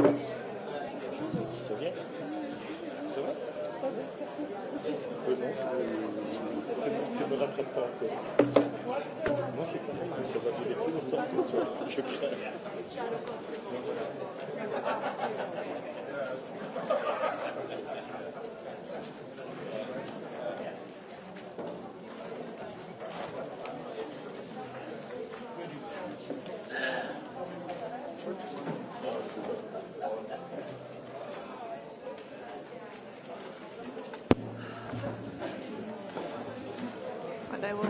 Köszönöm.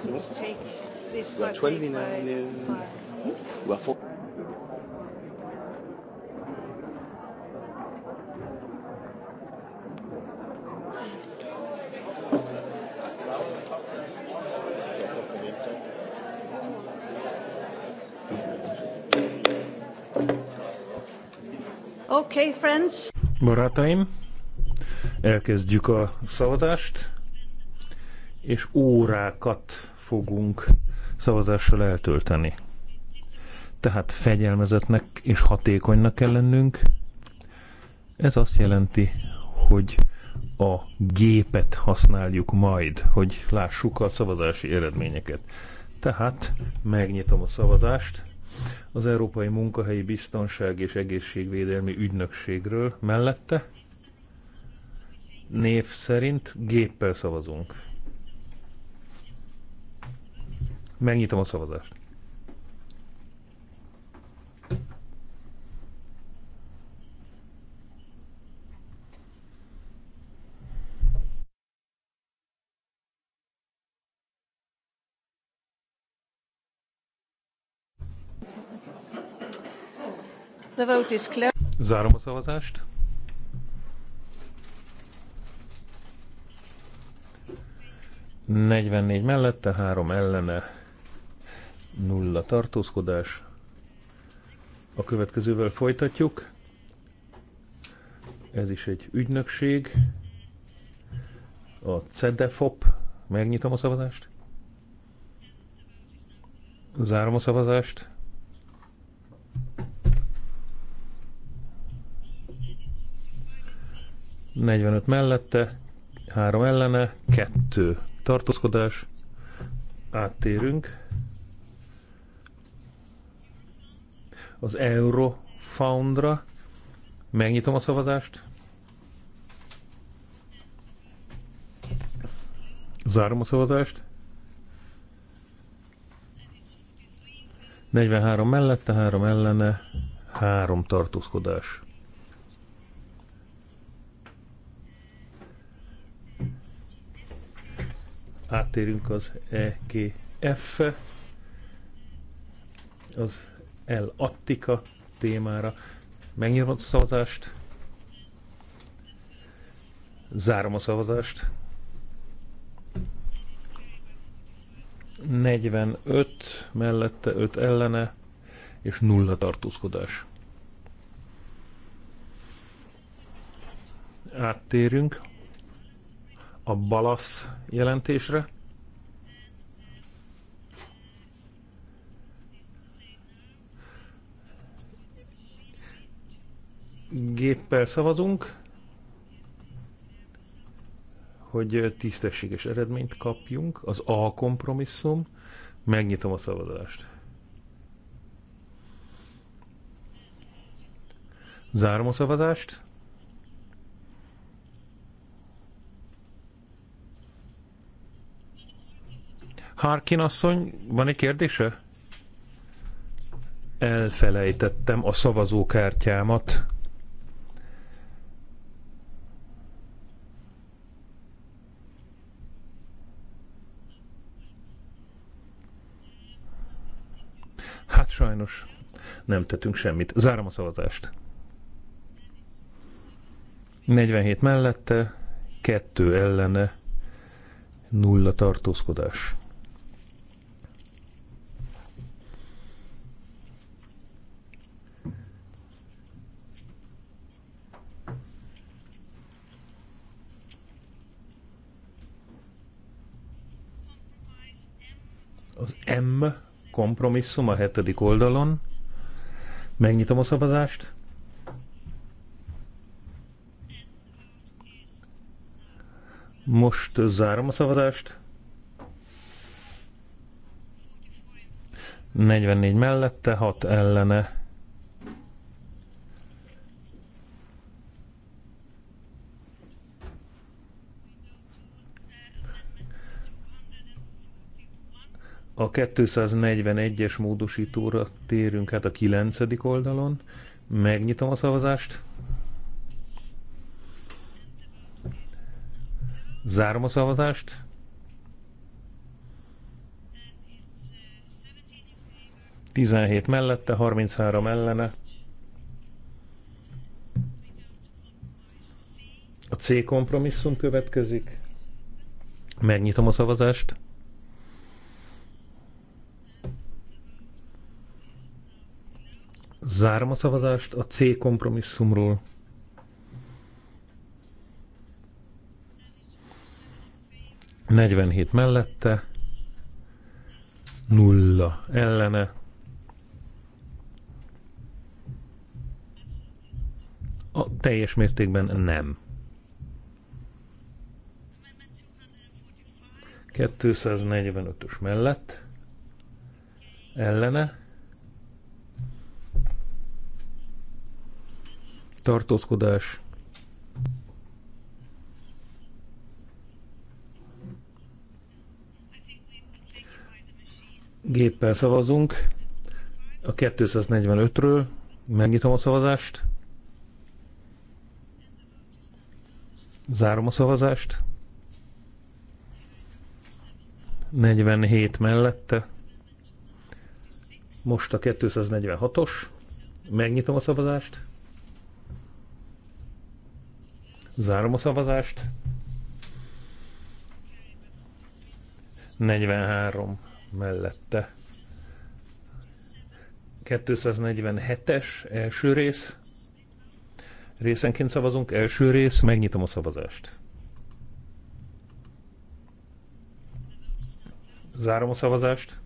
so let's take this yeah, 29 is... Okay, friends. Barátaim, elkezdjük a szavazást, és órákat fogunk szavazással eltölteni. Tehát fegyelmezetnek és hatékonynak kell lennünk. Ez azt jelenti, hogy a gépet használjuk majd, hogy lássuk a szavazási eredményeket. Tehát megnyitom a szavazást az Európai Munkahelyi Biztonság és Egészségvédelmi Ügynökségről mellette. Név szerint géppel szavazunk. Megnyitom a szavazást. The vote is clear. Zárom a szavazást. Negyvennégy mellette, három ellene, nulla tartózkodás. A következővel folytatjuk. Ez is egy ügynökség. A CEDEFOP. Megnyitom a szavazást. Zárom a szavazást. Negyvenöt mellette, három ellene, kettő tartózkodás. Áttérünk az Eurofoundra. Megnyitom a szavazást. Zárom a szavazást. 43 mellette, 3 ellene, 3 tartózkodás. Áttérünk az EGF-re. Az el Attika témára. Megnyitom a szavazást. Zárom a szavazást. 45 mellette, 5 ellene, és nulla tartózkodás. Áttérünk a balasz jelentésre. géppel szavazunk, hogy tisztességes eredményt kapjunk. Az A kompromisszum. Megnyitom a szavazást. Zárom a szavazást. Harkin asszony, van egy kérdése? Elfelejtettem a szavazókártyámat. Hát sajnos nem tettünk semmit. Zárom a szavazást. 47 mellette, 2 ellene, nulla tartózkodás. Az M kompromisszum a hetedik oldalon. Megnyitom a szavazást. Most zárom a szavazást. 44 mellette, 6 ellene A 241-es módosítóra térünk hát a 9. oldalon. Megnyitom a szavazást. Zárom a szavazást. Tizenhét mellette, 33 ellene. A C kompromisszum következik. Megnyitom a szavazást. Zárom a szavazást a C kompromisszumról. Negyvenhét mellette, nulla ellene. A teljes mértékben nem. 245-ös mellett ellene tartózkodás. Géppel szavazunk a 245-ről. Megnyitom a szavazást. Zárom a szavazást. 47 mellette. Most a 246-os. Megnyitom a szavazást. Zárom a szavazást. 43 mellette. 247-es első rész. Részenként szavazunk. Első rész, megnyitom a szavazást. Zárom a szavazást.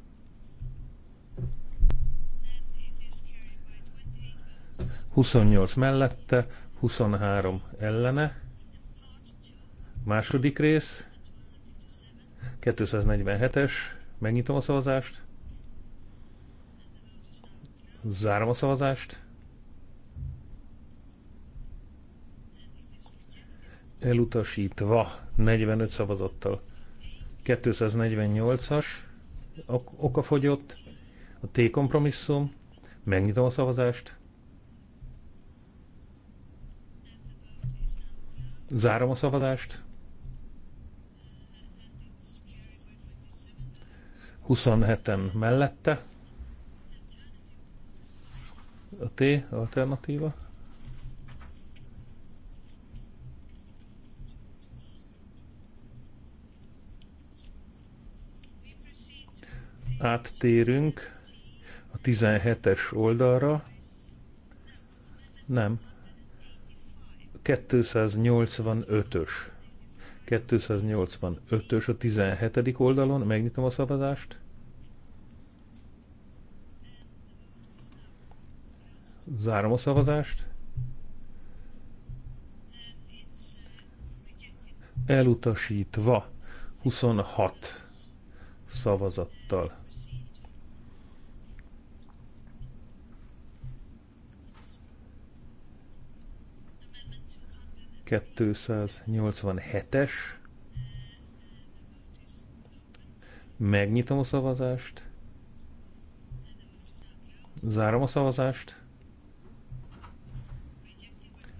Huszonnyolc mellette, 23 ellene. Második rész, 247-es, megnyitom a szavazást, zárom a szavazást, elutasítva 45 szavazattal. 248-as oka fogyott, a T kompromisszum, megnyitom a szavazást, zárom a szavazást, 27-en mellette. A T alternatíva. Áttérünk a 17-es oldalra. Nem. 285-ös. 285-ös a 17. oldalon, megnyitom a szavazást. Zárom a szavazást. Elutasítva 26 szavazattal. 287-es. Megnyitom a szavazást. Zárom a szavazást.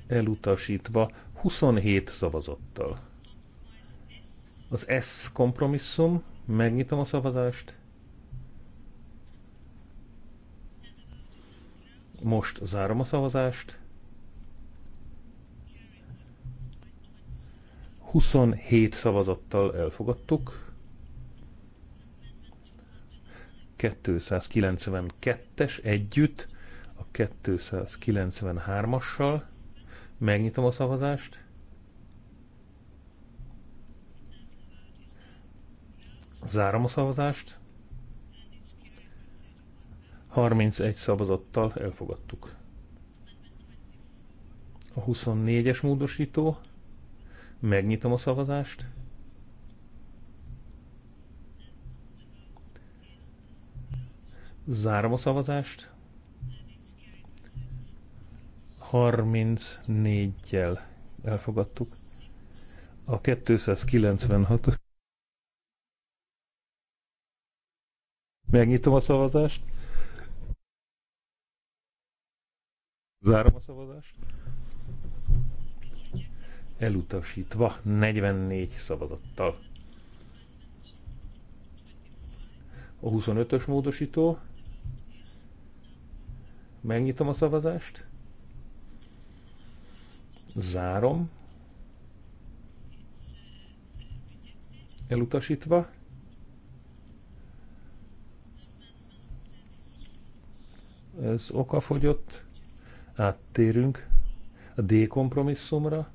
Elutasítva 27 szavazattal. Az S kompromisszum. Megnyitom a szavazást. Most zárom a szavazást. 27 szavazattal elfogadtuk. 292-es együtt a 293-assal. Megnyitom a szavazást. Zárom a szavazást. 31 szavazattal elfogadtuk. A 24-es módosító Megnyitom a szavazást. Zárom a szavazást. 34-jel elfogadtuk. A 296 Megnyitom a szavazást. Zárom a szavazást elutasítva 44 szavazattal. A 25-ös módosító. Megnyitom a szavazást. Zárom. Elutasítva. Ez okafogyott. Áttérünk a D kompromisszumra.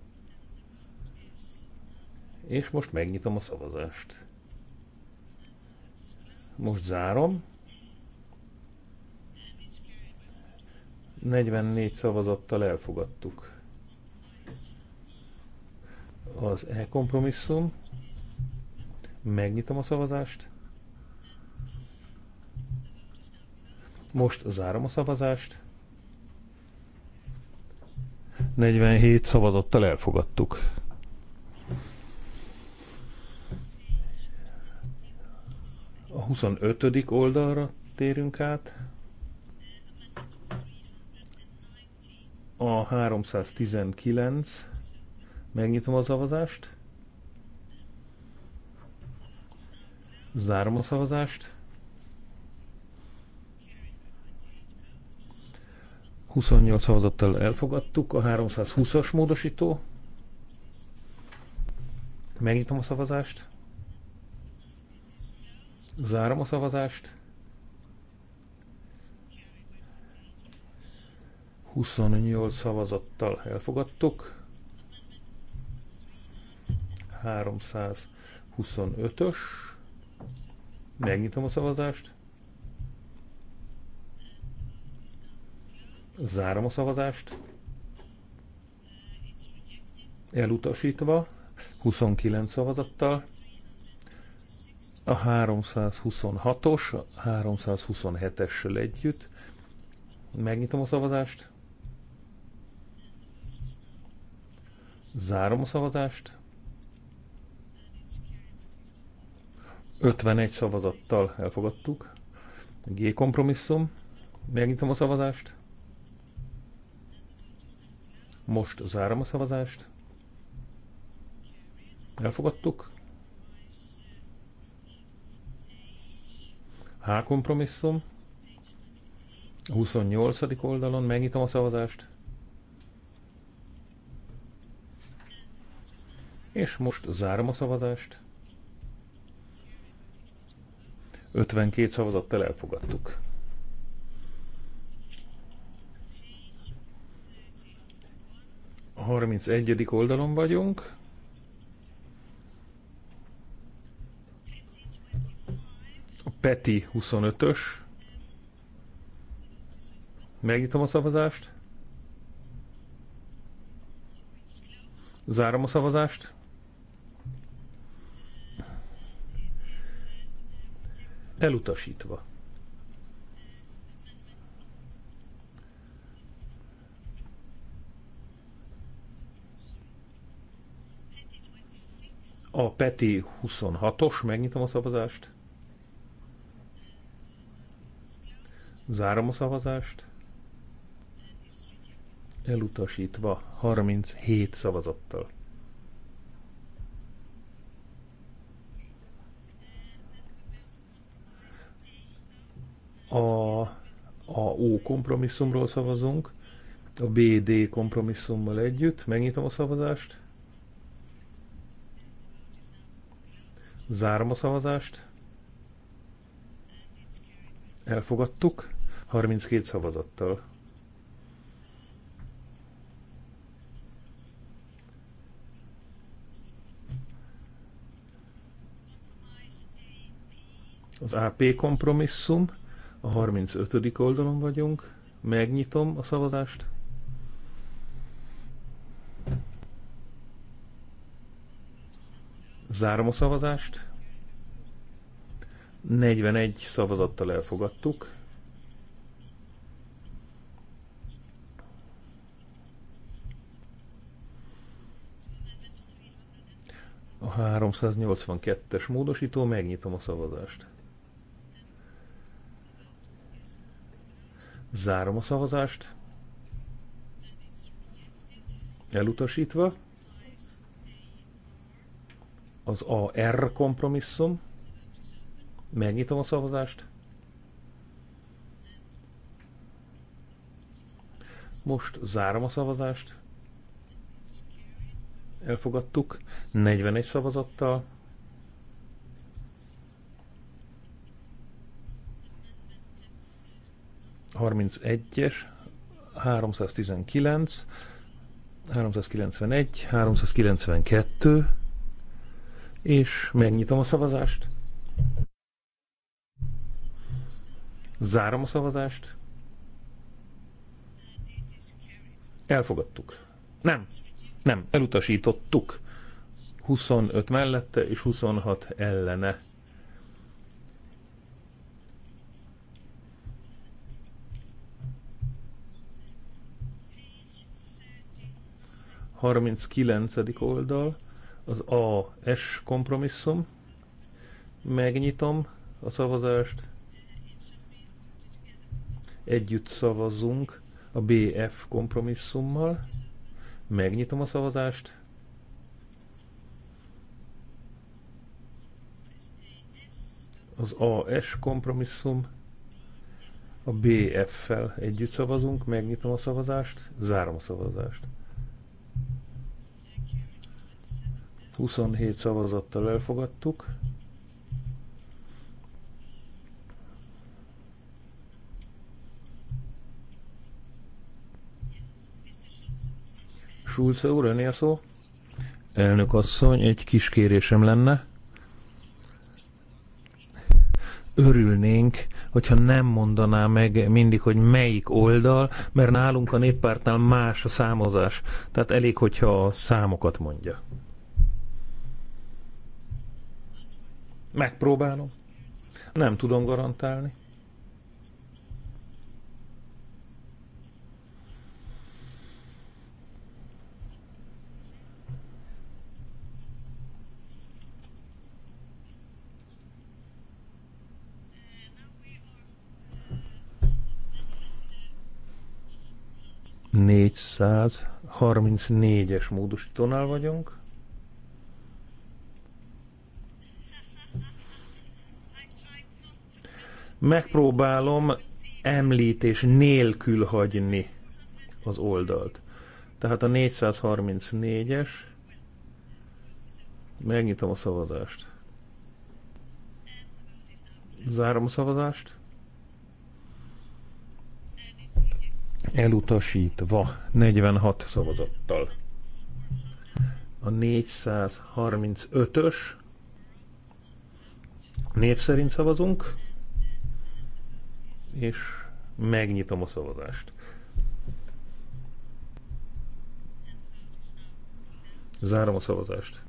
És most megnyitom a szavazást. Most zárom. 44 szavazattal elfogadtuk. Az e-kompromisszum. Megnyitom a szavazást. Most zárom a szavazást. 47 szavazattal elfogadtuk. 25. oldalra térünk át. A 319. Megnyitom a szavazást. Zárom a szavazást. 28 szavazattal elfogadtuk. A 320-as módosító. Megnyitom a szavazást. Zárom a szavazást. 28 szavazattal elfogadtuk. 325-ös. Megnyitom a szavazást. Zárom a szavazást. Elutasítva. 29 szavazattal a 326-os, a 327-essel együtt. Megnyitom a szavazást. Zárom a szavazást. 51 szavazattal elfogadtuk. G kompromisszum. Megnyitom a szavazást. Most zárom a szavazást. Elfogadtuk. H kompromisszum. A 28. oldalon megnyitom a szavazást. És most zárom a szavazást. 52 szavazattal elfogadtuk. A 31. oldalon vagyunk. Peti 25-ös. Megnyitom a szavazást. Zárom a szavazást. Elutasítva. A Peti 26-os, megnyitom a szavazást. Zárom a szavazást. Elutasítva 37 szavazattal. A, a O kompromisszumról szavazunk, a BD kompromisszummal együtt. Megnyitom a szavazást. Zárom a szavazást. Elfogadtuk. 32 szavazattal. Az AP kompromisszum, a 35. oldalon vagyunk, megnyitom a szavazást. Zárom a szavazást. 41 szavazattal elfogadtuk. A 382-es módosító, megnyitom a szavazást. Zárom a szavazást. Elutasítva. Az AR kompromisszum. Megnyitom a szavazást. Most zárom a szavazást elfogadtuk 41 szavazattal. es 319, 391, 392, és megnyitom a szavazást. Zárom a szavazást. Elfogadtuk. Nem, nem, elutasítottuk. 25 mellette és 26 ellene. Harminckilencedik oldal, az AS kompromisszum. Megnyitom a szavazást. Együtt szavazunk a BF kompromisszummal. Megnyitom a szavazást. Az AS kompromisszum. A BF-fel együtt szavazunk. Megnyitom a szavazást. Zárom a szavazást. 27 szavazattal elfogadtuk. Schulze úr, öné a szó? Elnök asszony, egy kis kérésem lenne. Örülnénk, hogyha nem mondaná meg mindig, hogy melyik oldal, mert nálunk a néppártnál más a számozás. Tehát elég, hogyha a számokat mondja. Megpróbálom. Nem tudom garantálni. 434-es módosítónál vagyunk. Megpróbálom említés nélkül hagyni az oldalt. Tehát a 434-es, megnyitom a szavazást. Zárom a szavazást. elutasítva 46 szavazattal. A 435-ös név szerint szavazunk, és megnyitom a szavazást. Zárom a szavazást.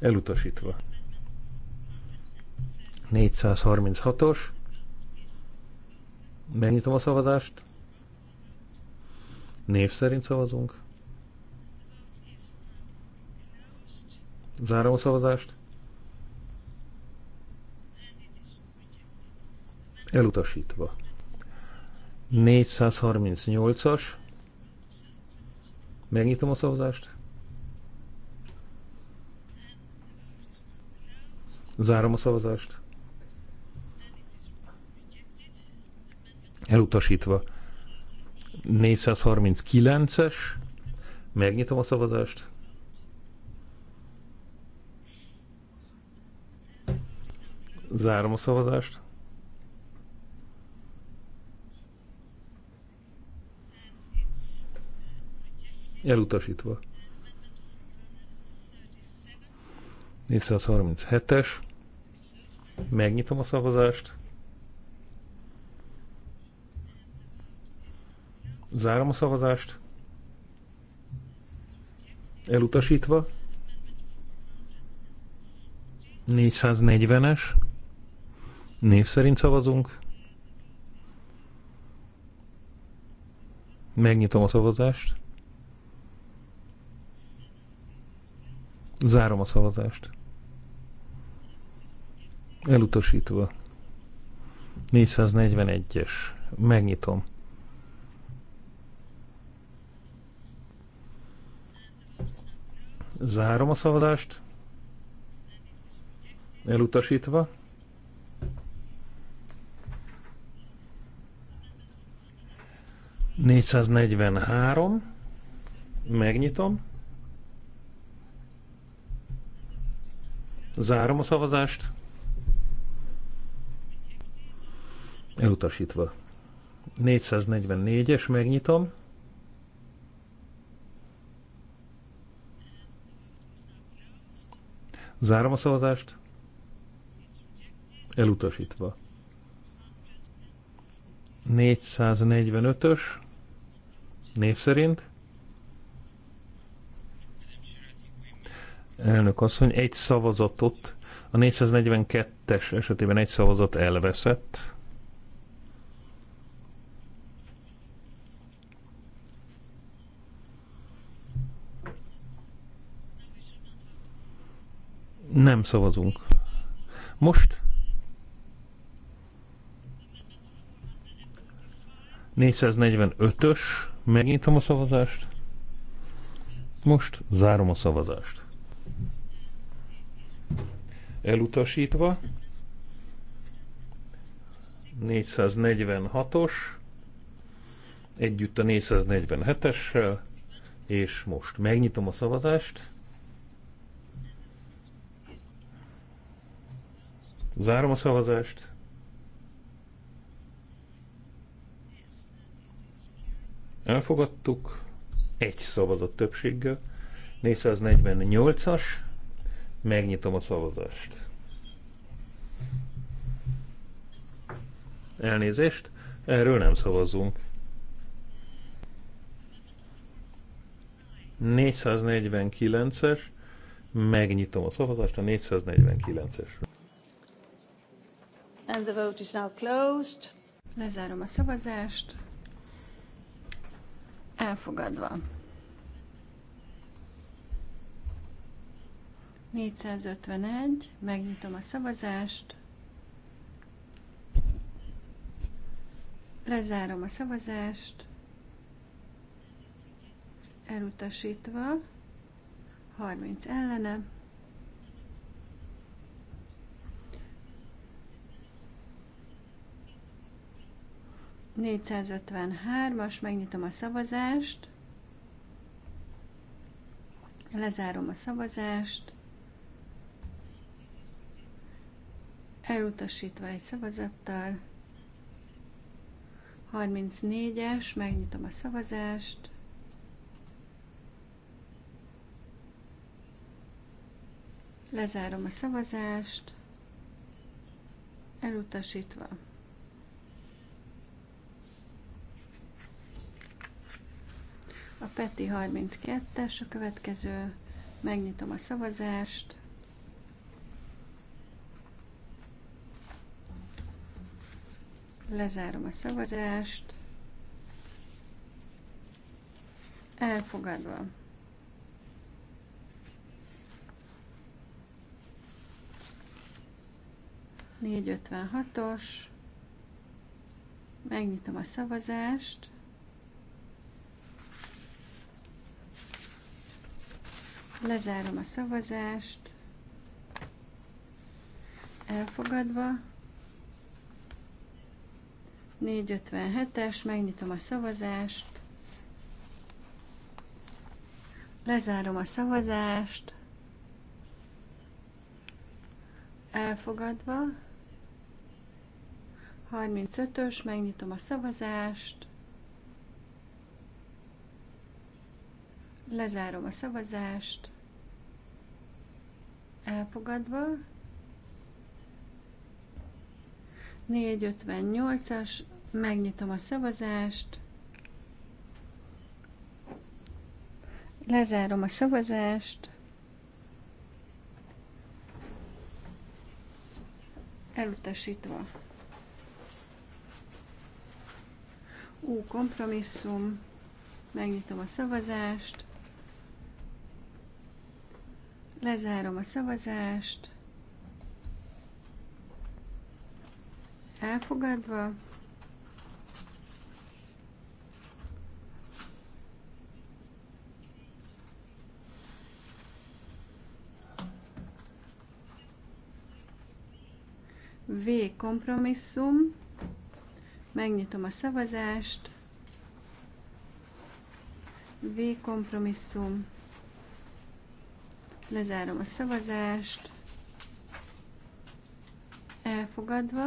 Elutasítva. 436-os Megnyitom a szavazást. Név szerint szavazunk. Zárom a szavazást. Elutasítva. 438-as. Megnyitom a szavazást. Zárom a szavazást. Elutasítva. 439-es. Megnyitom a szavazást. Zárom a szavazást. Elutasítva. 437-es. Megnyitom a szavazást. Zárom a szavazást. Elutasítva. 440-es. Név szerint szavazunk. Megnyitom a szavazást. Zárom a szavazást. Elutasítva. 441-es. Megnyitom. Zárom a szavazást. Elutasítva. Négyszáznegyvenhárom. Megnyitom. Zárom a szavazást. Elutasítva. 444-es, megnyitom. Zárom a szavazást. Elutasítva. 445-ös név szerint. Elnök asszony, egy szavazatot, a 442-es esetében egy szavazat elveszett. Nem szavazunk. Most 445-ös, megnyitom a szavazást. Most zárom a szavazást. Elutasítva. 446-os, együtt a 447-essel, és most megnyitom a szavazást. Zárom a szavazást. Elfogadtuk egy szavazat többséggel. 448-as. Megnyitom a szavazást. Elnézést, erről nem szavazunk. 449-es, megnyitom a szavazást a 449-esről. And the vote is now closed. Lezárom a szavazást. Elfogadva. 451, megnyitom a szavazást. Lezárom a szavazást. Elutasítva. 30 ellene. 453-as, megnyitom a szavazást, lezárom a szavazást, elutasítva egy szavazattal, 34-es, megnyitom a szavazást, lezárom a szavazást, elutasítva. A Peti 32-es a következő. Megnyitom a szavazást. Lezárom a szavazást. Elfogadva. Négy ötvenhatos. Megnyitom a szavazást. Lezárom a szavazást. Elfogadva. 457-es, megnyitom a szavazást. Lezárom a szavazást. Elfogadva. 35-ös, megnyitom a szavazást. Lezárom a szavazást elfogadva. 458-as, megnyitom a szavazást. Lezárom a szavazást. Elutasítva. Ú, kompromisszum. Megnyitom a szavazást. Lezárom a szavazást. Elfogadva. V kompromisszum. Megnyitom a szavazást. V kompromisszum. Lezárom a szavazást. Elfogadva.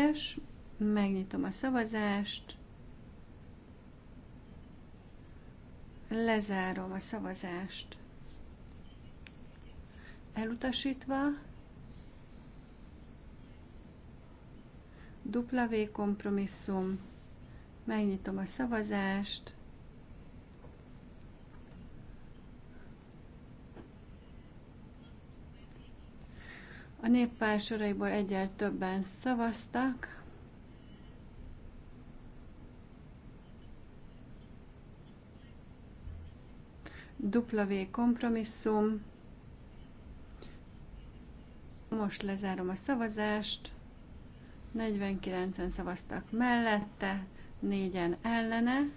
es Megnyitom a szavazást. Lezárom a szavazást. Elutasítva. Dupla V kompromisszum Megnyitom a szavazást. A néppár soraiból egyel többen szavaztak. W kompromisszum. Most lezárom a szavazást. 49-en szavaztak mellette, négyen ellene.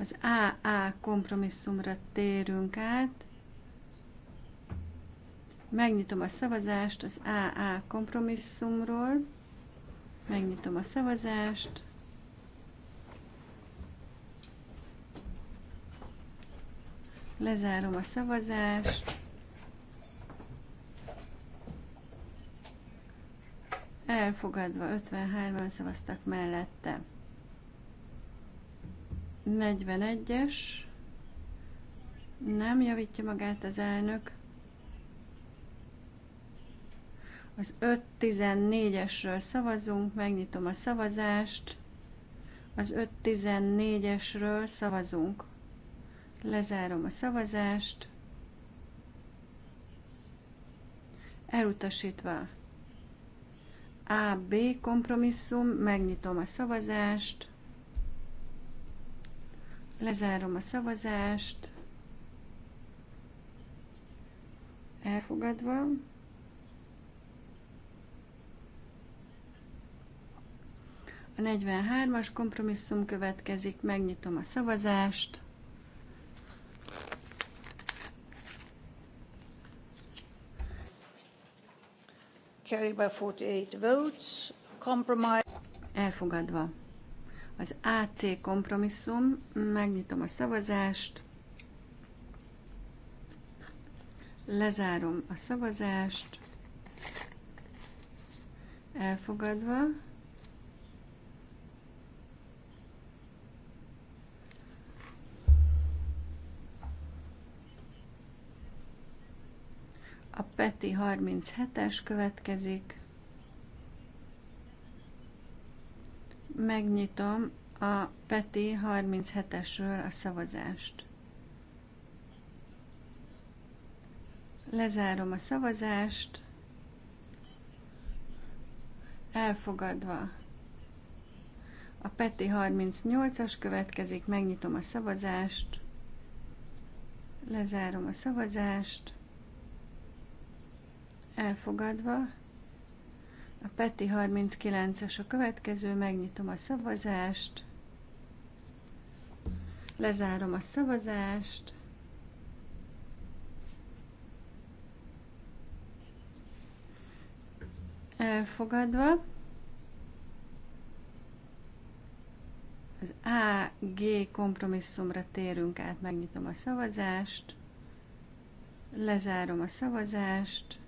Az AA kompromisszumra térünk át. Megnyitom a szavazást az AA kompromisszumról. Megnyitom a szavazást. Lezárom a szavazást. Elfogadva 53-an szavaztak mellette. 41-es. Nem javítja magát az elnök. Az 5.14-esről szavazunk, megnyitom a szavazást. Az 5.14-esről szavazunk. Lezárom a szavazást. Elutasítva. A, B kompromisszum, megnyitom a szavazást. Lezárom a szavazást. Elfogadva. A 43-as kompromisszum következik, megnyitom a szavazást. Carried by 48 votes. Compromise. Elfogadva. Az AC kompromisszum, megnyitom a szavazást. Lezárom a szavazást. Elfogadva. A Peti 37-es következik. Megnyitom a Peti 37-esről a szavazást. Lezárom a szavazást. Elfogadva. A Peti 38-as következik, megnyitom a szavazást. Lezárom a szavazást elfogadva. A Peti 39-es a következő, megnyitom a szavazást, lezárom a szavazást, elfogadva. Az AG kompromisszumra térünk át, megnyitom a szavazást, lezárom a szavazást,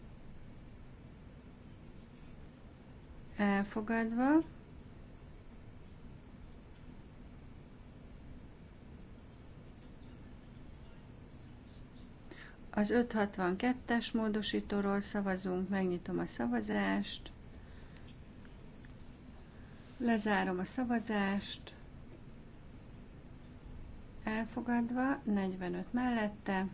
elfogadva. Az 562-es módosítóról szavazunk, megnyitom a szavazást, lezárom a szavazást, elfogadva, 45 mellette,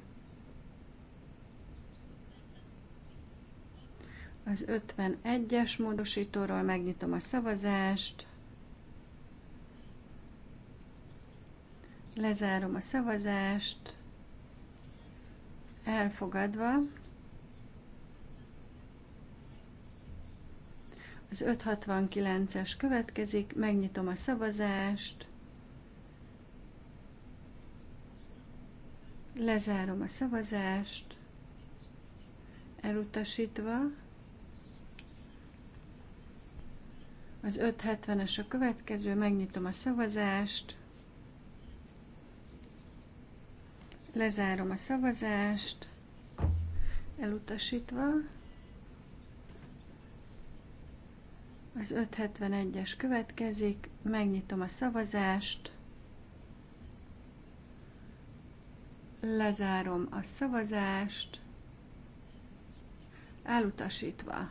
Az 51-es módosítóról megnyitom a szavazást. Lezárom a szavazást. Elfogadva. Az 569-es következik, megnyitom a szavazást. Lezárom a szavazást. Elutasítva. Az 570-es a következő, megnyitom a szavazást. Lezárom a szavazást, elutasítva. Az 571-es következik, megnyitom a szavazást, lezárom a szavazást, elutasítva.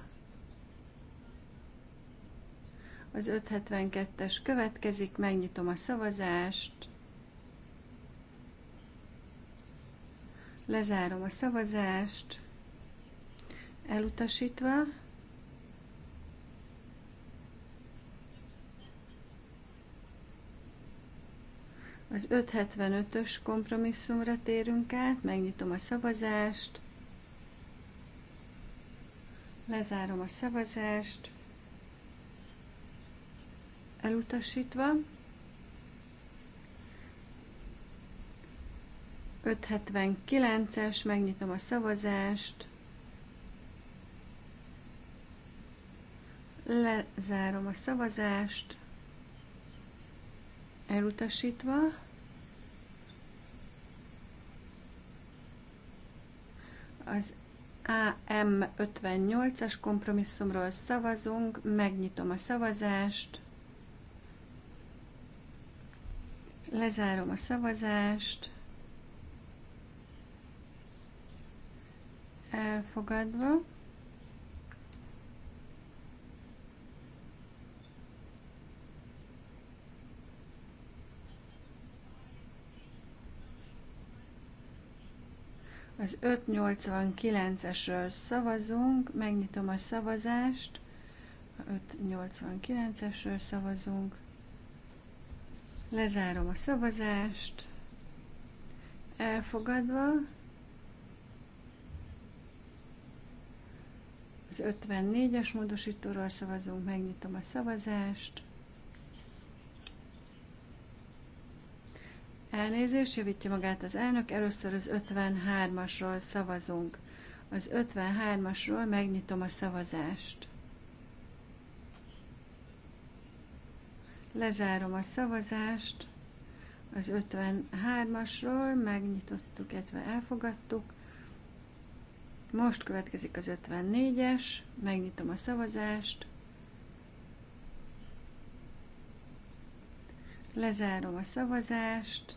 Az 572-es következik, megnyitom a szavazást. Lezárom a szavazást. Elutasítva. Az 575-ös kompromisszumra térünk át, megnyitom a szavazást, lezárom a szavazást, elutasítva. es megnyitom a szavazást. Lezárom a szavazást. Elutasítva. Az AM58-as kompromisszumról szavazunk, megnyitom a szavazást. Lezárom a szavazást. Elfogadva. Az 589-esről szavazunk, megnyitom a szavazást. A 589-esről szavazunk. Lezárom a szavazást. Elfogadva. Az 54-es módosítóról szavazunk, megnyitom a szavazást. Elnézést, javítja magát az elnök. Először az 53-asról szavazunk. Az 53-asról megnyitom a szavazást. Lezárom a szavazást az 53-asról, megnyitottuk, illetve elfogadtuk. Most következik az 54-es, megnyitom a szavazást. Lezárom a szavazást.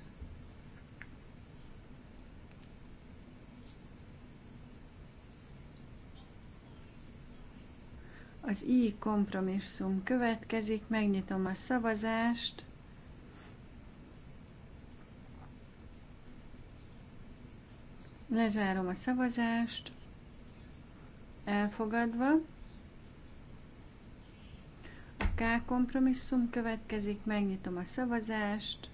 Az I kompromisszum következik, megnyitom a szavazást. Lezárom a szavazást. Elfogadva. A K kompromisszum következik, megnyitom a szavazást.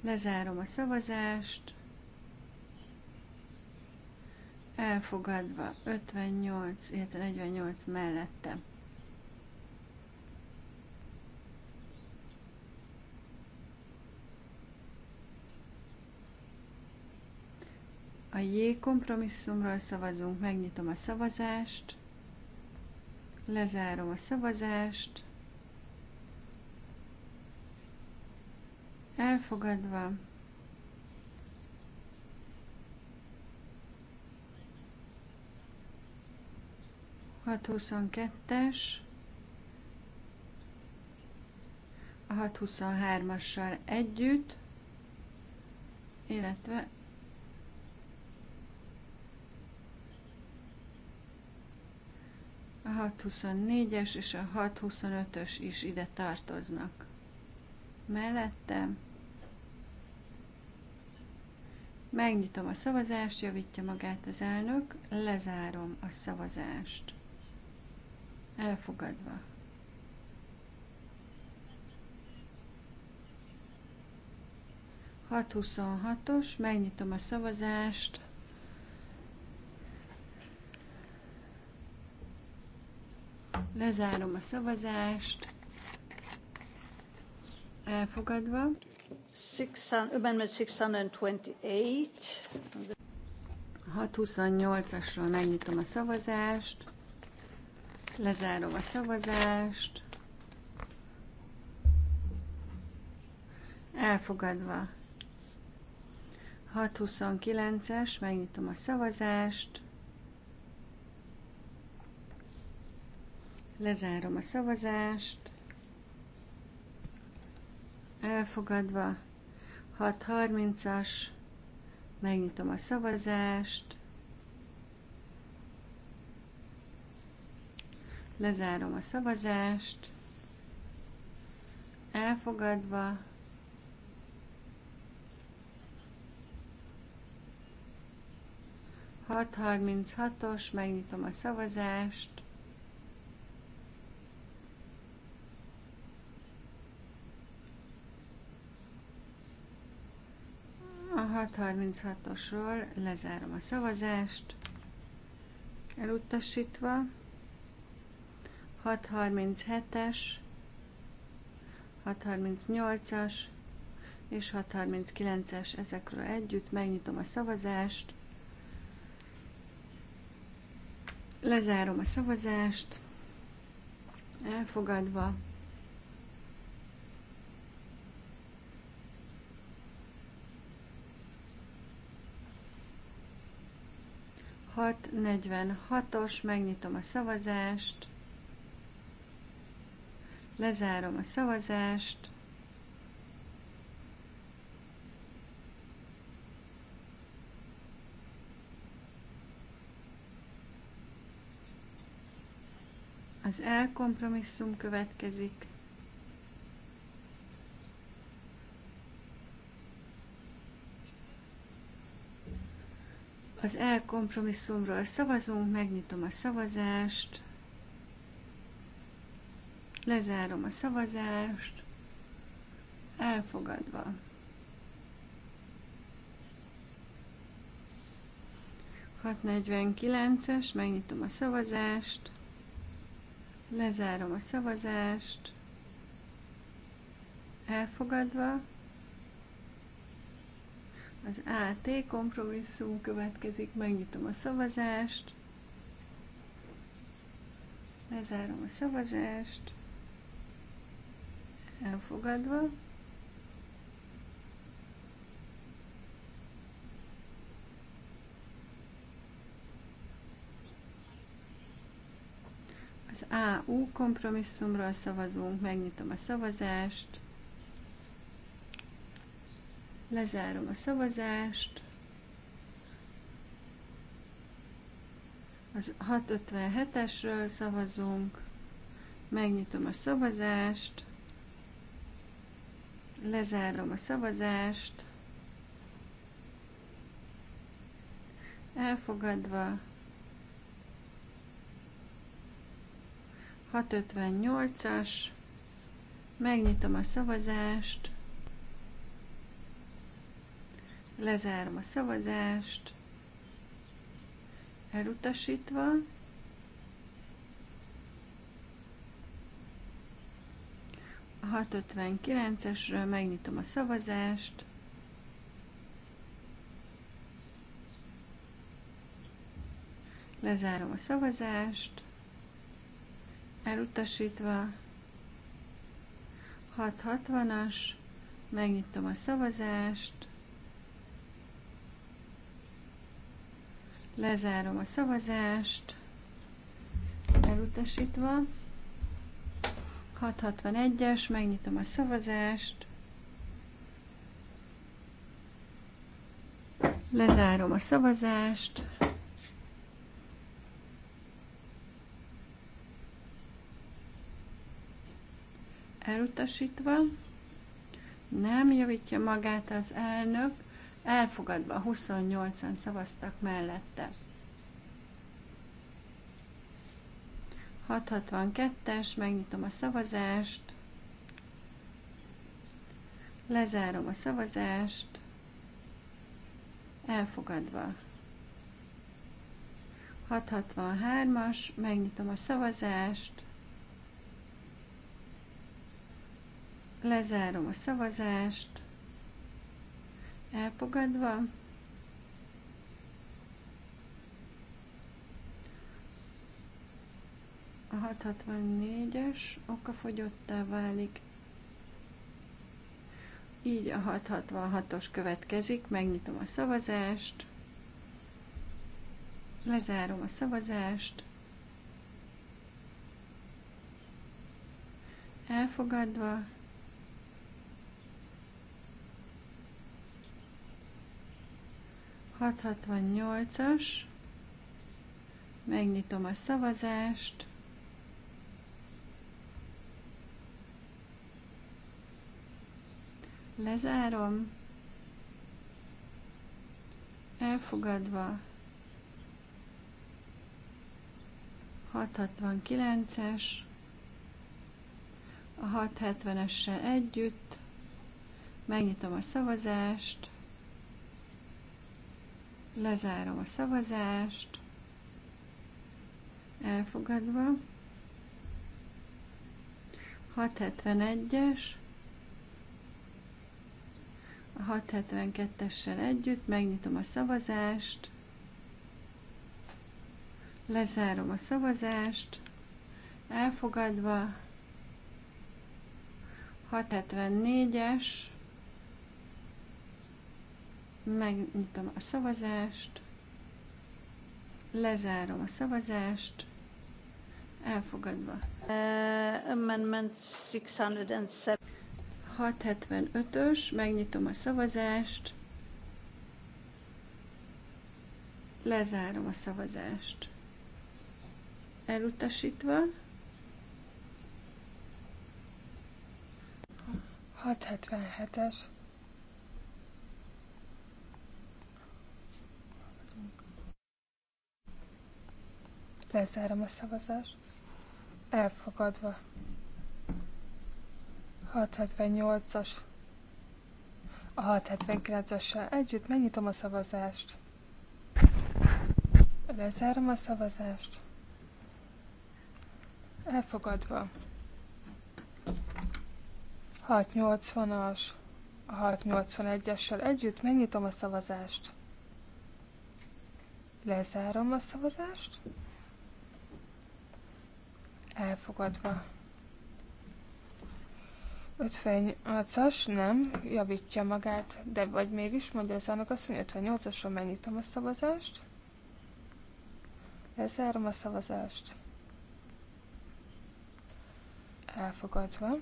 Lezárom a szavazást elfogadva 58, illetve 48 mellette. A J kompromisszumról szavazunk, megnyitom a szavazást, lezárom a szavazást, elfogadva 622-es, a 623-assal együtt, illetve a 624-es és a 625-ös is ide tartoznak. Mellette megnyitom a szavazást, javítja magát az elnök, lezárom a szavazást elfogadva. Hat os megnyitom a szavazást. Lezárom a szavazást. Elfogadva. amendment 628. 628-asról megnyitom a szavazást. Lezárom a szavazást. Elfogadva. 629-es, megnyitom a szavazást. Lezárom a szavazást. Elfogadva. 630-as. Megnyitom a szavazást. Lezárom a szavazást. Elfogadva. Hat harminc hatos, megnyitom a szavazást. A 636-osról lezárom a szavazást, elutasítva. 637-es, 638-as és 639-es ezekről együtt. Megnyitom a szavazást. Lezárom a szavazást. Elfogadva. Hat negyven hatos, megnyitom a szavazást. Lezárom a szavazást. Az elkompromisszum következik. Az elkompromisszumról szavazunk, megnyitom a szavazást. Lezárom a szavazást. Elfogadva. es megnyitom a szavazást. Lezárom a szavazást. Elfogadva. Az AT kompromisszum következik, megnyitom a szavazást. Lezárom a szavazást elfogadva. Az AU kompromisszumról szavazunk, megnyitom a szavazást, lezárom a szavazást, az 657-esről szavazunk, megnyitom a szavazást, Lezárom a szavazást. Elfogadva. 658-as. Megnyitom a szavazást. Lezárom a szavazást. Elutasítva. 659-esről megnyitom a szavazást. Lezárom a szavazást. Elutasítva. 660-as. Megnyitom a szavazást. Lezárom a szavazást. Elutasítva. 661-es, megnyitom a szavazást. Lezárom a szavazást. Elutasítva. Nem javítja magát az elnök. Elfogadva 28-an szavaztak mellette. 662-es, megnyitom a szavazást, lezárom a szavazást, elfogadva. 663-as, megnyitom a szavazást, lezárom a szavazást, elfogadva. 664-es okafogyottá válik. Így a 666-os következik. Megnyitom a szavazást. Lezárom a szavazást. Elfogadva. Hathatvannyolcas. Megnyitom a szavazást. Lezárom. Elfogadva. 669-es, a 670-essel együtt, megnyitom a szavazást, lezárom a szavazást, elfogadva, 671-es, 672-essel együtt, megnyitom a szavazást, lezárom a szavazást, elfogadva, 674-es, megnyitom a szavazást, lezárom a szavazást, elfogadva. Uh, amendment 607. 675-ös, megnyitom a szavazást, lezárom a szavazást. Elutasítva. 677-es. Lezárom a szavazást. Elfogadva. 678-as a 679-essel együtt. Megnyitom a szavazást. Lezárom a szavazást. Elfogadva. 680-as a 681-essel együtt. Megnyitom a szavazást. Lezárom a szavazást. Elfogadva. 58-as, nem, javítja magát, de vagy mégis mondja az annak azt, hogy 58-ason megnyitom a szavazást. Lezárom a szavazást. Elfogadva.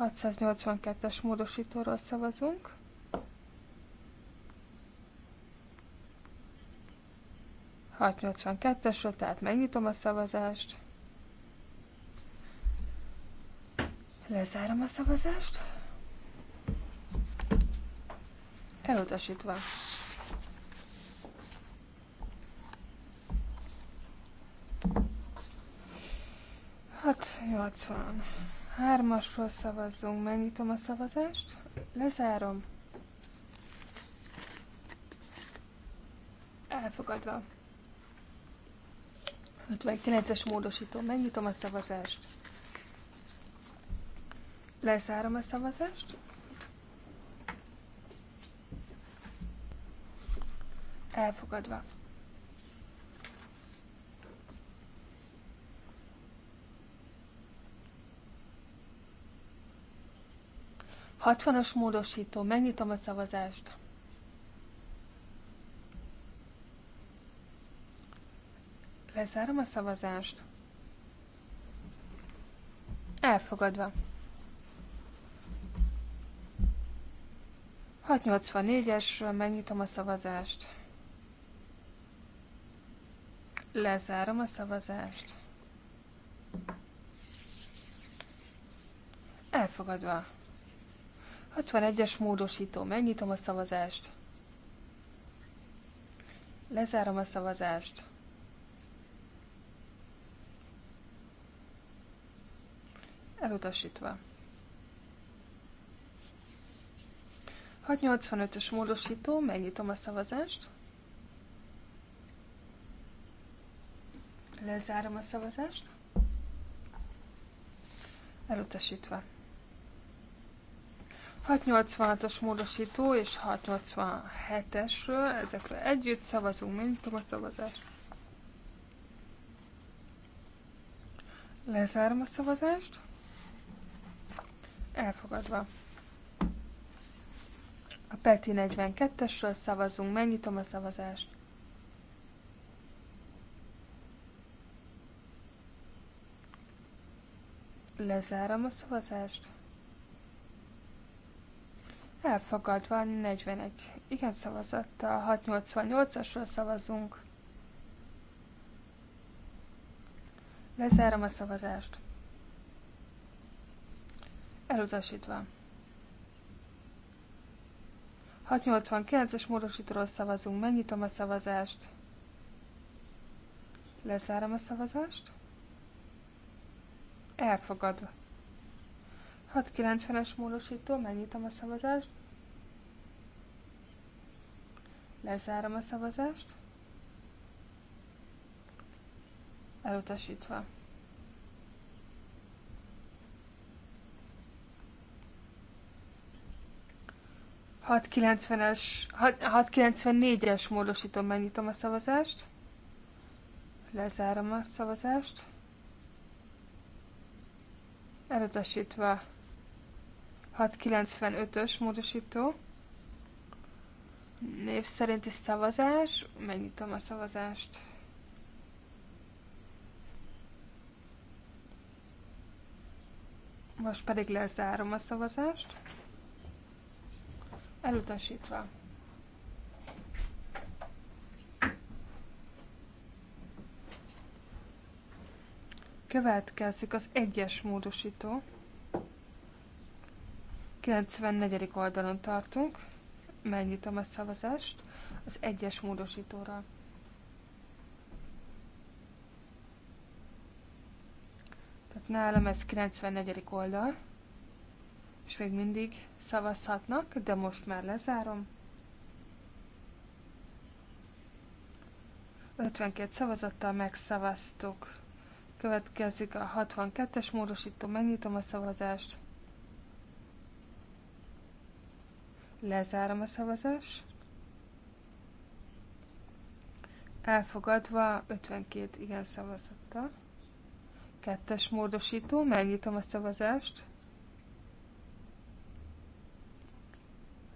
682-es módosítóról szavazunk. 682-esről, tehát megnyitom a szavazást. Lezárom a szavazást. Elutasítva. Hát, 80. Hármasról szavazzunk. Megnyitom a szavazást. Lezárom. Elfogadva. 59-es módosító. Megnyitom a szavazást. Lezárom a szavazást. Elfogadva. Hatvanas módosító. Megnyitom a szavazást. Lezárom a szavazást. Elfogadva. 684 es megnyitom a szavazást. Lezárom a szavazást. Elfogadva. 61-es módosító. Megnyitom a szavazást. Lezárom a szavazást. Elutasítva. 685-ös módosító, megnyitom a szavazást. Lezárom a szavazást. Elutasítva. 686-os módosító és 687-esről, ezekről együtt szavazunk, megnyitom a szavazást. Lezárom a szavazást. Elfogadva. Peti 42-esről szavazunk, megnyitom a szavazást. Lezárom a szavazást. Elfogadva 41 igen szavazattal, 688-asról szavazunk. Lezárom a szavazást. Elutasítva. 689-es módosítóról szavazunk. Megnyitom a szavazást. Lezárom a szavazást. Elfogadva. 690-es módosító, megnyitom a szavazást. Lezárom a szavazást. Elutasítva. 690-es, 694-es módosítom, megnyitom a szavazást. Lezárom a szavazást. Elutasítva 695-ös módosító. Név szerinti szavazás. Megnyitom a szavazást. Most pedig lezárom a szavazást. Elutasítva. Következik az egyes módosító. 94. oldalon tartunk. Megnyitom a szavazást az egyes módosítóra. Tehát nálam ez 94. oldal és még mindig szavazhatnak, de most már lezárom. 52 szavazattal megszavaztuk. Következik a 62-es módosító, megnyitom a szavazást. Lezárom a szavazást. Elfogadva 52 igen szavazattal. Kettes módosító, megnyitom a szavazást.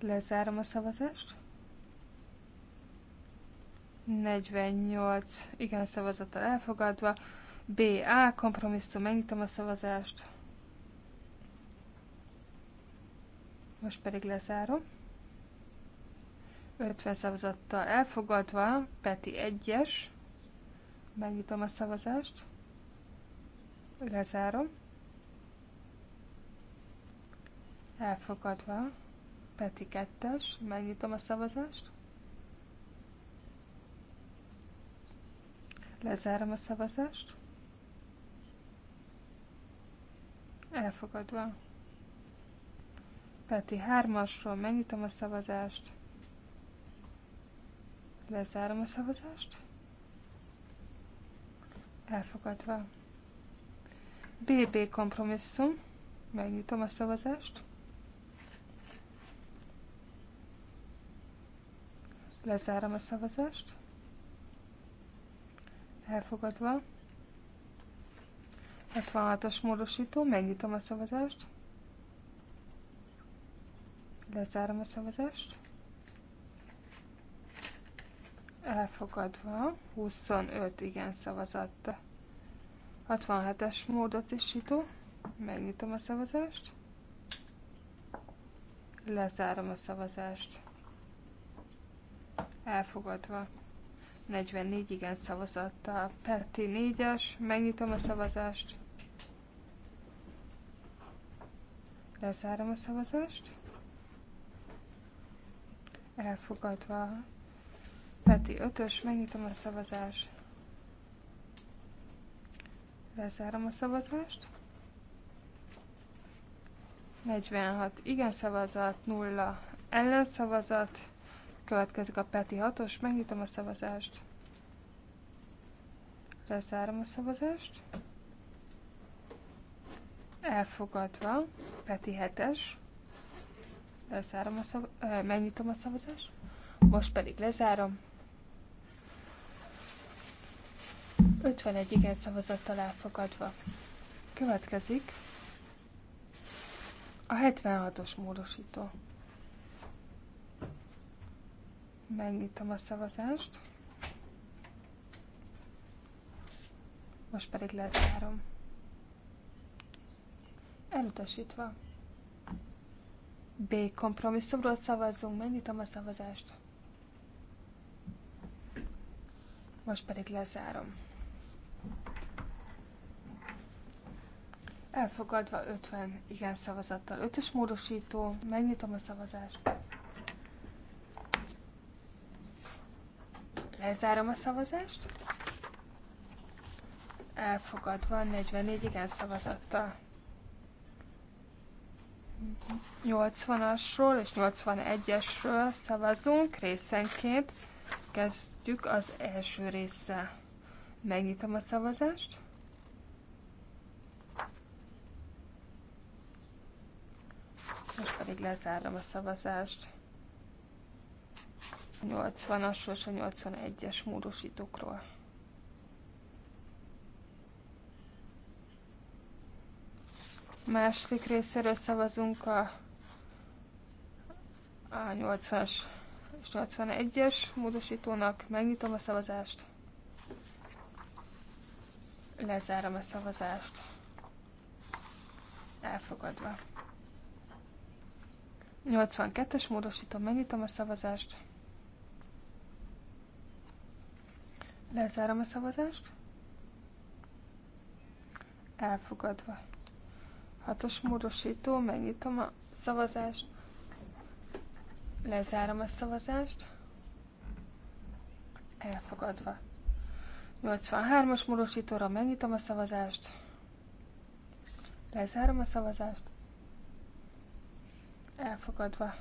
Lezárom a szavazást. 48 igen szavazattal elfogadva. BA kompromisszum, megnyitom a szavazást. Most pedig lezárom. 50 szavazattal elfogadva, Peti 1-es. Megnyitom a szavazást. Lezárom. Elfogadva. Peti kettes, megnyitom a szavazást. Lezárom a szavazást. Elfogadva. Peti hármasról megnyitom a szavazást. Lezárom a szavazást. Elfogadva. BB kompromisszum. Megnyitom a szavazást. Lezárom a szavazást. Elfogadva. 76-as módosító, megnyitom a szavazást. Lezárom a szavazást. Elfogadva. 25 igen szavazatta. 67-es módosító, megnyitom a szavazást. Lezárom a szavazást elfogadva. 44 igen szavazattal. Peti 4-es, megnyitom a szavazást. Lezárom a szavazást. Elfogadva. Peti 5-ös, megnyitom a szavazást. Lezárom a szavazást. 46 igen szavazat, 0 ellenszavazat. Következik a Peti 6-os, megnyitom a szavazást. Lezárom a szavazást. Elfogadva, Peti 7-es. Lezárom a szavazást. megnyitom a szavazást. Most pedig lezárom. 51 igen szavazattal elfogadva. Következik a 76-os módosító. Megnyitom a szavazást. Most pedig lezárom. Elutasítva. B kompromisszumról szavazzunk. Megnyitom a szavazást. Most pedig lezárom. Elfogadva 50 igen szavazattal. 5-ös módosító. Megnyitom a szavazást. Lezárom a szavazást. Elfogadva 44 igen szavazattal. 80-asról és 81-esről szavazunk részenként. Kezdjük az első része. Megnyitom a szavazást. Most pedig lezárom a szavazást. 80-asról és a 81-es módosítókról. Második részéről szavazunk a, a 80-as és 81-es módosítónak. Megnyitom a szavazást. Lezárom a szavazást. Elfogadva. 82-es módosítom, megnyitom a szavazást. Lezárom a szavazást. Elfogadva. Hatos módosító, megnyitom a szavazást. Lezárom a szavazást. Elfogadva. 83-as módosítóra megnyitom a szavazást. Lezárom a szavazást. Elfogadva.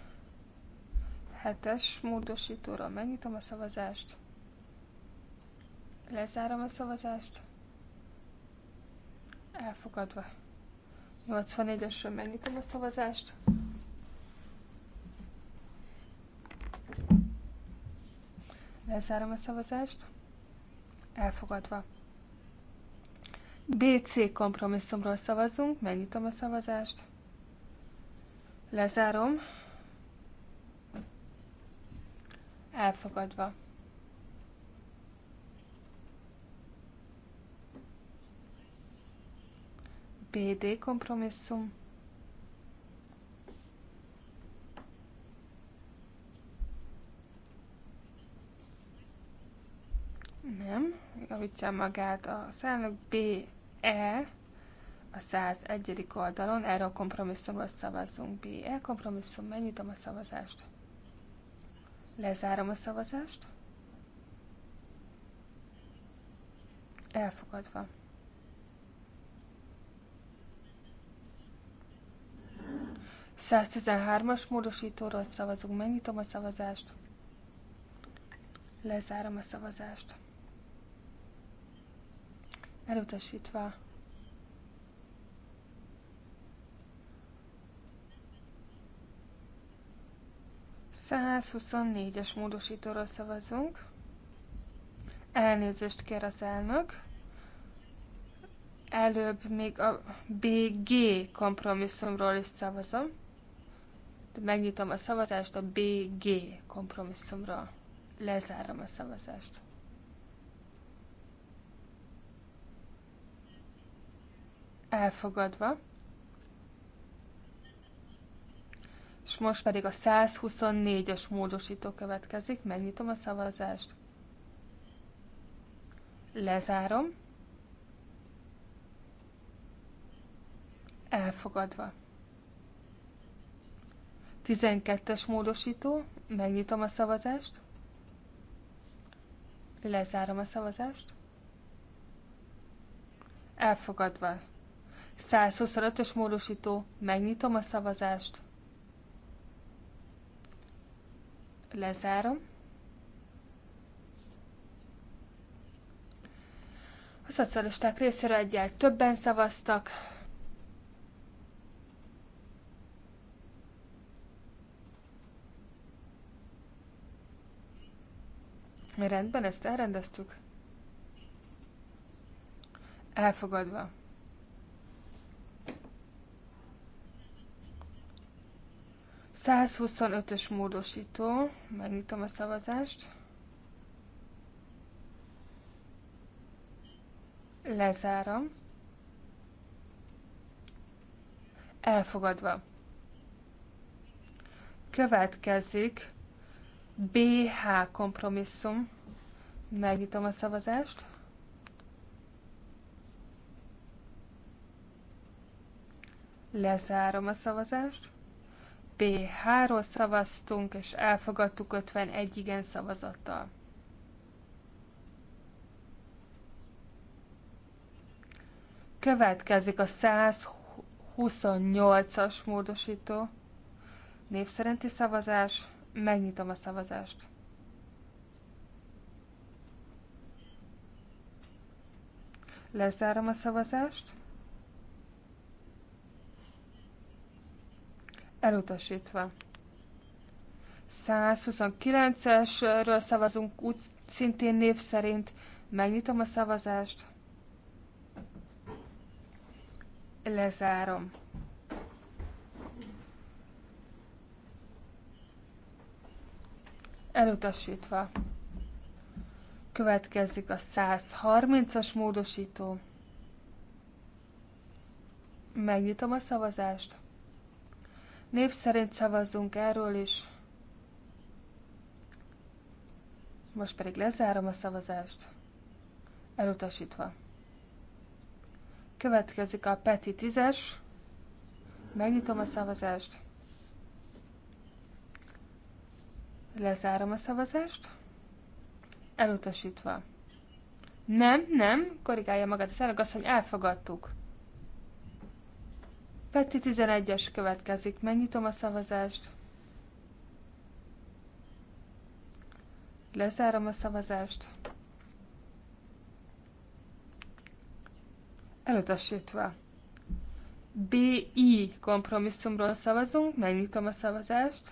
7-es módosítóra megnyitom a szavazást. Lezárom a szavazást. Elfogadva. 84 esről megnyitom a szavazást. Lezárom a szavazást. Elfogadva. BC kompromisszumról szavazunk, megnyitom a szavazást. Lezárom. Elfogadva. BD kompromisszum. Nem, javítja magát a szállag BE a 101. oldalon, erre a kompromisszumról szavazunk. BE kompromisszum, megnyitom a szavazást. Lezárom a szavazást. Elfogadva. 113-as módosítóról szavazunk. Megnyitom a szavazást. Lezárom a szavazást. Elutasítva. es módosítóról szavazunk. Elnézést kér az elnök előbb még a BG kompromisszumról is szavazom megnyitom a szavazást a BG kompromisszumra. Lezárom a szavazást. Elfogadva. És most pedig a 124-es módosító következik. Megnyitom a szavazást. Lezárom. Elfogadva. 12-es módosító, megnyitom a szavazást, lezárom a szavazást, elfogadva. 125-ös módosító, megnyitom a szavazást, lezárom, A szocialisták részéről egyel többen szavaztak, Rendben, ezt elrendeztük. Elfogadva. ös módosító. Megnyitom a szavazást. Lezárom. Elfogadva. Következik BH kompromisszum. Megnyitom a szavazást. Lezárom a szavazást. BH-ról szavaztunk, és elfogadtuk 51 igen szavazattal. Következik a 128-as módosító név szerinti szavazás. Megnyitom a szavazást. Lezárom a szavazást. Elutasítva. 129-esről szavazunk úgy szintén név szerint. Megnyitom a szavazást. Lezárom. elutasítva. Következik a 130-as módosító. Megnyitom a szavazást. Név szerint szavazzunk erről is. Most pedig lezárom a szavazást. Elutasítva. Következik a Peti 10-es. Megnyitom a szavazást. Lezárom a szavazást. Elutasítva. Nem, nem, korrigálja magát az elnök, azt mondja, elfogadtuk. Peti 11-es következik, megnyitom a szavazást. Lezárom a szavazást. Elutasítva. BI kompromisszumról szavazunk, megnyitom a szavazást.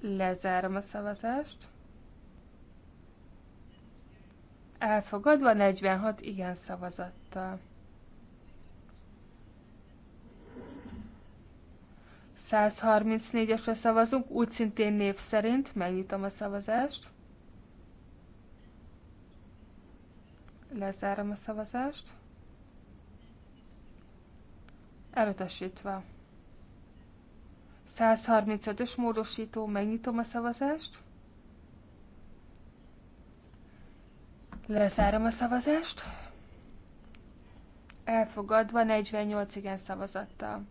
Lezárom a szavazást. Elfogadva 46 igen szavazattal. 134-esre szavazunk, úgy szintén név szerint. Megnyitom a szavazást. Lezárom a szavazást. Elutasítva. 135-ös módosító, megnyitom a szavazást. Lezárom a szavazást. Elfogadva 48 igen szavazattal.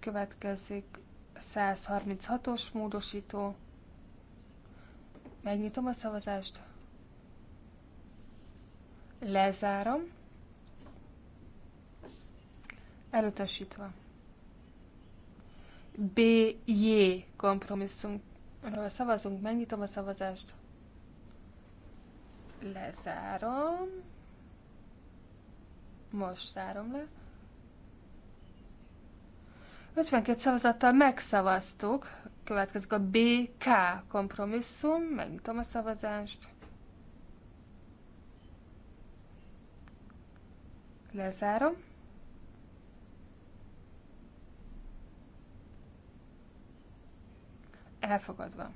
Következik 136-os módosító. Megnyitom a szavazást. Lezárom. Elutasítva. BJ kompromisszumról szavazunk. Megnyitom a szavazást. Lezárom. Most zárom le. 52 szavazattal megszavaztuk. Következik a BK kompromisszum. Megnyitom a szavazást. Lezárom. elfogadva.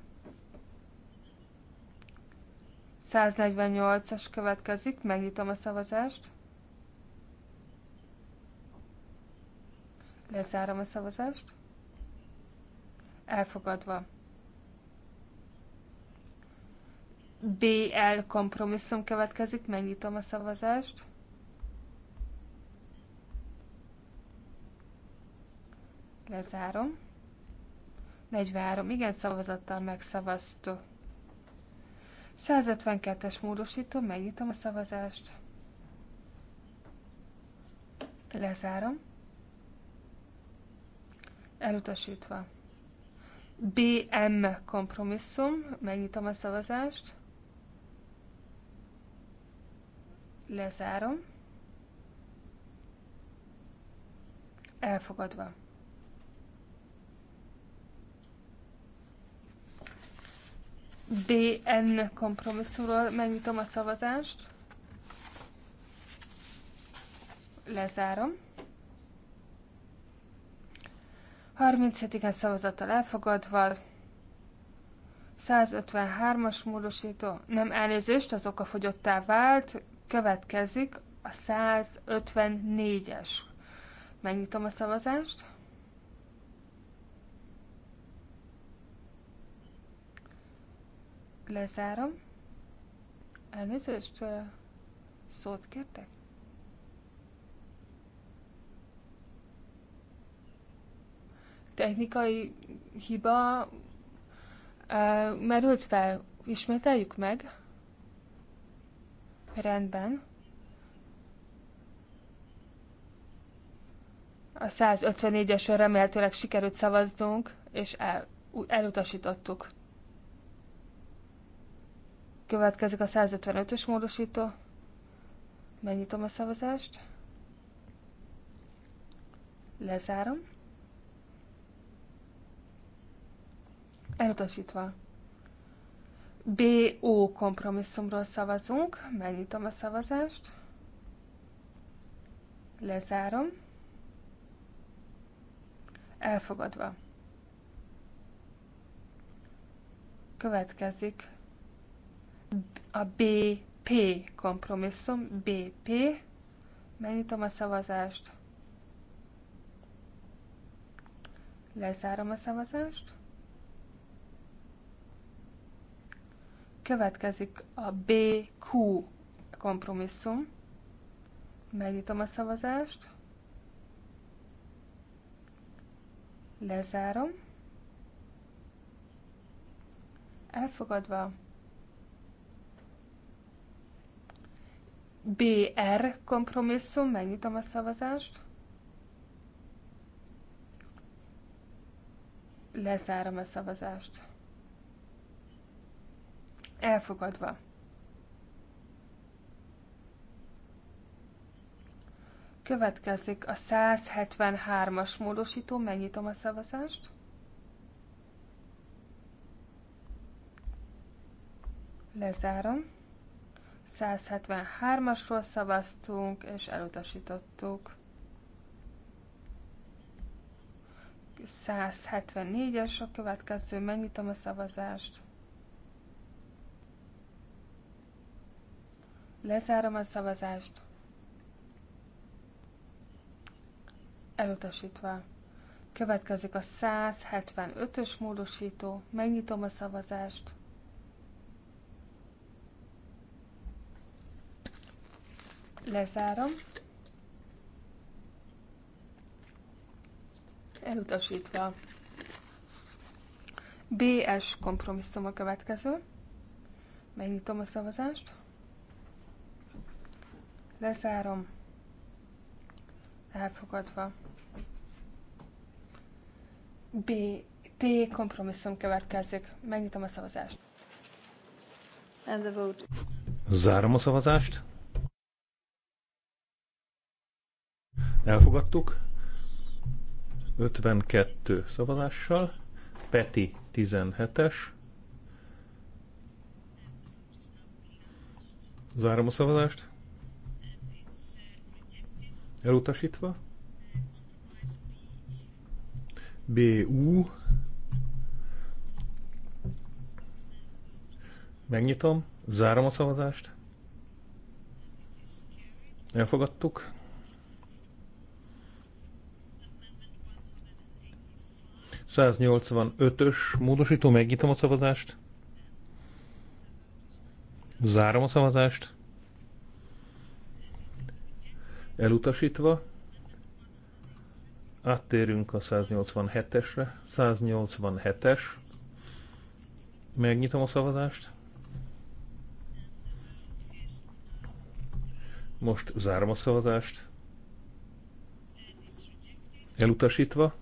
148-as következik, megnyitom a szavazást. Lezárom a szavazást. Elfogadva. BL kompromisszum következik, megnyitom a szavazást. Lezárom. 43 igen szavazattal megszavaztuk. 152-es módosító, megnyitom a szavazást. Lezárom. Elutasítva. BM kompromisszum, megnyitom a szavazást. Lezárom. Elfogadva. BN kompromisszumról megnyitom a szavazást. Lezárom. 37 igen szavazattal elfogadva, 153-as módosító, nem elnézést, az oka fogyottá vált, következik a 154-es. Megnyitom a szavazást. Lezárom. Elnézést, szót kértek? Technikai hiba merült fel. Ismételjük meg. Rendben. A 154-esről remélhetőleg sikerült szavaznunk, és el, elutasítottuk. Következik a 155-ös módosító. Megnyitom a szavazást. Lezárom. Elutasítva. BO kompromisszumról szavazunk. Megnyitom a szavazást. Lezárom. Elfogadva. Következik a BP kompromisszum, BP, megnyitom a szavazást, lezárom a szavazást, következik a BQ kompromisszum, megnyitom a szavazást, lezárom, elfogadva BR kompromisszum, megnyitom a szavazást. Lezárom a szavazást. Elfogadva. Következik a 173-as módosító, megnyitom a szavazást. Lezárom. 173-asról szavaztunk, és elutasítottuk. 174-es a következő, megnyitom a szavazást. Lezárom a szavazást. Elutasítva. Következik a 175-ös módosító, megnyitom a szavazást. Lezárom. Elutasítva. BS kompromisszum a következő. Megnyitom a szavazást. Lezárom. Elfogadva. B. T kompromisszum következik. Megnyitom a szavazást. And the vote. Zárom a szavazást. elfogadtuk. 52 szavazással. Peti 17-es. Zárom a szavazást. Elutasítva. BU. Megnyitom, zárom a szavazást. Elfogadtuk. 185-ös módosító, megnyitom a szavazást. Zárom a szavazást. Elutasítva. Áttérünk a 187-esre. 187-es. Megnyitom a szavazást. Most zárom a szavazást. Elutasítva.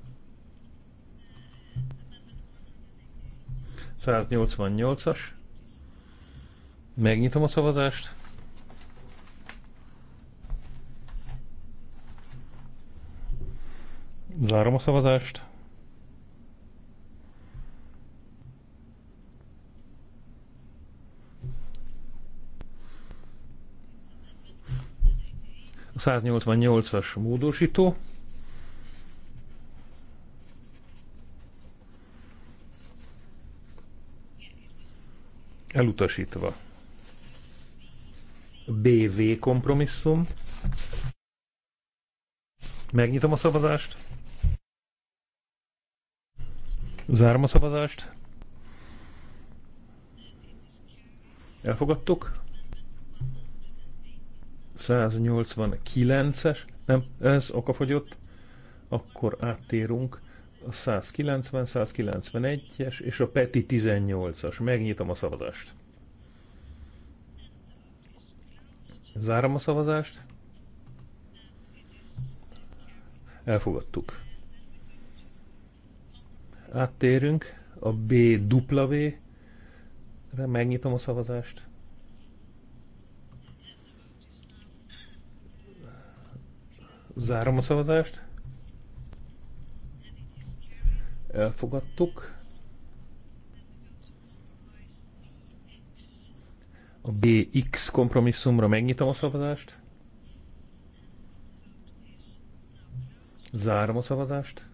188-as. Megnyitom a szavazást. Zárom a szavazást. A 188-as módosító. Elutasítva. BV kompromisszum. Megnyitom a szavazást. Zárom a szavazást. Elfogadtuk. 189-es, nem, ez okafogyott. Akkor áttérünk a 190, 191-es és a Peti 18-as. Megnyitom a szavazást. Zárom a szavazást. Elfogadtuk. Áttérünk a BW-re. Megnyitom a szavazást. Zárom a szavazást elfogadtuk. A BX kompromisszumra megnyitom a szavazást. Zárom a szavazást.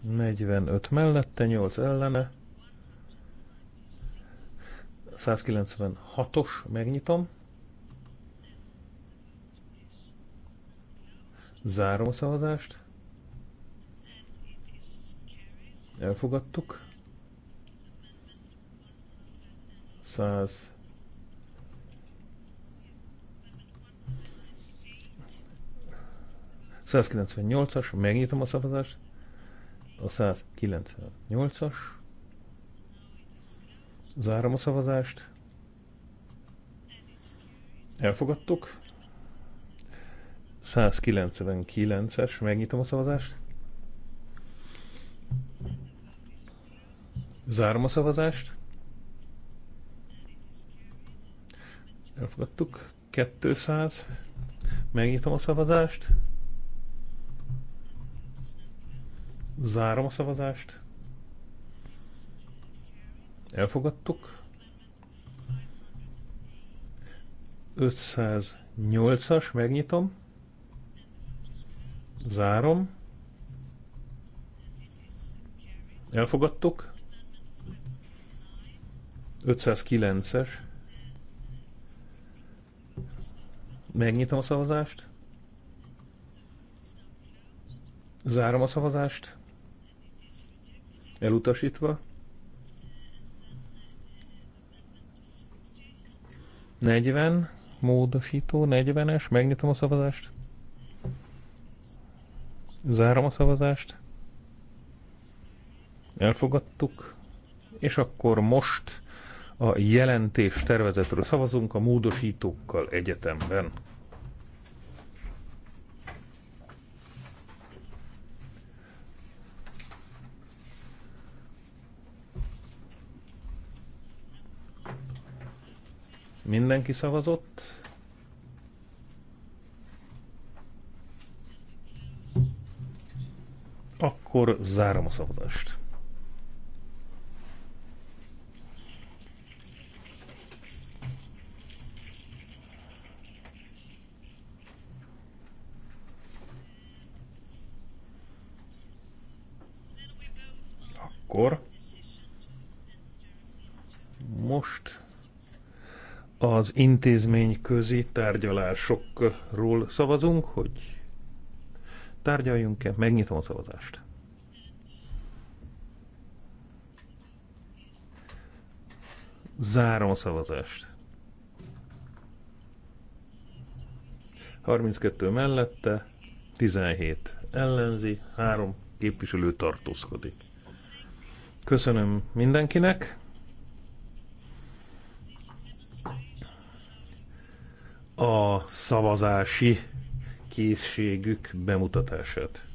45 mellette, 8 ellene. 196-os, megnyitom. Zárom a szavazást. Elfogadtuk. 100. 198-as, megnyitom a szavazást. A 198-as. Zárom a szavazást. Elfogadtuk. 199-es, megnyitom a szavazást. Zárom a szavazást. Elfogadtuk. 200. Megnyitom a szavazást. Zárom a szavazást. Elfogadtuk. 508-as, megnyitom. Zárom. Elfogadtuk. 509-es. Megnyitom a szavazást. Zárom a szavazást. Elutasítva. Negyven módosító, negyvenes. megnyitom a szavazást. Zárom a szavazást. Elfogadtuk. És akkor most a jelentés tervezetről szavazunk a módosítókkal egyetemben. Mindenki szavazott? Akkor zárom a szavazást. akkor. most az intézmény közi tárgyalásokról szavazunk, hogy tárgyaljunk-e, megnyitom a szavazást. Zárom a szavazást. 32 mellette, 17 ellenzi, 3 képviselő tartózkodik. Köszönöm mindenkinek. A szavazási készségük bemutatását.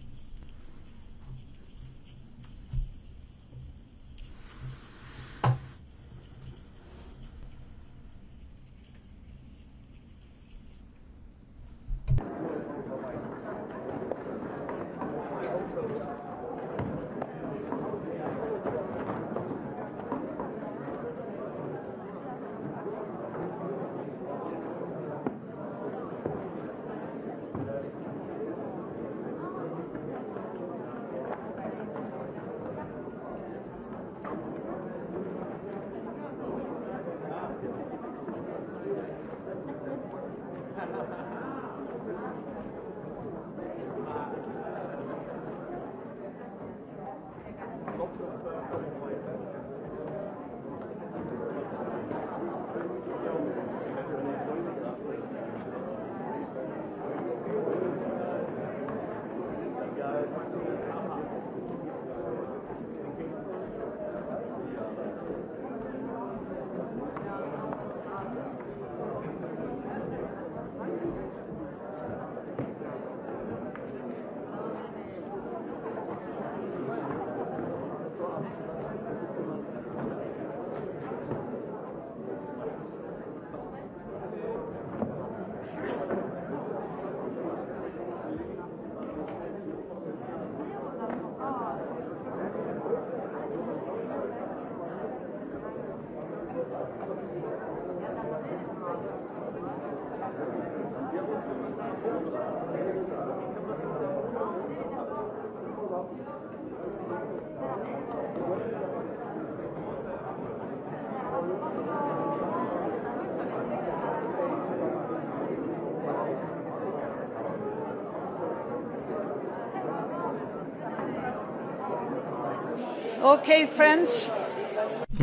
Okay, friends.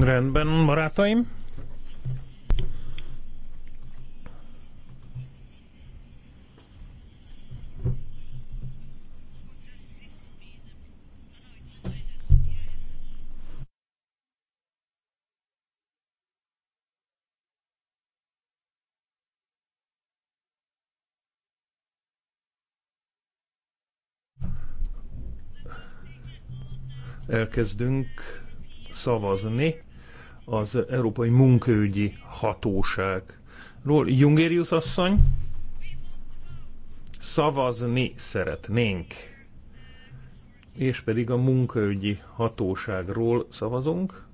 Rendben, barátaim. elkezdünk szavazni az Európai Munkaügyi Hatóságról. Jungérius asszony, szavazni szeretnénk. És pedig a munkaügyi hatóságról szavazunk.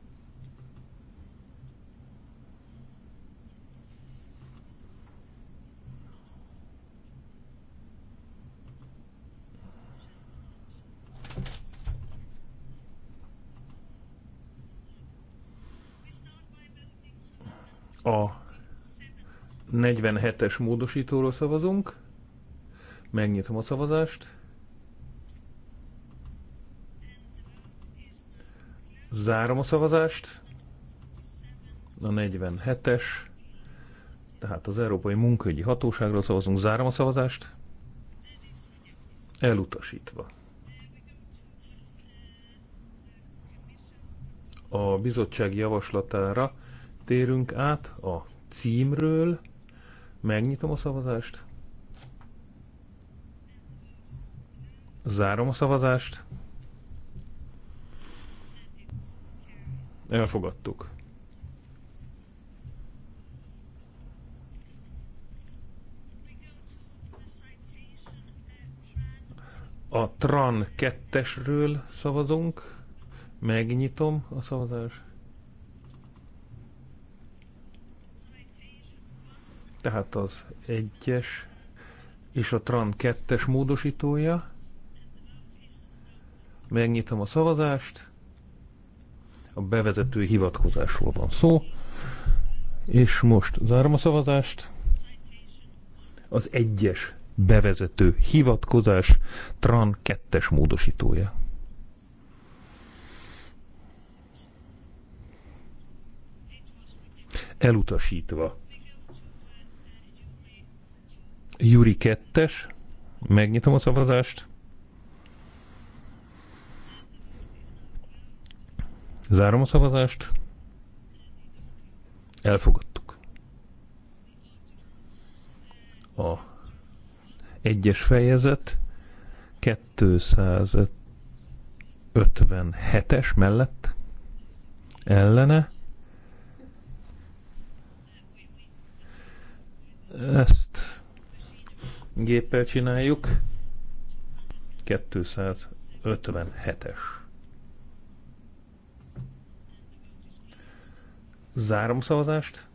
A 47-es módosítóról szavazunk. Megnyitom a szavazást. Zárom a szavazást. A 47-es, tehát az Európai Munkaügyi Hatóságról szavazunk. Zárom a szavazást. Elutasítva. A bizottság javaslatára térünk át a címről. Megnyitom a szavazást. Zárom a szavazást. Elfogadtuk. A TRAN 2-esről szavazunk. Megnyitom a szavazást. Tehát az egyes és a TRAN 2-es módosítója. Megnyitom a szavazást. A bevezető hivatkozásról van szó. És most zárom a szavazást. Az egyes bevezető hivatkozás TRAN 2-es módosítója. Elutasítva. Juri kettes, megnyitom a szavazást. Zárom a szavazást. Elfogadtuk. A egyes fejezet 257-es mellett ellene. Ezt géppel csináljuk. 257-es. Zárom szavazást.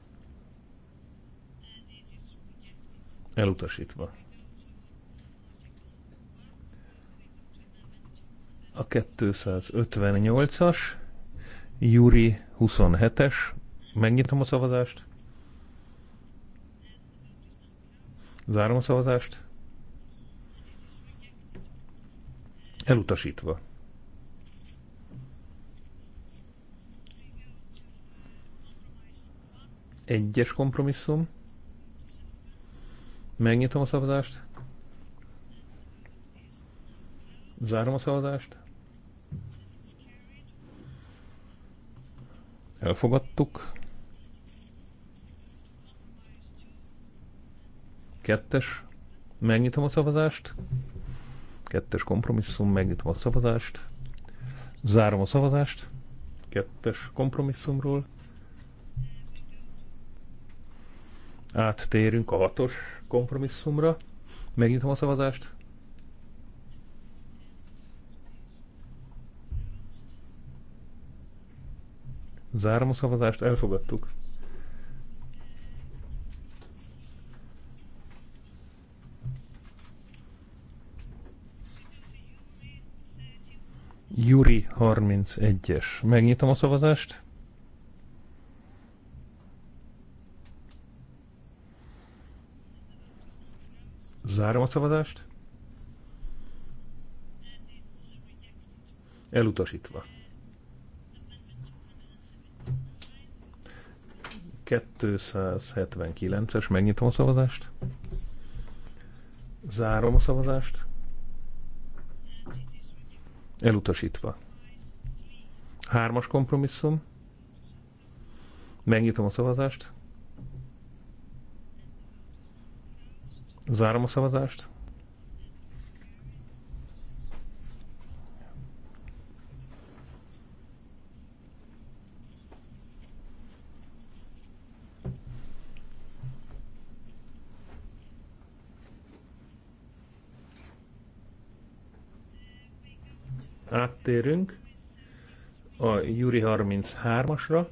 Elutasítva. A 258-as, Juri 27-es. Megnyitom a szavazást. Zárom a szavazást. Elutasítva. Egyes kompromisszum. Megnyitom a szavazást. Zárom a szavazást. Elfogadtuk. Kettes. Megnyitom a szavazást. Kettes kompromisszum. Megnyitom a szavazást. Zárom a szavazást. Kettes kompromisszumról. Áttérünk a hatos kompromisszumra. Megnyitom a szavazást. Zárom a szavazást, elfogadtuk. Juri 31-es. Megnyitom a szavazást. Zárom a szavazást. Elutasítva. Kettőszázhetvenkilences. megnyitom a szavazást. Zárom a szavazást. Elutasítva. Hármas kompromisszum. Megnyitom a szavazást. Zárom a szavazást. áttérünk a Juri 33-asra.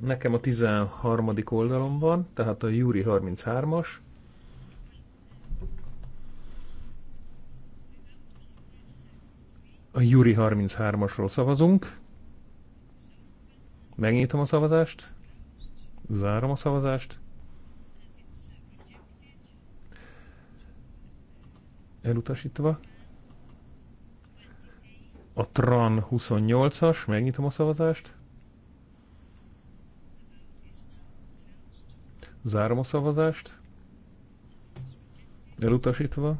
Nekem a 13. oldalon van, tehát a Juri 33-as. A Juri 33-asról szavazunk. Megnyitom a szavazást. Zárom a szavazást. Elutasítva a TRAN 28-as, megnyitom a szavazást. Zárom a szavazást. Elutasítva.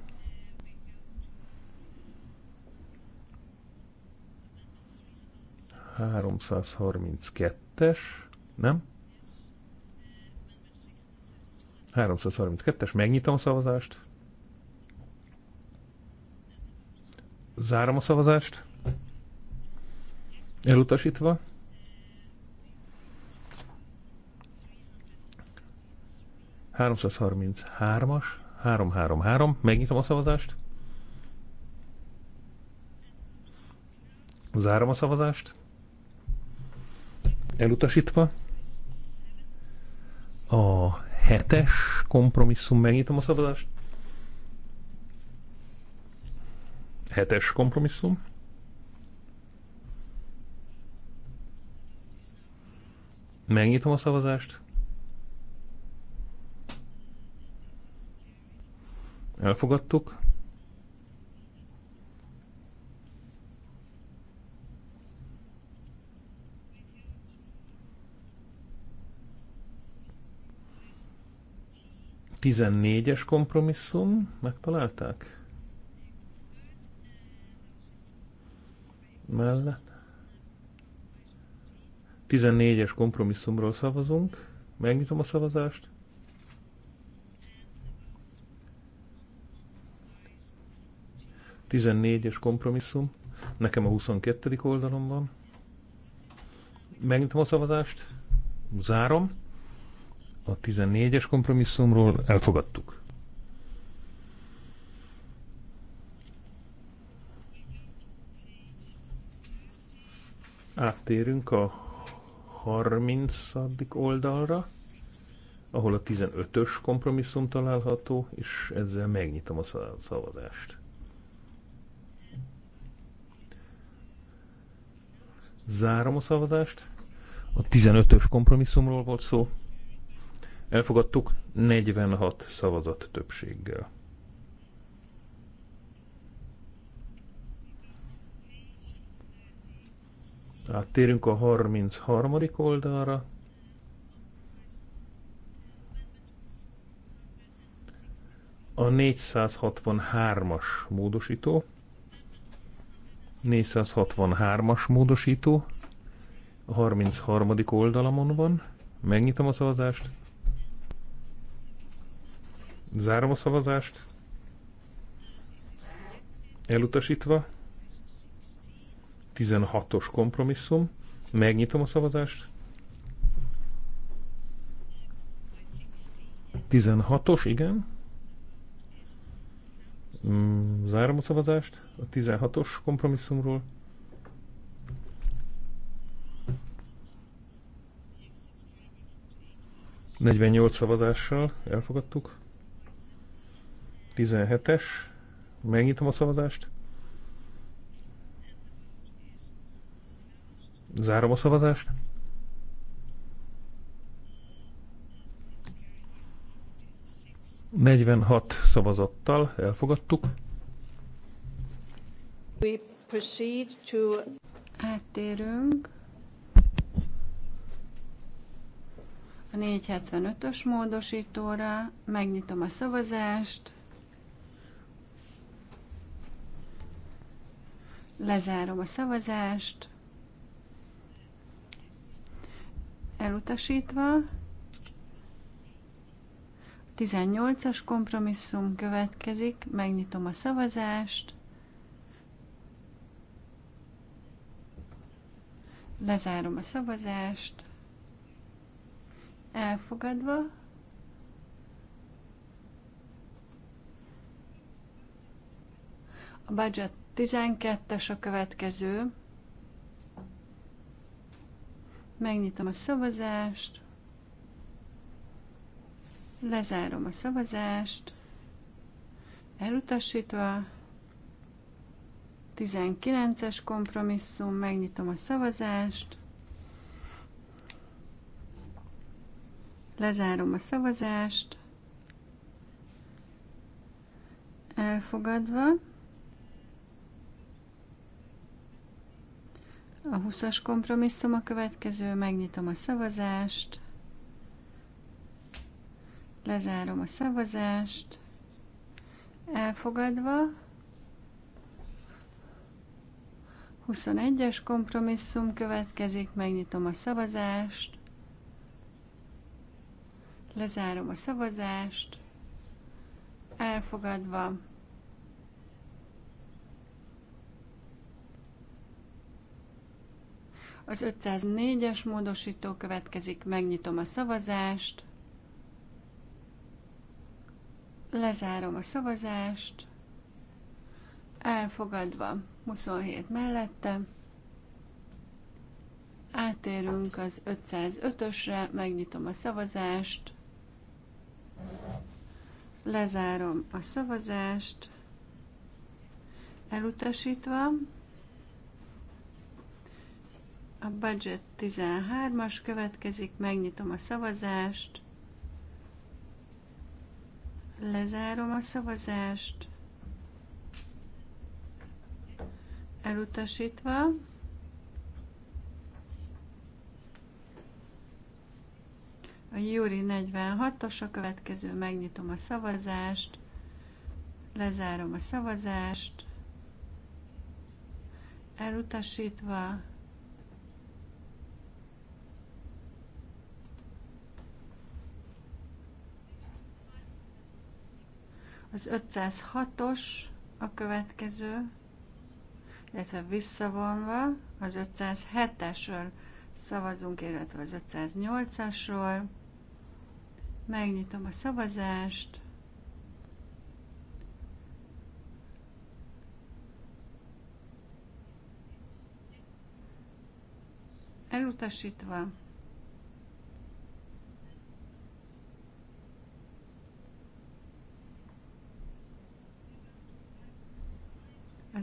Háromszázharminckettes, nem? 332-es, megnyitom a szavazást. Zárom a szavazást. Elutasítva. as 333. Megnyitom a szavazást. Zárom a szavazást. Elutasítva. A hetes kompromisszum. Megnyitom a szavazást. Hetes kompromisszum. Megnyitom a szavazást. Elfogadtuk. Tizennégyes kompromisszum, megtalálták? Mellett. 14-es kompromisszumról szavazunk. Megnyitom a szavazást. Tizennégyes kompromisszum. Nekem a 22. oldalon van. Megnyitom a szavazást. Zárom. A 14-es kompromisszumról elfogadtuk. Áttérünk a 30. oldalra, ahol a 15-ös kompromisszum található, és ezzel megnyitom a szavazást. Zárom a szavazást. A 15-ös kompromisszumról volt szó. Elfogadtuk 46 szavazat többséggel. Áttérünk a 33. oldalra. A 463-as módosító. 463-as módosító. A 33. oldalamon van. Megnyitom a szavazást. Zárom a szavazást. Elutasítva. 16-os kompromisszum. Megnyitom a szavazást. 16-os, igen. Mm, zárom a szavazást a 16-os kompromisszumról. Negyvennyolc szavazással elfogadtuk. 17-es. Megnyitom a szavazást. Zárom a szavazást. Negyvenhat szavazattal elfogadtuk. We proceed to... Áttérünk a 475-ös módosítóra, megnyitom a szavazást, lezárom a szavazást, elutasítva. 18-as kompromisszum következik, megnyitom a szavazást. Lezárom a szavazást. Elfogadva. A budget 12-es a következő. Megnyitom a szavazást. Lezárom a szavazást. Elutasítva. 19-es kompromisszum. Megnyitom a szavazást. Lezárom a szavazást. Elfogadva. A 20-as kompromisszum a következő, megnyitom a szavazást, lezárom a szavazást, elfogadva, 21-es kompromisszum következik, megnyitom a szavazást, lezárom a szavazást, elfogadva, Az 504-es módosító következik, megnyitom a szavazást, lezárom a szavazást, elfogadva 27 mellette, átérünk az 505-ösre, megnyitom a szavazást, lezárom a szavazást, elutasítva, a budget 13-as következik, megnyitom a szavazást, lezárom a szavazást, elutasítva, A Júri 46-os a következő, megnyitom a szavazást, lezárom a szavazást, elutasítva, Az 506-os a következő, illetve visszavonva az 507-esről szavazunk, illetve az 508-asról. Megnyitom a szavazást. Elutasítva.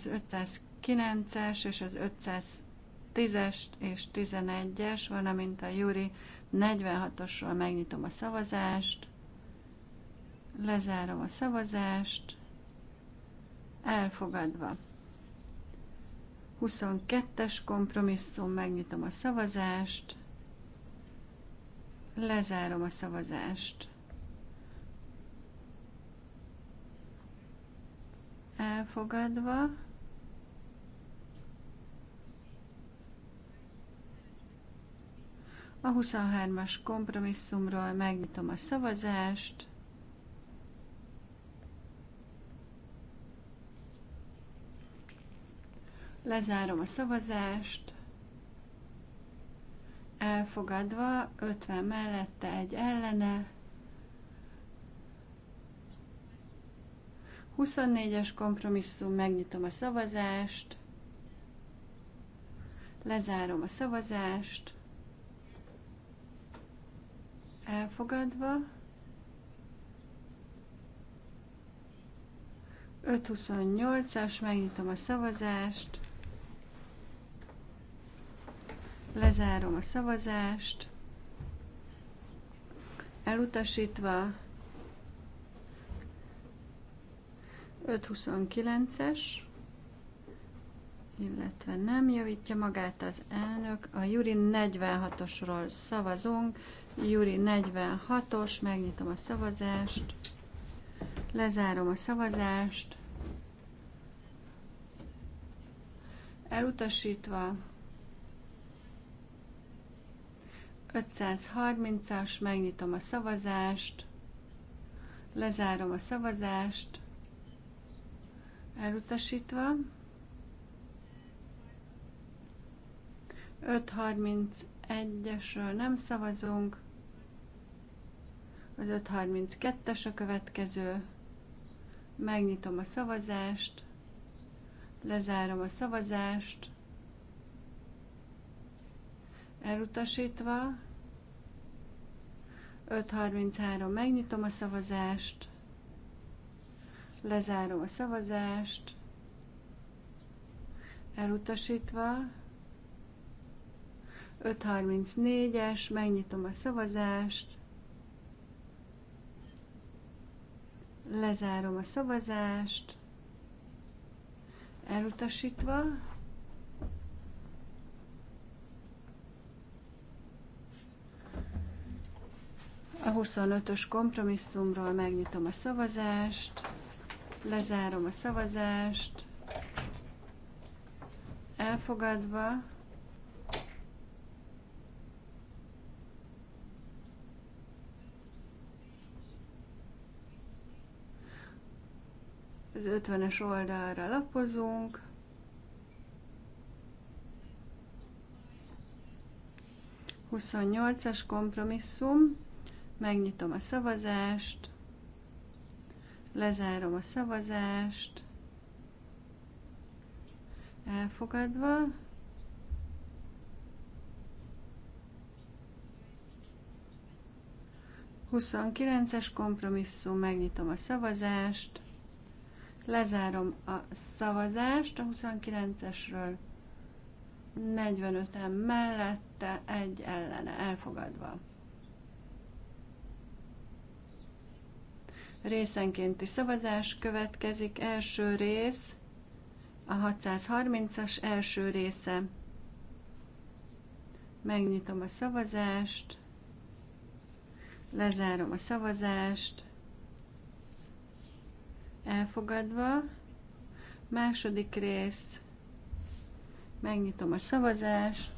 Az 509-es és az 510-es és 11-es, valamint a Júri 46-osról megnyitom a szavazást, lezárom a szavazást, elfogadva. 22-es kompromisszum, megnyitom a szavazást, lezárom a szavazást. Elfogadva. A 23-as kompromisszumról megnyitom a szavazást. Lezárom a szavazást. Elfogadva 50 mellette egy ellene. 24-es kompromisszum, megnyitom a szavazást. Lezárom a szavazást elfogadva. 528-as, megnyitom a szavazást. Lezárom a szavazást. Elutasítva 529-es, illetve nem javítja magát az elnök. A Juri 46-osról szavazunk. Júri 46-os, megnyitom a szavazást, lezárom a szavazást, elutasítva, 530-as, megnyitom a szavazást, lezárom a szavazást, elutasítva, 531-esről nem szavazunk, az 532-es a következő. Megnyitom a szavazást. Lezárom a szavazást. Elutasítva. 5.33 megnyitom a szavazást. Lezárom a szavazást. Elutasítva. 5.34-es, megnyitom a szavazást Lezárom a szavazást. Elutasítva. A 25-ös kompromisszumról megnyitom a szavazást, lezárom a szavazást, elfogadva Az 50-es oldalra lapozunk. Huszonnyolcas kompromisszum. Megnyitom a szavazást. Lezárom a szavazást. Elfogadva. Huszonkilences kompromisszum, megnyitom a szavazást. Lezárom a szavazást a 29-esről. 45-en mellette, egy ellene elfogadva. Részenkénti szavazás következik. Első rész, a 630-as első része. Megnyitom a szavazást, lezárom a szavazást, elfogadva. Második rész, megnyitom a szavazást,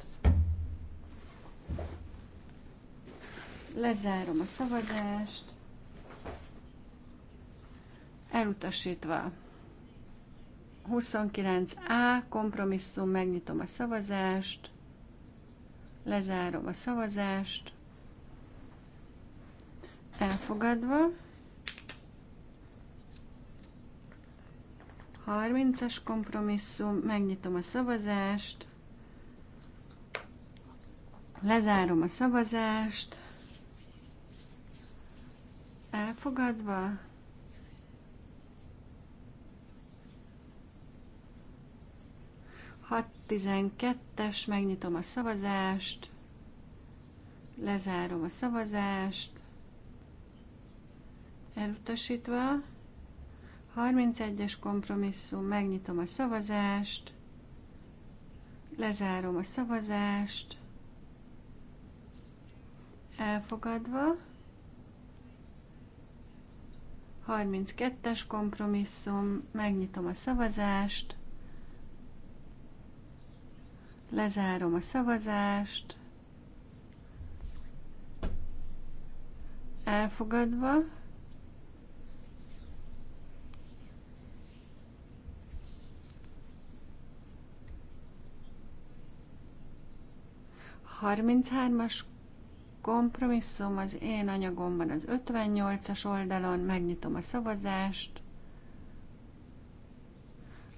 lezárom a szavazást, elutasítva. 29A, kompromisszum, megnyitom a szavazást, lezárom a szavazást, elfogadva. 30-as kompromisszum, megnyitom a szavazást, lezárom a szavazást, elfogadva, hat 12-es, megnyitom a szavazást, lezárom a szavazást, elutasítva, 31-es kompromisszum, megnyitom a szavazást, lezárom a szavazást, elfogadva, 32-es kompromisszum, megnyitom a szavazást, lezárom a szavazást, elfogadva, 33-as kompromisszum az én anyagomban az 58-as oldalon, megnyitom a szavazást,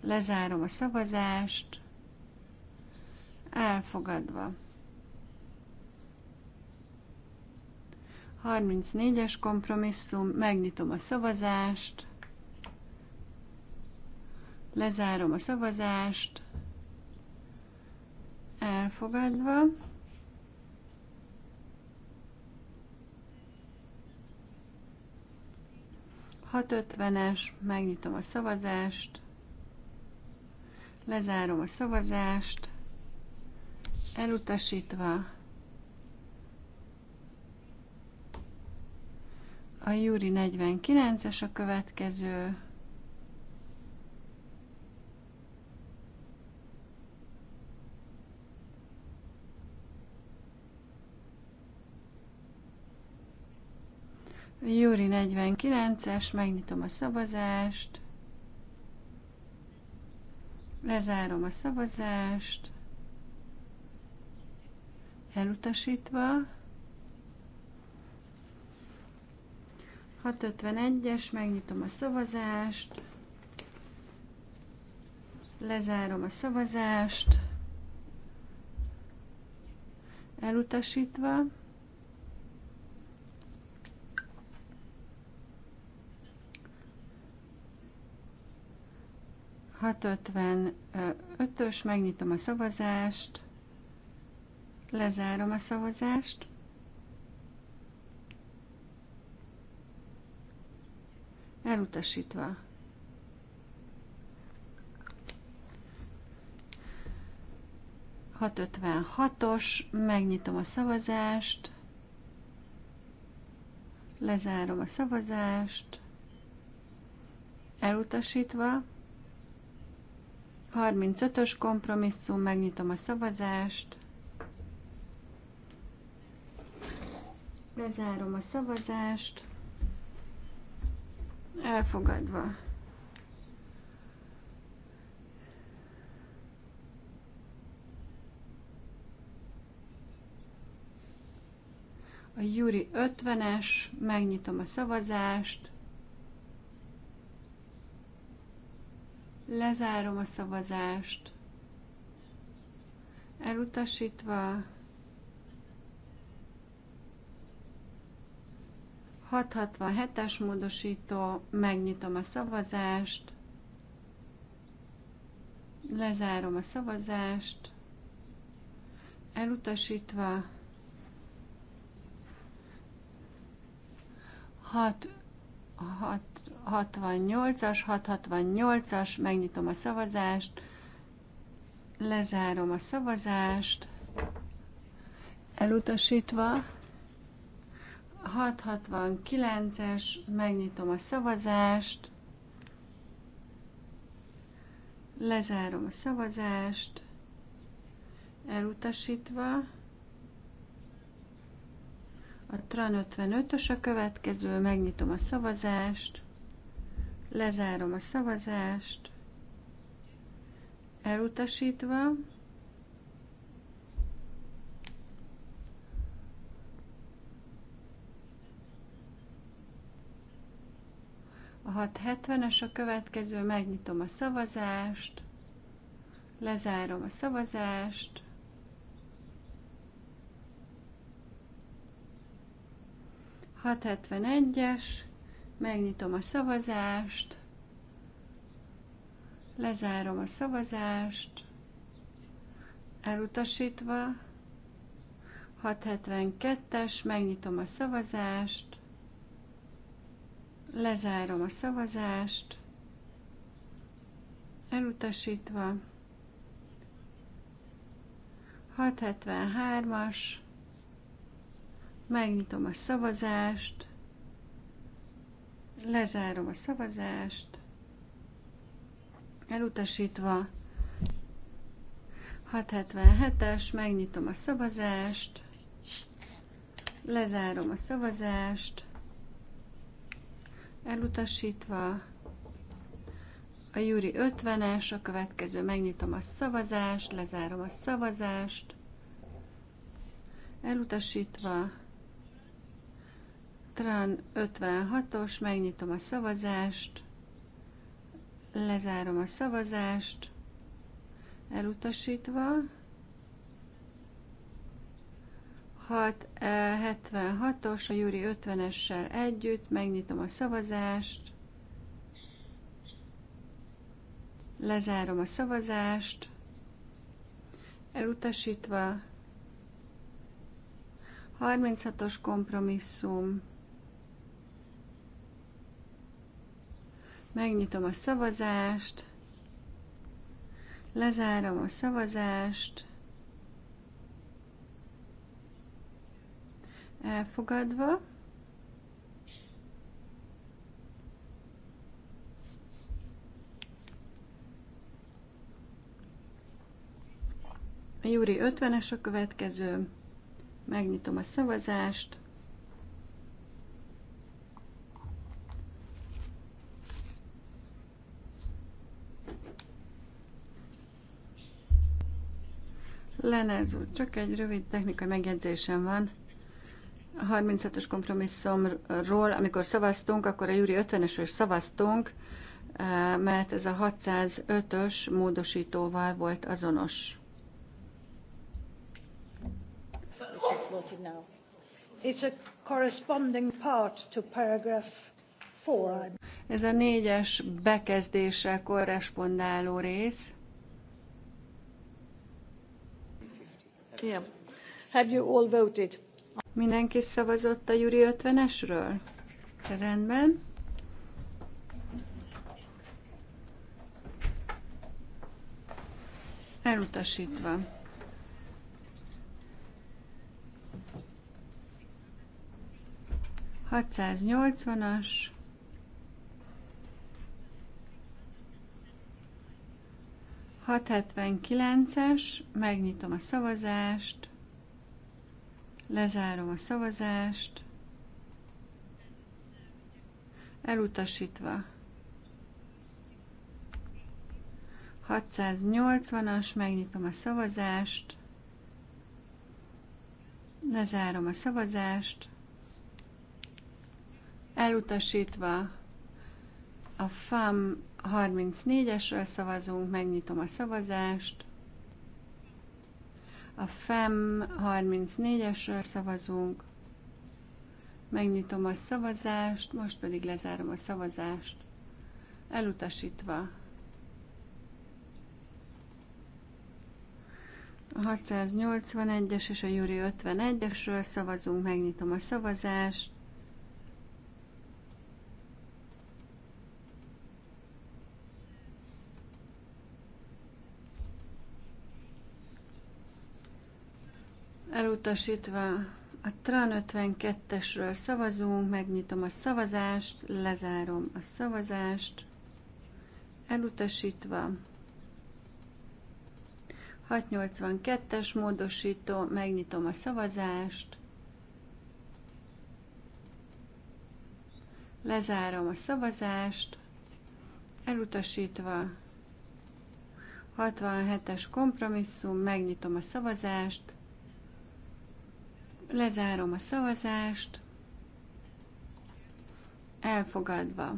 lezárom a szavazást, elfogadva. 34-es kompromisszum, megnyitom a szavazást, lezárom a szavazást, elfogadva. 650-es, megnyitom a szavazást, lezárom a szavazást, elutasítva a Júri 49-es a következő, Júri 49-es, megnyitom a szavazást. Lezárom a szavazást. Elutasítva. 651-es, megnyitom a szavazást. Lezárom a szavazást. Elutasítva. 655-ös, megnyitom a szavazást, lezárom a szavazást. Elutasítva. os megnyitom a szavazást, lezárom a szavazást, elutasítva. 35-ös kompromisszum, megnyitom a szavazást. Bezárom a szavazást. Elfogadva. A Júri 50-es, megnyitom a szavazást. Lezárom a szavazást. Elutasítva 667-es módosító, megnyitom a szavazást, lezárom a szavazást, elutasítva Hat. 668-as, 668-as, megnyitom a szavazást, lezárom a szavazást, elutasítva, 669-es, megnyitom a szavazást, lezárom a szavazást, elutasítva, a TRAN 55-ös a következő, megnyitom a szavazást, lezárom a szavazást, elutasítva, A 670-es a következő, megnyitom a szavazást, lezárom a szavazást, 671-es, megnyitom a szavazást, lezárom a szavazást, elutasítva, 672-es, megnyitom a szavazást, lezárom a szavazást, elutasítva, 673-as, Megnyitom a szavazást, lezárom a szavazást, elutasítva 677-es, megnyitom a szavazást, lezárom a szavazást, elutasítva a Júri 50-es, a következő megnyitom a szavazást, lezárom a szavazást, elutasítva Tran 56-os, megnyitom a szavazást, lezárom a szavazást, elutasítva. 676-os, eh, a Júri 50-essel együtt, megnyitom a szavazást, lezárom a szavazást, elutasítva. 36-os kompromisszum, Megnyitom a szavazást, lezárom a szavazást, elfogadva. A Júri 50-es a következő. Megnyitom a szavazást. Lenez úr, csak egy rövid technikai megjegyzésem van. A 36-os kompromisszumról, amikor szavaztunk, akkor a júri 50-esről szavaztunk, eh, mert ez a 605-ös módosítóval volt azonos. Ez a négyes bekezdése korrespondáló rész. Have you all voted? Mindenki szavazott a Júri 50-esről? Rendben. Elutasítva. 680-as 679-es, megnyitom a szavazást, lezárom a szavazást, elutasítva. 680-as, megnyitom a szavazást, lezárom a szavazást, elutasítva a FAM 34-esről szavazunk, megnyitom a szavazást. A FEM 34-esről szavazunk, megnyitom a szavazást, most pedig lezárom a szavazást. Elutasítva. A 681-es és a Júri 51-esről szavazunk, megnyitom a szavazást. Elutasítva a TRAN 52-esről szavazunk, megnyitom a szavazást, lezárom a szavazást. Elutasítva 682-es módosító, megnyitom a szavazást. Lezárom a szavazást, elutasítva 67-es kompromisszum, megnyitom a szavazást, Lezárom a szavazást. Elfogadva.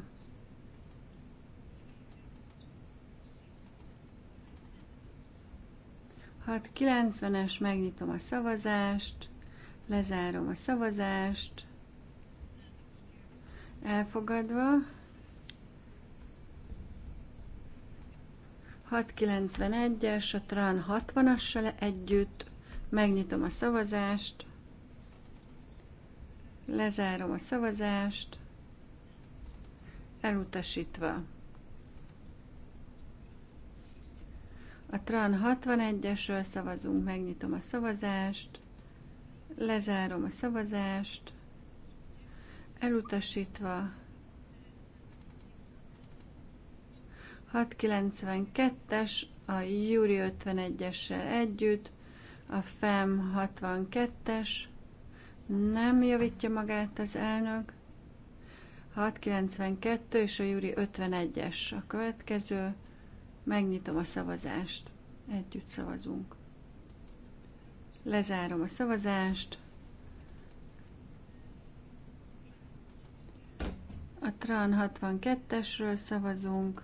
Hat 90-es, megnyitom a szavazást, lezárom a szavazást, elfogadva. 691-es, a TRAN 60-assal együtt, megnyitom a szavazást, Lezárom a szavazást. Elutasítva. A TRAN 61-esről szavazunk, megnyitom a szavazást, lezárom a szavazást, elutasítva 692-es, a Júri 51-essel együtt, a FEM 62-es, nem javítja magát az elnök. 692 és a Júri 51-es a következő. Megnyitom a szavazást. Együtt szavazunk. Lezárom a szavazást. A TRAN 62-esről szavazunk.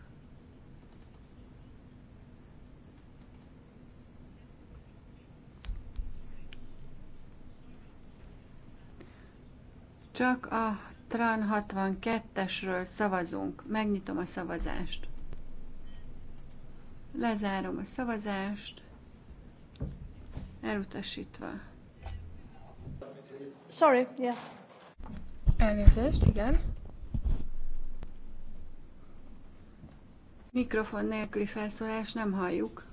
Csak a TRAN 62-esről szavazunk. Megnyitom a szavazást. Lezárom a szavazást. Elutasítva. Sorry, yes. Elnézést, igen. Mikrofon nélküli felszólás nem halljuk.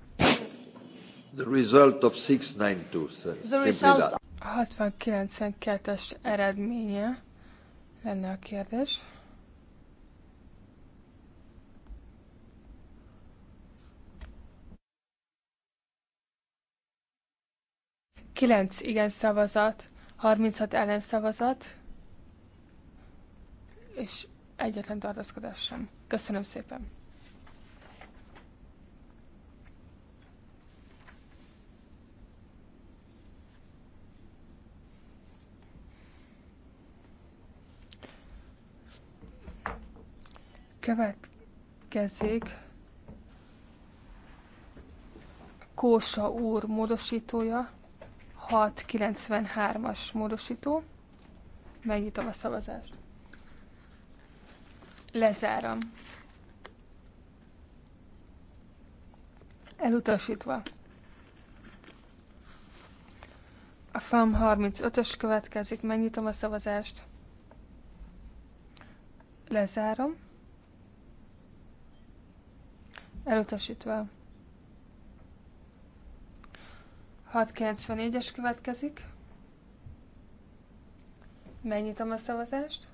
The result of 692. The result 69 es eredménye lenne a kérdés. Kilenc igen szavazat, 36 ellen szavazat, és egyetlen tartózkodás sem. Köszönöm szépen! Következik Kósa úr módosítója, 693-as módosító. Megnyitom a szavazást. Lezárom. Elutasítva. A FAM 35-ös következik, megnyitom a szavazást. Lezárom. Elutasítva. 694-es következik. Megnyitom a szavazást.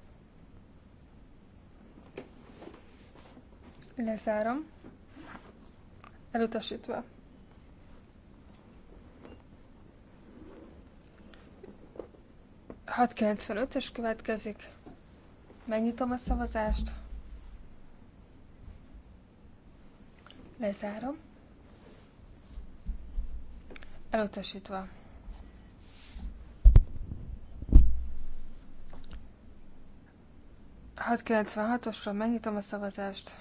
Lezárom. Elutasítva. 25-es következik. Megnyitom a szavazást. Lezárom. Elutasítva. Hat osról megnyitom a szavazást.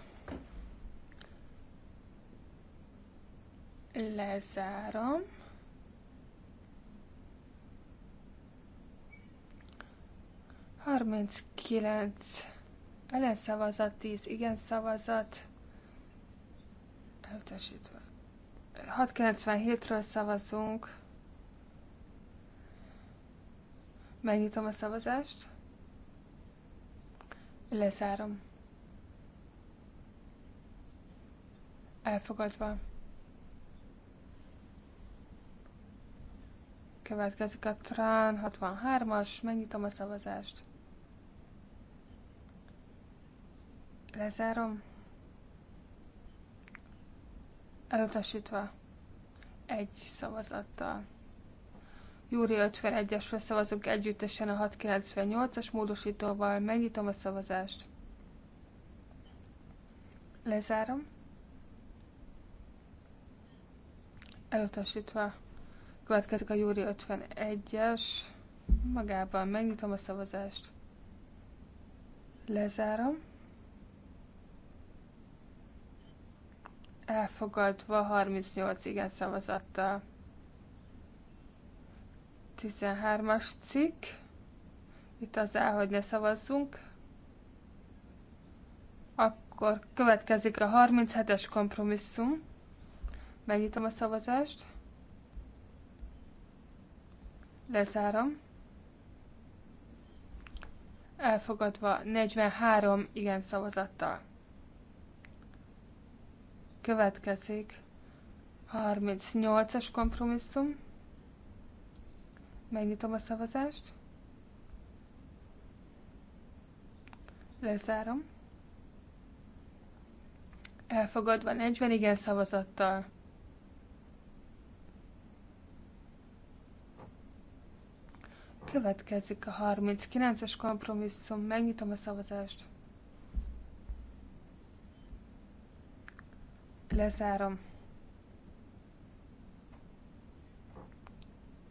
Lezárom. Harminckilenc ellenszavazat, tíz igen szavazat. Elutasítva. 697-ről szavazunk. Megnyitom a szavazást. Lezárom. Elfogadva. Következik a Trán 63-as, megnyitom a szavazást. Lezárom elutasítva egy szavazattal. Júri 51-esről szavazunk együttesen a 698-as módosítóval. Megnyitom a szavazást. Lezárom. Elutasítva. Következik a Júri 51-es. Magában megnyitom a szavazást. Lezárom. elfogadva 38 igen szavazattal. 13-as cikk. Itt az el, hogy ne szavazzunk. Akkor következik a 37-es kompromisszum. Megnyitom a szavazást. Lezárom. Elfogadva 43 igen szavazattal. Következik 38-as kompromisszum. Megnyitom a szavazást. Lezárom. Elfogadva 40 igen szavazattal. Következik a 39-es kompromisszum. Megnyitom a szavazást. Lezárom.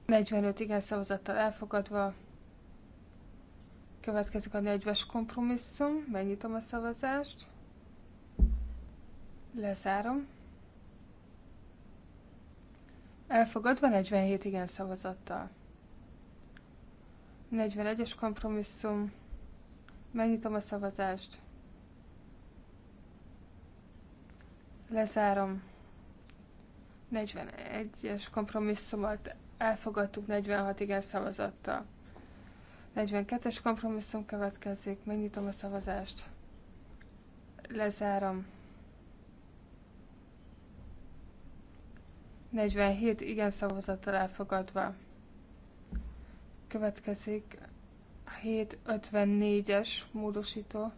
45 igen szavazattal elfogadva. Következik a 40-es kompromisszum. Megnyitom a szavazást. Lezárom. Elfogadva 47 igen szavazattal. 41-es kompromisszum. Megnyitom a szavazást. Lezárom. 41-es kompromisszumot elfogadtuk 46 igen szavazattal. 42-es kompromisszum következik, megnyitom a szavazást. Lezárom. 47 igen szavazattal elfogadva. Következik 754-es módosító.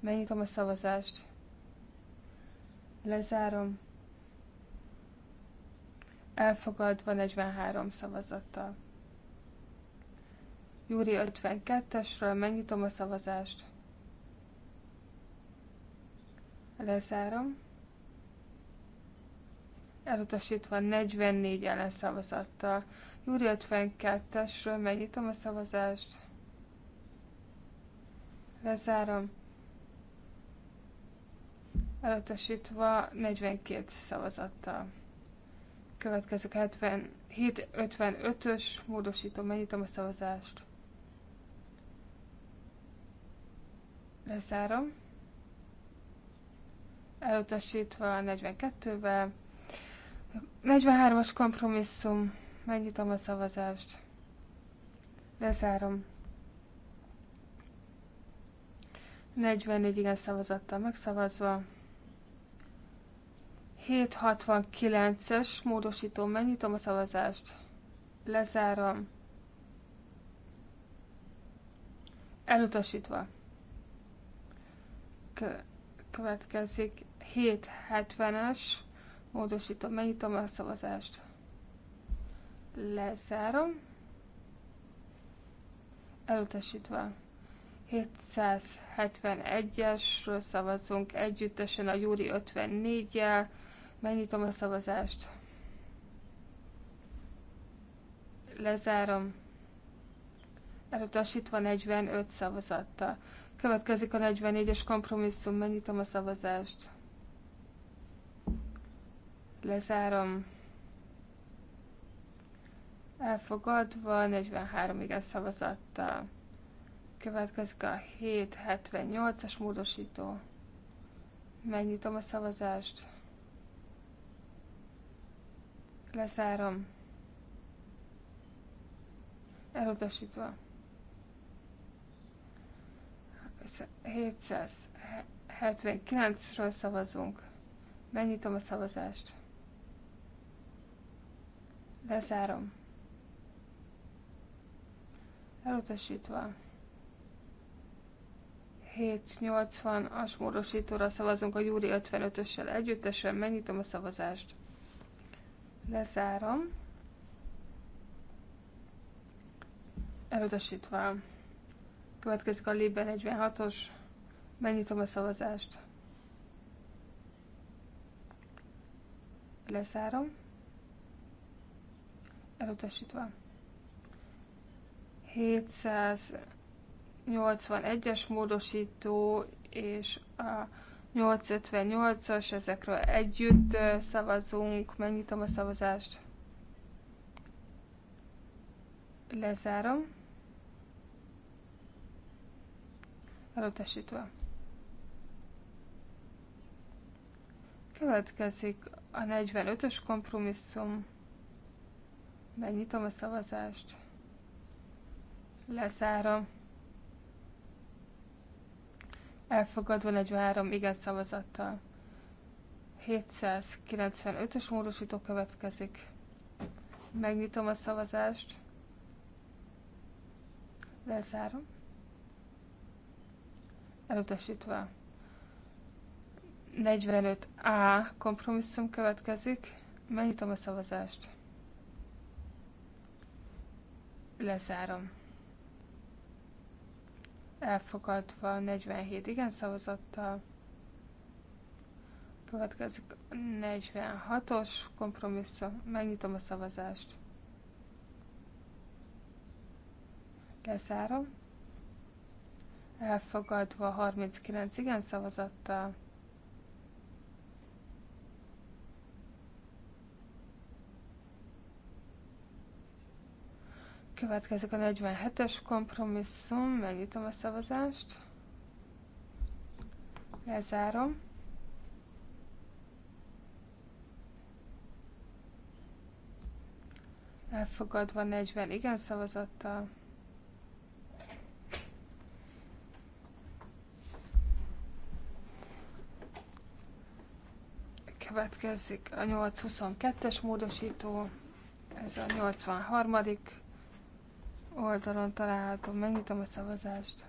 Megnyitom a szavazást. Lezárom. Elfogadva 43 szavazattal. Júri 52-esről megnyitom a szavazást. Lezárom. Elutasítva 44 szavazattal Júri 52-esről megnyitom a szavazást. Lezárom elutasítva 42 szavazattal. Következik 755-ös módosítom megnyitom a szavazást. Lezárom. Elutasítva 42-vel. 43-as kompromisszum, megnyitom a szavazást. Lezárom. 44 igen szavazattal megszavazva. 769-es módosító, megnyitom a szavazást, lezárom, elutasítva. következik 770-es módosító, megnyitom a szavazást, lezárom, elutasítva. 771-esről szavazunk együttesen a Júri 54-jel, Megnyitom a szavazást. Lezárom. Elutasítva 45 szavazattal. Következik a 44-es kompromisszum. Megnyitom a szavazást. Lezárom. Elfogadva 43 igen szavazattal. Következik a 778-as módosító. Megnyitom a szavazást. Lezárom. Elutasítva. 779-ről szavazunk. Megnyitom a szavazást. Lezárom. Elutasítva. 780-as módosítóra szavazunk a júri 55-össel együttesen. Megnyitom a szavazást. Lezárom. Elutasítva. Következik a Libe 46-os. Megnyitom a szavazást. Lezárom. Elutasítva. 781-es módosító és a 858-as, ezekről együtt szavazunk, megnyitom a szavazást. Lezárom. Elutasítva. Következik a 45-ös kompromisszum. Megnyitom a szavazást. Lezárom elfogadva 43 igen szavazattal. 795-ös módosító következik. Megnyitom a szavazást. Lezárom. Elutasítva. 45A kompromisszum következik. Megnyitom a szavazást. Lezárom elfogadva 47 igen szavazattal. Következik 46-os kompromisszum. Megnyitom a szavazást. Lezárom. Elfogadva 39 igen szavazattal. Következik a 47-es kompromisszum, megnyitom a szavazást. Lezárom. Elfogadva 40 igen szavazattal. Következik a 822-es módosító, ez a 83 oldalon található. Megnyitom a szavazást.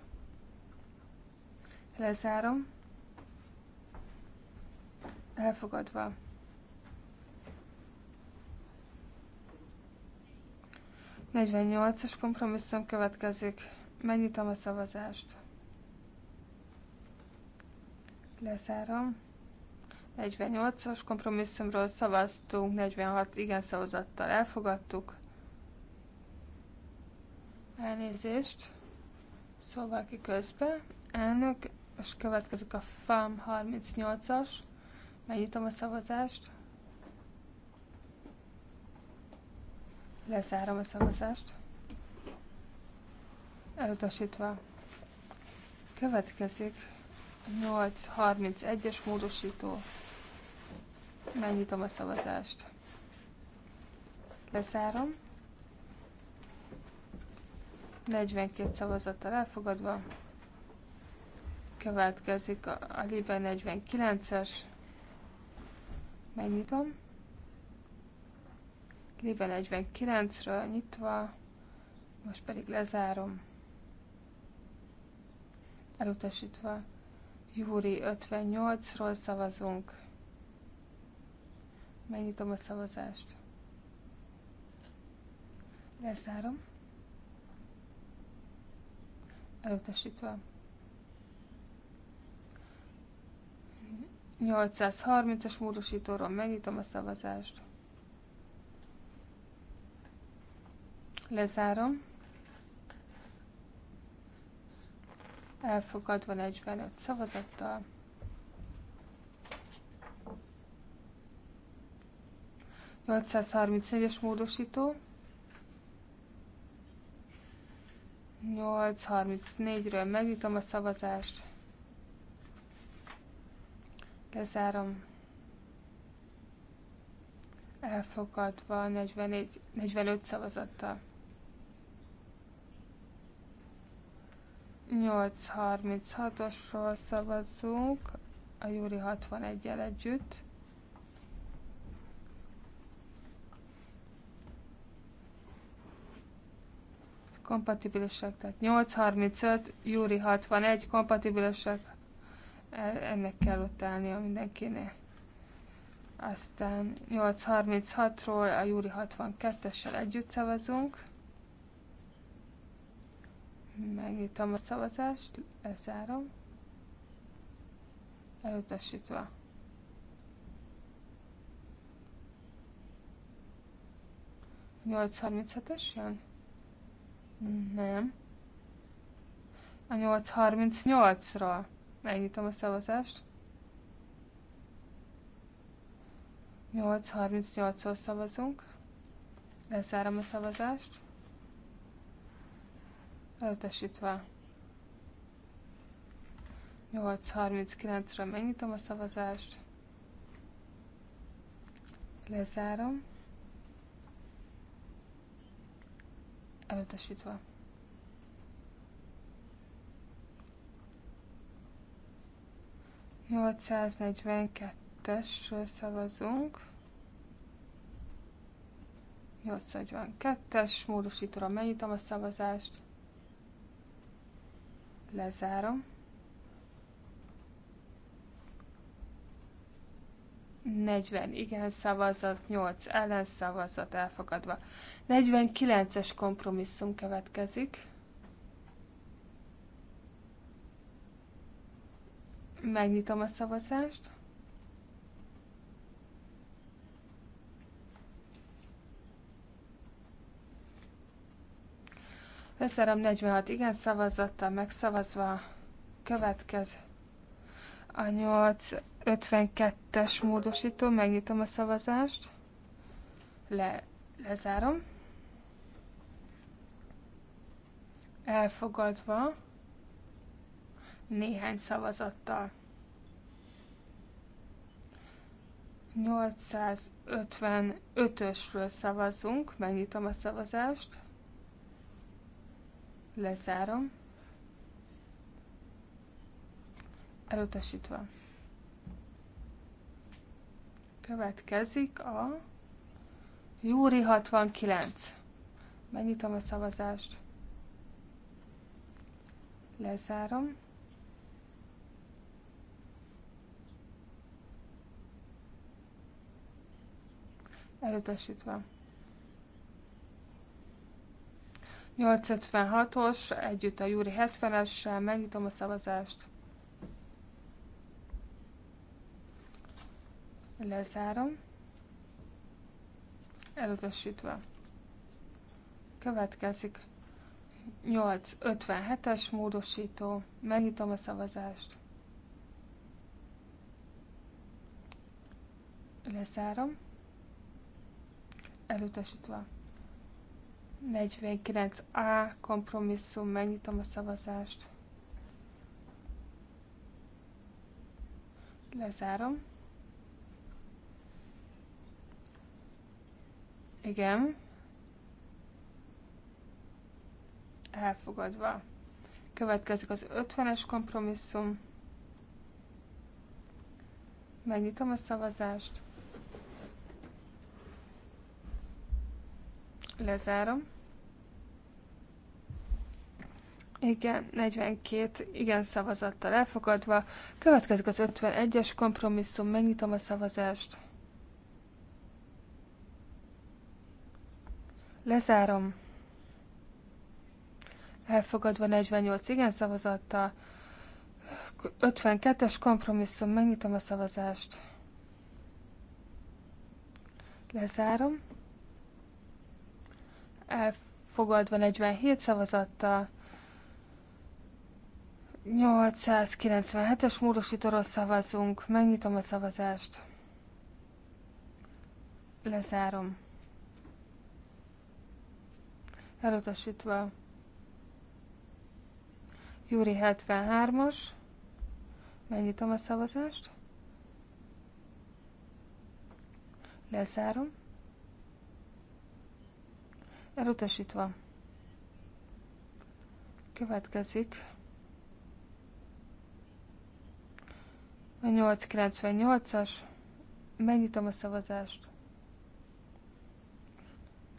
Lezárom. Elfogadva. Negyvennyolcas kompromisszum következik. Megnyitom a szavazást. Lezárom. 48-as kompromisszumról szavaztunk, 46 igen szavazattal elfogadtuk. Elnézést. Szóval ki közben. Elnök, és következik a FAM 38-as. Megnyitom a szavazást. Lezárom a szavazást. Elutasítva. Következik 831-es módosító. Megnyitom a szavazást. Lezárom. 42 szavazattal elfogadva. Következik a, a Libe 49-es. Megnyitom. Libe 49-ről nyitva, most pedig lezárom. Elutasítva. Júri 58-ról szavazunk. Megnyitom a szavazást. lezárom elutasítva. 830-as módosítóról megnyitom a szavazást. Lezárom. Elfogadva 45 szavazattal. es módosító. 8.34-ről megnyitom a szavazást. Lezárom. Elfogadva 44, 45 szavazattal. 8.36-osról szavazzunk a júri 61-jel együtt. kompatibilisek, tehát 835, júri 61 kompatibilisek, e, ennek kell ott állnia mindenkinél. Aztán 836-ról a júri 62-essel együtt szavazunk. Megnyitom a szavazást, lezárom. Elutasítva. Nyolc harmincetes jön? Nem. A 838 ra Megnyitom a szavazást. 838-ról szavazunk. Lezárom a szavazást. Elutasítva. 839 ra megnyitom a szavazást. Lezárom. elutasítva. Nyolcszáznegyvenkettesről szavazunk. 842-es módosítóra megnyitom a szavazást. Lezárom. 40 igen szavazat, 8 ellen szavazat elfogadva. 49-es kompromisszum következik. Megnyitom a szavazást. Leszerem 46 igen szavazattal megszavazva következ a 8 52-es módosító, megnyitom a szavazást, le, lezárom. Elfogadva néhány szavazattal. 855-ösről szavazunk, megnyitom a szavazást, lezárom, elutasítva. Következik a Júri 69. Megnyitom a szavazást. Lezárom. Elutasítva. 856-os, együtt a Júri 70-essel, megnyitom a szavazást. Lezárom. Elutasítva. Következik 857-es módosító. Megnyitom a szavazást. Lezárom. Elutasítva. 49A kompromisszum, megnyitom a szavazást. Lezárom. Igen. Elfogadva. Következik az 50-es kompromisszum. Megnyitom a szavazást. Lezárom. Igen, 42 igen szavazattal elfogadva. Következik az 51-es kompromisszum, megnyitom a szavazást. Lezárom. Elfogadva 48 igen szavazattal. 52-es kompromisszum. Megnyitom a szavazást. Lezárom. Elfogadva 47 szavazattal. 897-es módosítóról szavazunk. Megnyitom a szavazást. Lezárom elutasítva. Júri 73-as, megnyitom a szavazást, lezárom, elutasítva. Következik a 898-as, megnyitom a szavazást,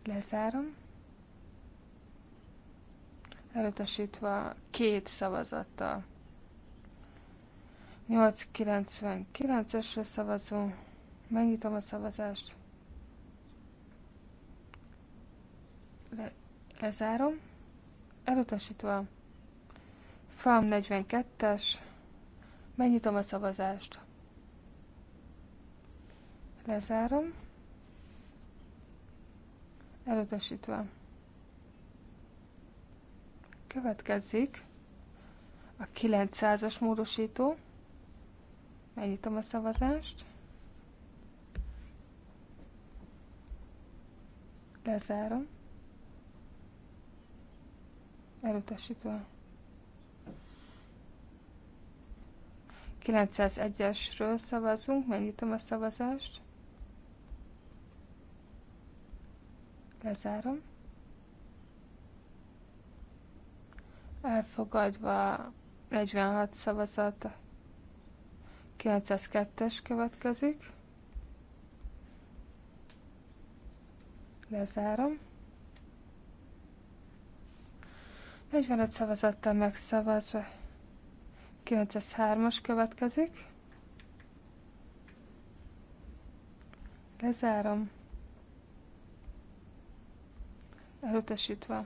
lezárom, elutasítva két szavazattal. 899-esre szavazunk. Megnyitom a szavazást. Le, lezárom. Elutasítva. FAM 42-es. Megnyitom a szavazást. Lezárom. Elutasítva. Következik a 900-as módosító. Megnyitom a szavazást. Lezárom. Elutasítva. 901-esről szavazunk, megnyitom a szavazást. Lezárom. elfogadva 46 szavazat, 902-es következik. Lezárom. 45 szavazattal megszavazva 903-as következik. Lezárom. Elutasítva.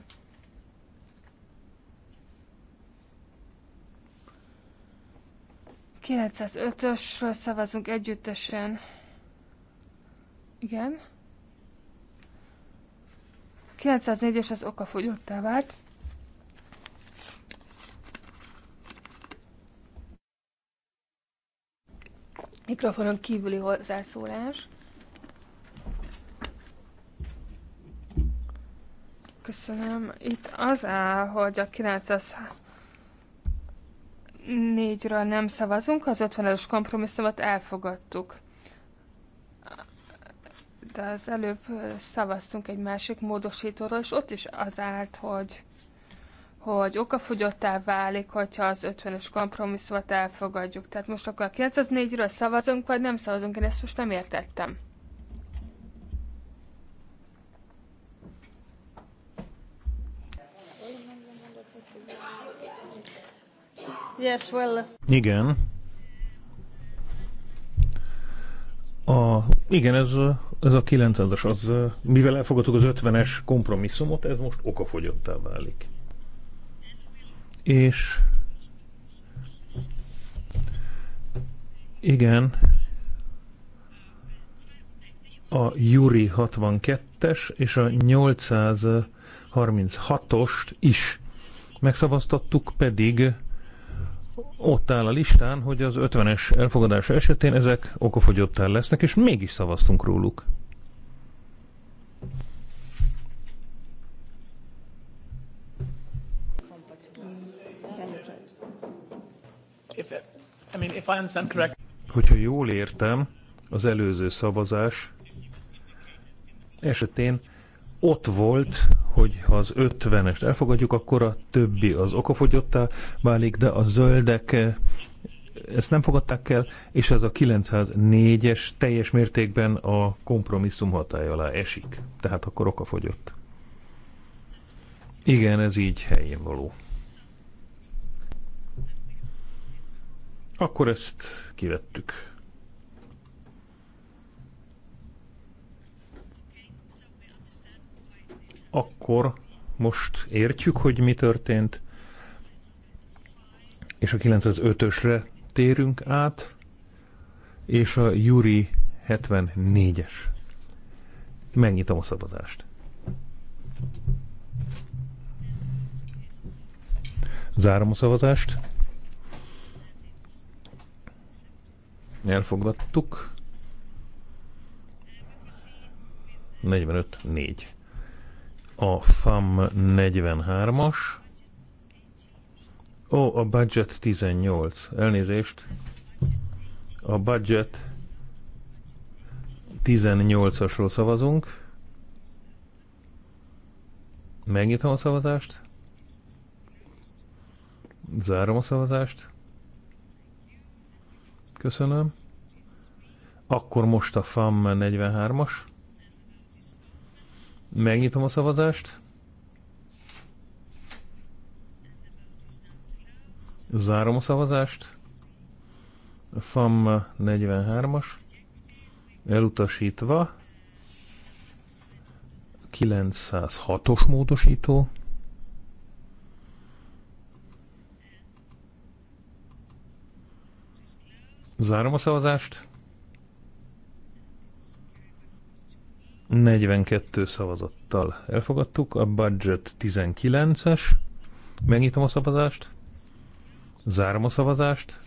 905-ösről szavazunk együttesen. Igen. 904-es az okafogyottá vált. Mikrofonon kívüli hozzászólás. Köszönöm. Itt az áll, hogy a 900 négyről nem szavazunk, az 50-es kompromisszumot elfogadtuk. De az előbb szavaztunk egy másik módosítóról, és ott is az állt, hogy, hogy okafogyottá válik, hogyha az 50-es kompromisszumot elfogadjuk. Tehát most akkor a 904-ről szavazunk, vagy nem szavazunk, én ezt most nem értettem. Yes, well. Uh, igen. A, igen, ez, a, ez a 900-as, az, uh, mivel elfogadtuk az 50-es kompromisszumot, ez most okafogyottá válik. És igen, a Juri 62-es és a 836-ost is megszavaztattuk, pedig ott áll a listán, hogy az 50-es elfogadása esetén ezek okofogyottá lesznek, és mégis szavaztunk róluk. Hogyha jól értem, az előző szavazás esetén ott volt, hogy ha az 50-est elfogadjuk, akkor a többi az okafogyottá válik, de a zöldek eh, ezt nem fogadták el, és ez a 904-es teljes mértékben a kompromisszum hatája alá esik. Tehát akkor okafogyott. Igen, ez így helyén való. Akkor ezt kivettük. akkor most értjük, hogy mi történt, és a 905-ösre térünk át, és a Juri 74-es. Megnyitom a szabadást. Zárom a szavazást. Elfogadtuk. 45-4 a FAM 43-as, Ó, a budget 18. Elnézést. A budget 18-asról szavazunk. Megnyitom a szavazást. Zárom a szavazást. Köszönöm. Akkor most a FAM 43-as. Megnyitom a szavazást. Zárom a szavazást. FAM 43-as. Elutasítva. 906-os módosító. Zárom a szavazást. 42 szavazattal elfogadtuk, a budget 19-es. Megnyitom a szavazást, zárom a szavazást.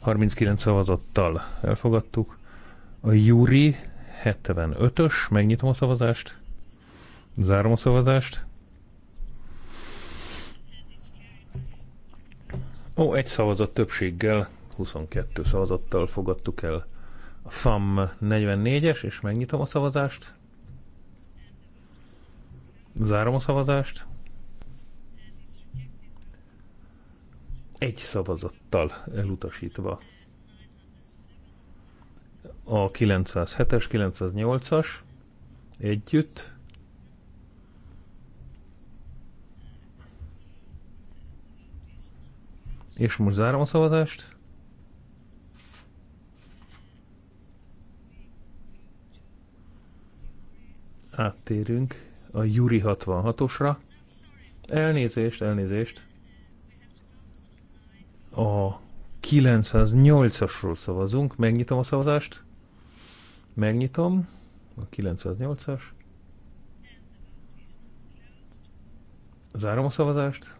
39 szavazattal elfogadtuk. A Juri 75-ös, megnyitom a szavazást, zárom a szavazást. Ó, egy szavazat többséggel, 22 szavazattal fogadtuk el a FAM 44-es, és megnyitom a szavazást. Zárom a szavazást. Egy szavazattal elutasítva. A 907-es, 908-as együtt. És most zárom a szavazást. áttérünk a Juri 66-osra. Elnézést, elnézést. A 908-asról szavazunk. Megnyitom a szavazást. Megnyitom. A 908-as. Zárom a szavazást.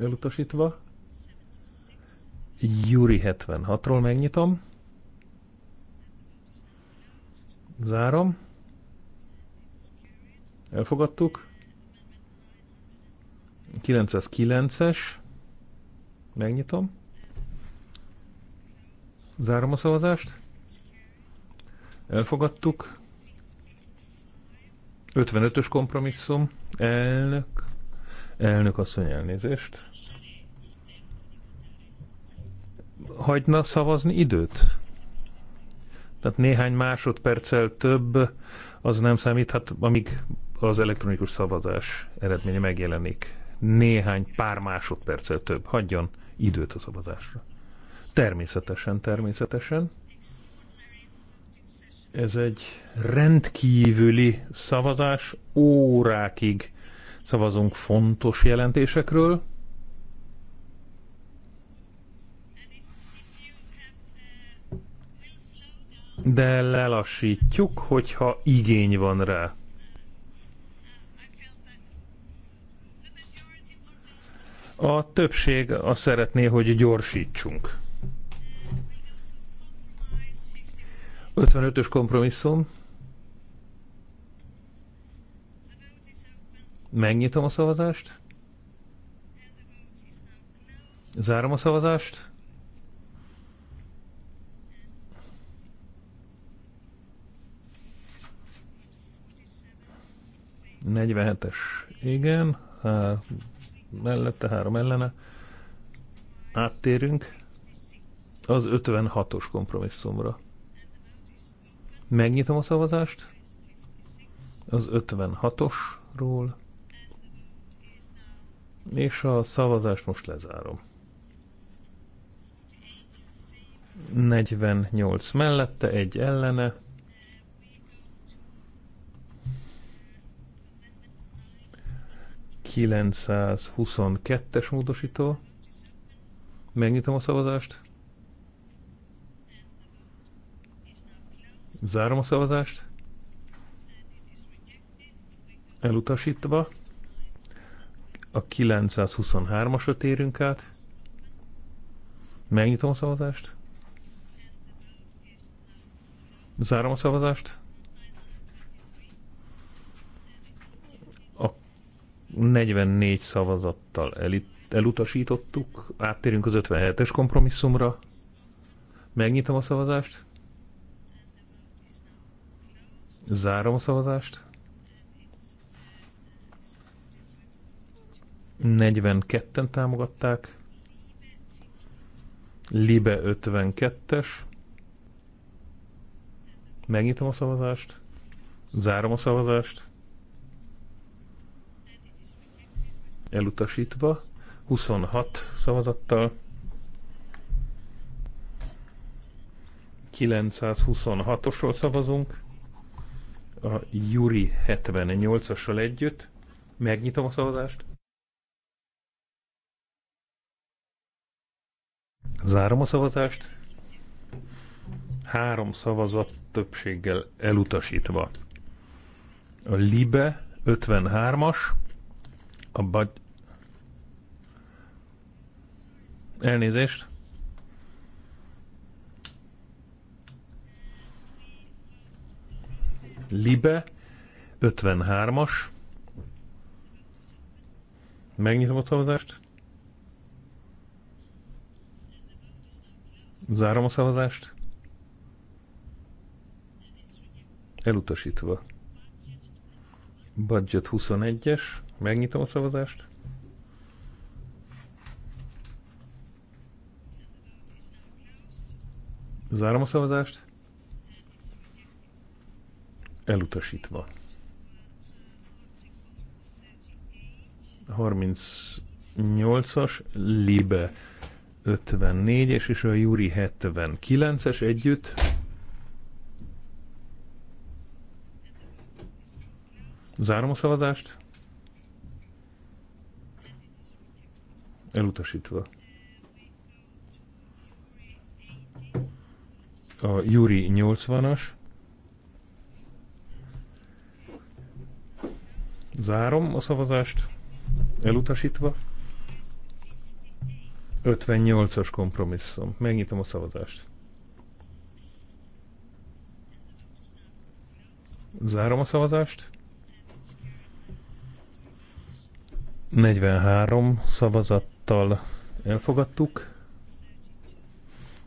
Elutasítva. Juri 76-ról megnyitom. Zárom. Elfogadtuk. 909-es. Megnyitom. Zárom a szavazást. Elfogadtuk. 55-ös kompromisszum. Elnök. Elnök asszony elnézést. Hagyna szavazni időt? Tehát néhány másodperccel több az nem számít, hát amíg az elektronikus szavazás eredménye megjelenik néhány pár másodperccel több. Hagyjon időt a szavazásra. Természetesen, természetesen. Ez egy rendkívüli szavazás, órákig szavazunk fontos jelentésekről, de lelassítjuk, hogyha igény van rá. A többség azt szeretné, hogy gyorsítsunk. 55-ös kompromisszum. Megnyitom a szavazást. Zárom a szavazást. 47-es, igen, há, mellette, három ellene. Áttérünk az 56-os kompromisszumra. Megnyitom a szavazást az 56-osról, és a szavazást most lezárom. 48 mellette, egy ellene, 922-es módosító. Megnyitom a szavazást. Zárom a szavazást. Elutasítva. A 923-asra térünk át. Megnyitom a szavazást. Zárom a szavazást. 44 szavazattal elit, elutasítottuk. Áttérünk az 57-es kompromisszumra. Megnyitom a szavazást. Zárom a szavazást. 42-en támogatták. Libe 52-es. Megnyitom a szavazást. Zárom a szavazást. elutasítva, 26 szavazattal, 926-osról szavazunk, a Juri 78-assal együtt. Megnyitom a szavazást. Zárom a szavazást. Három szavazat többséggel elutasítva. A Libe 53-as, a bagy... Elnézést. Libe 53-as. Megnyitom a szavazást. Zárom a szavazást. Elutasítva. Budget 21-es. Megnyitom a szavazást. Zárom a szavazást. Elutasítva. 38-as, Libe 54-es és a Juri 79-es együtt. Zárom a szavazást. Elutasítva. A Júri 80-as. Zárom a szavazást. Elutasítva. 58-as kompromisszum. Megnyitom a szavazást. Zárom a szavazást. 43 szavazat szavazattal elfogadtuk.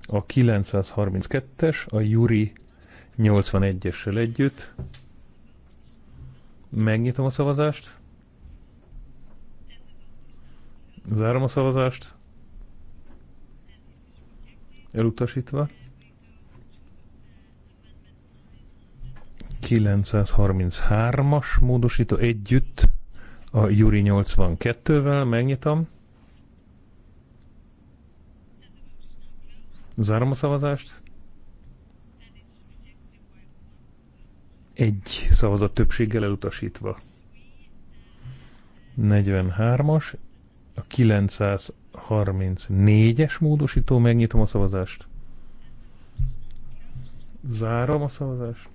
A 932-es, a Yuri 81-essel együtt. Megnyitom a szavazást. Zárom a szavazást. Elutasítva. 933-as módosító együtt a Juri 82-vel megnyitom. Zárom a szavazást. Egy szavazat többséggel elutasítva. 43-as, a 934-es módosító, megnyitom a szavazást. Zárom a szavazást.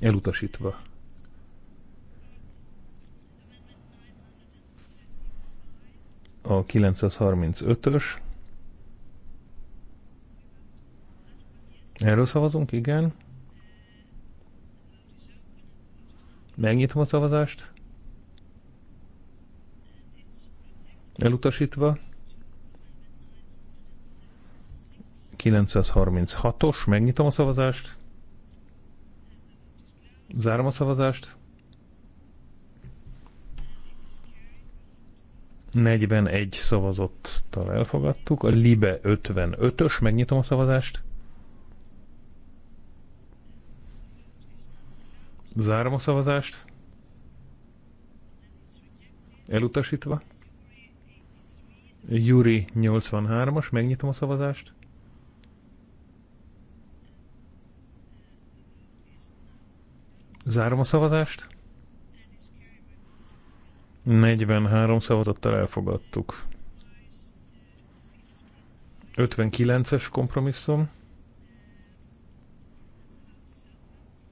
Elutasítva. a 935-ös. Erről szavazunk, igen. Megnyitom a szavazást. Elutasítva. 936-os, megnyitom a szavazást. Zárom a szavazást. 41 szavazottal elfogadtuk, a Libe 55-ös, megnyitom a szavazást. Zárom a szavazást. Elutasítva. Juri 83-as, megnyitom a szavazást. Zárom a szavazást. 43 szavazattal elfogadtuk. 59-es kompromisszum.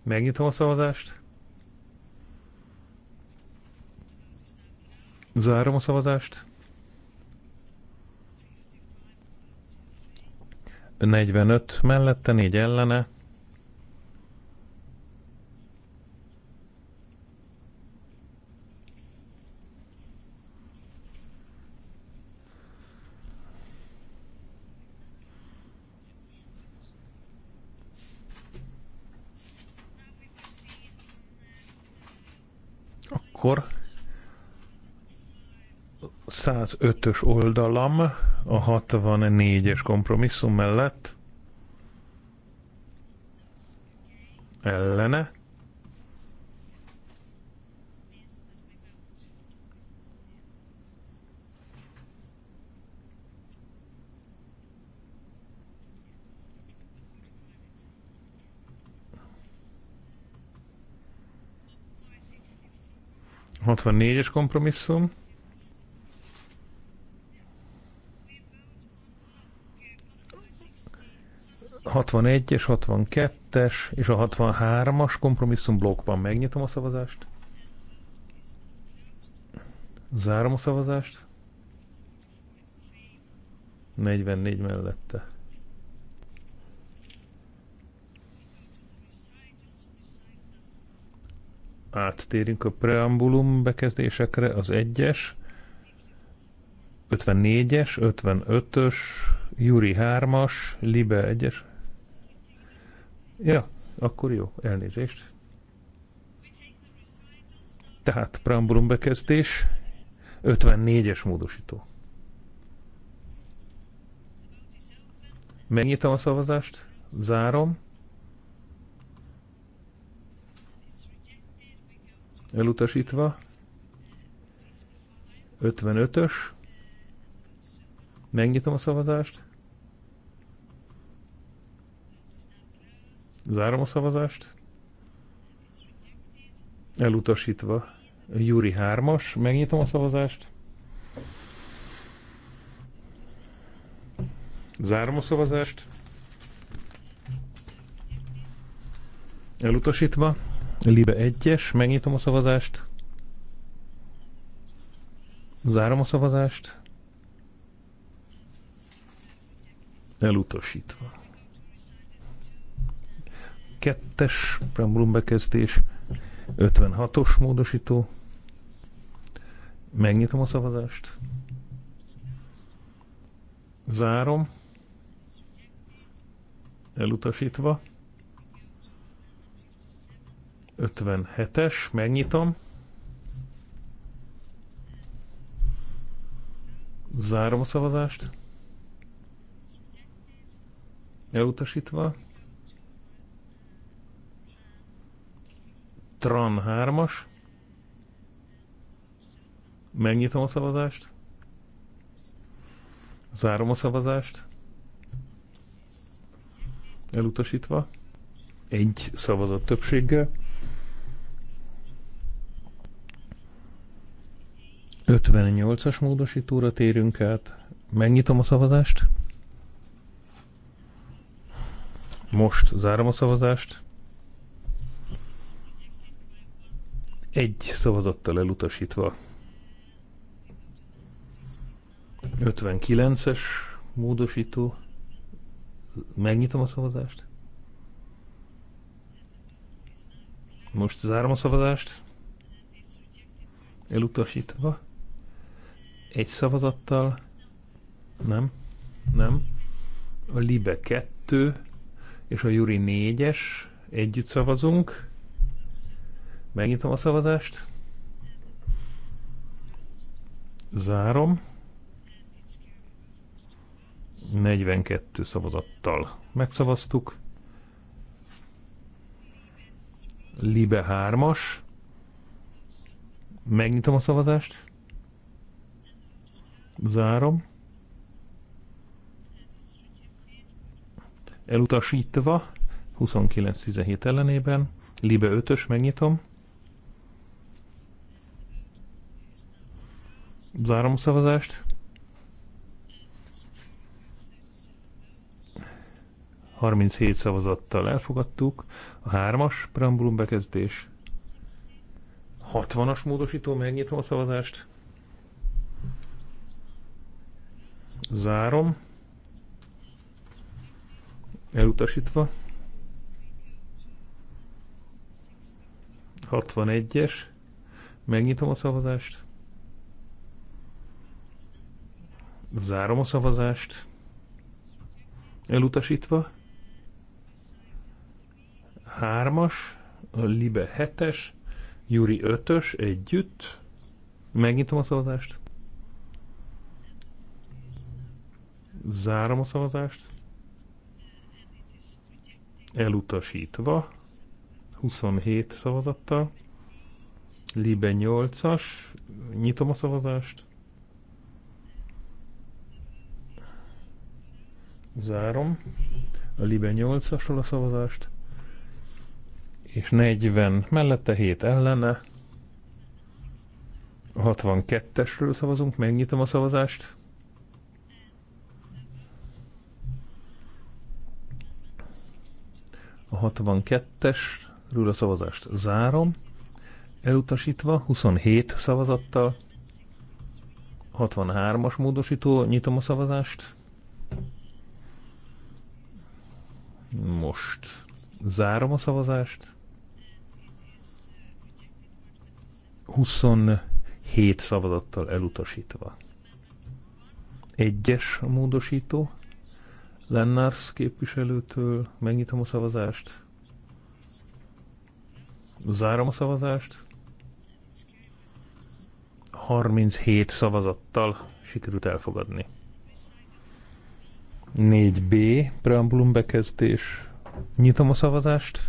Megnyitom a szavazást. Zárom a szavazást. 45 mellette, 4 ellene. akkor 105-ös oldalam a 64-es kompromisszum mellett ellene 64-es kompromisszum. A 61-es, 62-es és a 63-as kompromisszum blokkban megnyitom a szavazást. Zárom a szavazást. 44 mellette. áttérünk a preambulum bekezdésekre, az 1-es, 54-es, 55-ös, Juri 3-as, Libe 1-es. Ja, akkor jó, elnézést. Tehát preambulum bekezdés, 54-es módosító. Megnyitom a szavazást, zárom. elutasítva. 55-ös. Megnyitom a szavazást. Zárom a szavazást. Elutasítva. Júri 3-as. Megnyitom a szavazást. Zárom a szavazást. Elutasítva. Libe 1-es, megnyitom a szavazást. Zárom a szavazást. Elutasítva. Kettes preambulum bekezdés, 56-os módosító. Megnyitom a szavazást. Zárom. Elutasítva. 57-es, megnyitom. Zárom a szavazást. Elutasítva. Tran 3-as. Megnyitom a szavazást. Zárom a szavazást. Elutasítva. Egy szavazat többséggel. 58-as módosítóra térünk át. Megnyitom a szavazást. Most zárom a szavazást. Egy szavazattal elutasítva. 59-es módosító. Megnyitom a szavazást. Most zárom a szavazást. Elutasítva. Egy szavazattal? Nem. Nem. A Libe 2 és a Juri 4-es együtt szavazunk. Megnyitom a szavazást. Zárom. 42 szavazattal megszavaztuk. Libe 3-as. Megnyitom a szavazást. Zárom. Elutasítva, 29-17 ellenében, Libe 5-ös, megnyitom. Zárom a szavazást. 37 szavazattal elfogadtuk. A hármas preambulum bekezdés. 60-as módosító, megnyitom a szavazást. Zárom. Elutasítva. 61-es. Megnyitom a szavazást. Zárom a szavazást. Elutasítva. 3-as. Libe 7-es, Juri 5-ös együtt. Megnyitom a szavazást. Zárom a szavazást. Elutasítva. 27 szavazattal. Libe 8-as. Nyitom a szavazást. Zárom. A Libe 8-asról a szavazást. És 40 mellette, 7 ellene. 62-esről szavazunk, megnyitom a szavazást. A 62-esről a szavazást zárom, elutasítva 27 szavazattal, 63-as módosító, nyitom a szavazást. Most zárom a szavazást. 27 szavazattal elutasítva. Egyes módosító, Lennars képviselőtől. Megnyitom a szavazást. Zárom a szavazást. 37 szavazattal sikerült elfogadni. 4B preambulum bekezdés. Nyitom a szavazást.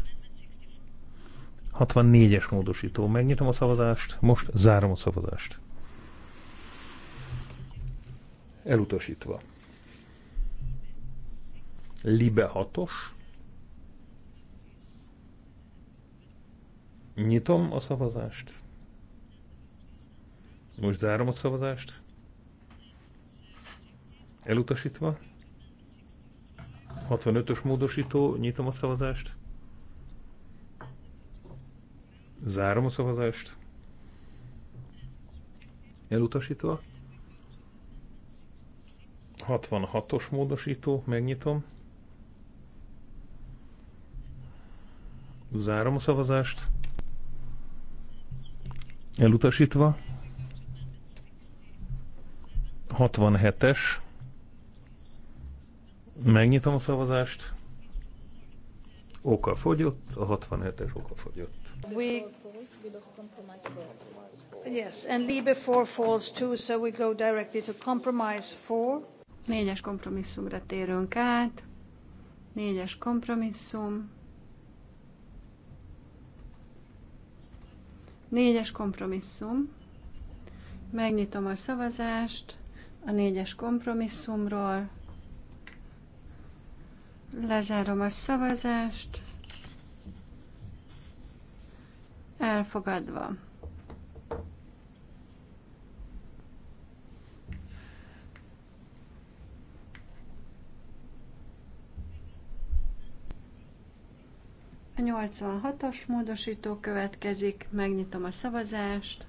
64-es módosító. Megnyitom a szavazást, most zárom a szavazást. Elutasítva. Libe 6 Nyitom a szavazást. Most zárom a szavazást. Elutasítva. 65-ös módosító, nyitom a szavazást. Zárom a szavazást. Elutasítva. 66-os módosító, megnyitom. Zárom a szavazást. Elutasítva. 67-es. Megnyitom a szavazást. Oka fogyott, a 67-es oka fogyott. We... Yes, and Libe 4 falls too, so we go directly to compromise 4. Négyes kompromisszumra térünk át. Négyes kompromisszum. Négyes kompromisszum. Megnyitom a szavazást a négyes kompromisszumról. Lezárom a szavazást. Elfogadva. 86-os módosító következik, megnyitom a szavazást.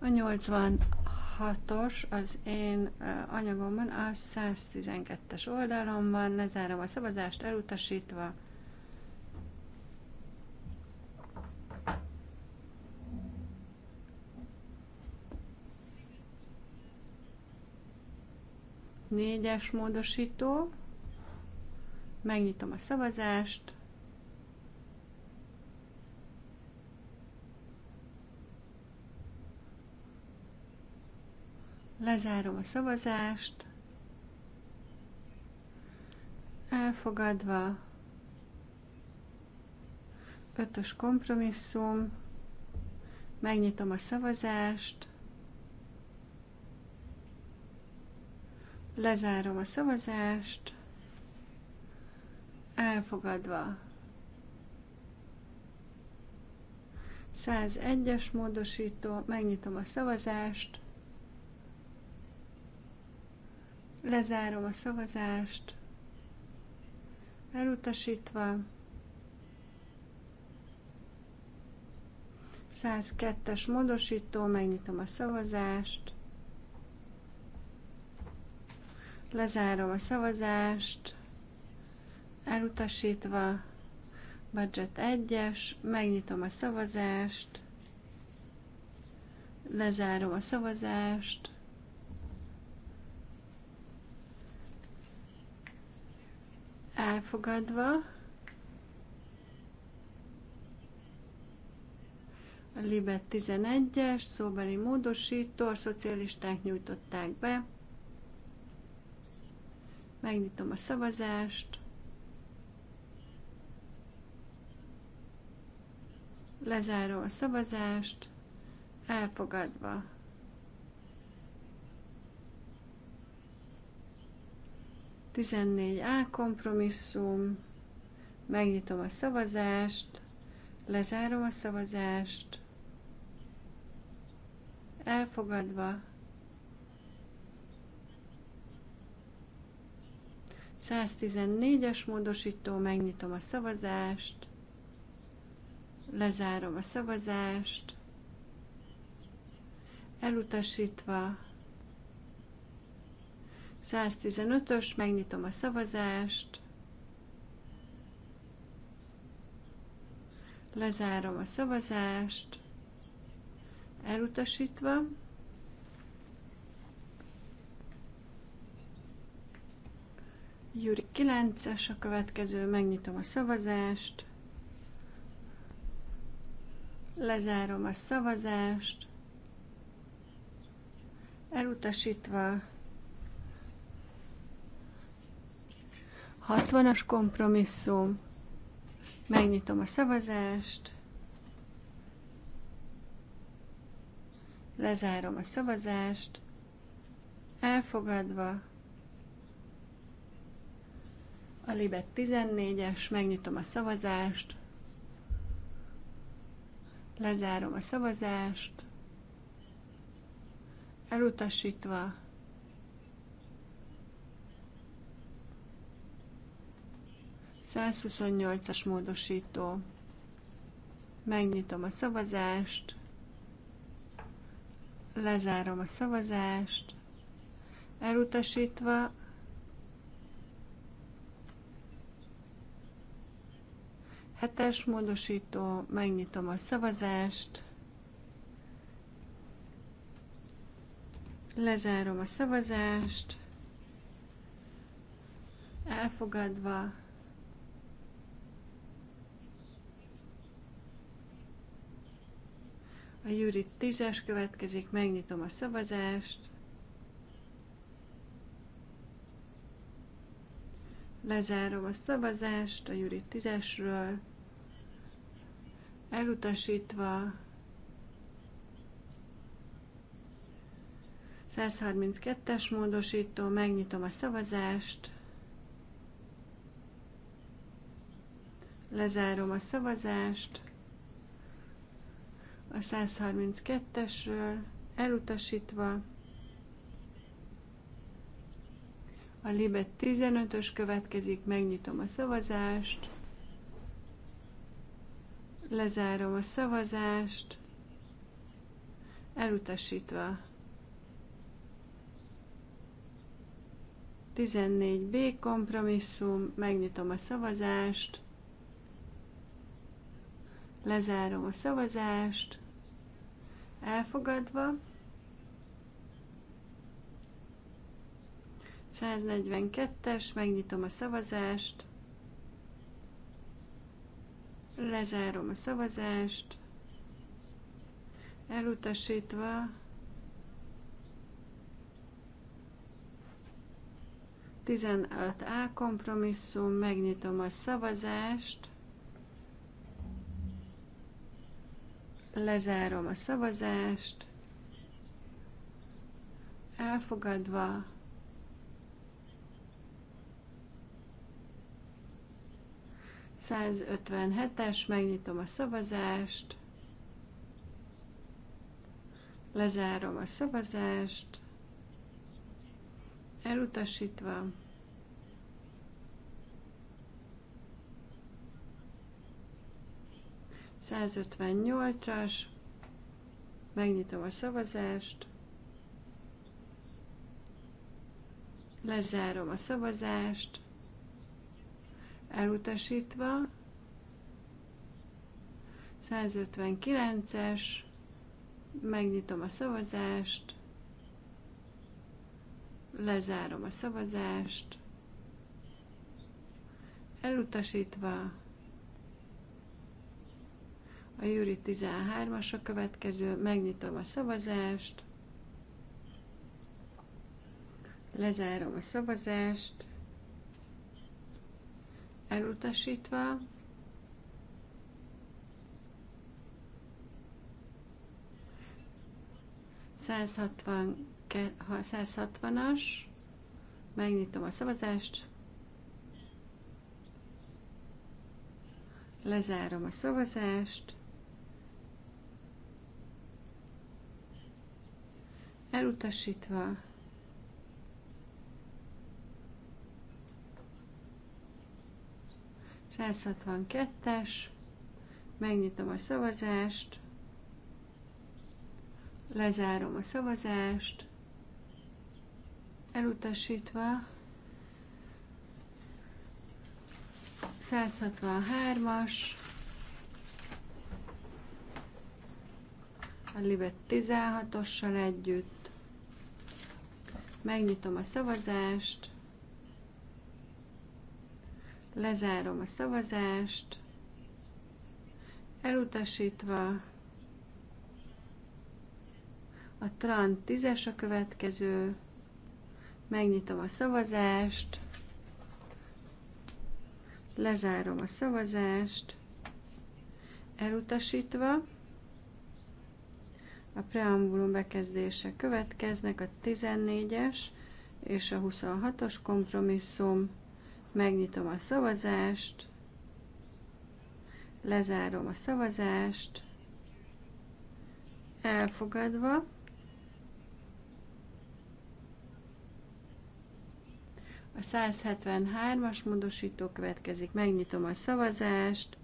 A 86-os az én anyagomban a 112-es oldalon van, lezárom a szavazást elutasítva. négyes módosító. Megnyitom a szavazást. Lezárom a szavazást. Elfogadva. Ötös kompromisszum. Megnyitom a szavazást. Lezárom a szavazást. Elfogadva. 101-es módosító, megnyitom a szavazást. Lezárom a szavazást. Elutasítva. 102-es módosító, megnyitom a szavazást. Lezárom a szavazást, elutasítva, budget 1-es, megnyitom a szavazást, lezárom a szavazást, elfogadva, a Libet 11-es, szóbeli módosító, a szocialisták nyújtották be, Megnyitom a szavazást. Lezárom a szavazást. Elfogadva. Tizennégy A kompromisszum. Megnyitom a szavazást. Lezárom a szavazást. Elfogadva. 114-es módosító, megnyitom a szavazást, lezárom a szavazást, elutasítva, 115-ös, megnyitom a szavazást, lezárom a szavazást, elutasítva, Júri 9-es a következő, megnyitom a szavazást. Lezárom a szavazást. Elutasítva 60-as kompromisszum. Megnyitom a szavazást. Lezárom a szavazást. Elfogadva a Libet 14-es, megnyitom a szavazást, lezárom a szavazást, elutasítva, as módosító. Megnyitom a szavazást, lezárom a szavazást, elutasítva Hetes módosító, megnyitom a szavazást. Lezárom a szavazást. Elfogadva. A Júri 10 következik, megnyitom a szavazást. Lezárom a szavazást a Júri 10-esről elutasítva 132-es módosító, megnyitom a szavazást, lezárom a szavazást a 132-esről, elutasítva a Libet 15-ös következik, megnyitom a szavazást, Lezárom a szavazást. Elutasítva. 14B kompromisszum, megnyitom a szavazást, lezárom a szavazást, elfogadva, 142-es, megnyitom a szavazást, Lezárom a szavazást. Elutasítva Tizenöt a kompromisszum, megnyitom a szavazást, lezárom a szavazást, elfogadva 157-es, megnyitom a szavazást, lezárom a szavazást, elutasítva. 158-as megnyitom a szavazást, lezárom a szavazást, elutasítva. 159-es, megnyitom a szavazást, lezárom a szavazást, elutasítva a Júri 13-as a következő, megnyitom a szavazást, lezárom a szavazást, elutasítva. ha 160-as, megnyitom a szavazást, lezárom a szavazást, elutasítva 162-es, megnyitom a szavazást, lezárom a szavazást, elutasítva 163-as, a libet 16-ossal együtt, megnyitom a szavazást, Lezárom a szavazást. Elutasítva a Tran 10-es a következő. Megnyitom a szavazást. Lezárom a szavazást. Elutasítva. A preambulum bekezdése következnek a 14-es és a 26-os kompromisszum Megnyitom a szavazást, lezárom a szavazást, elfogadva. A 173-as módosító következik, megnyitom a szavazást,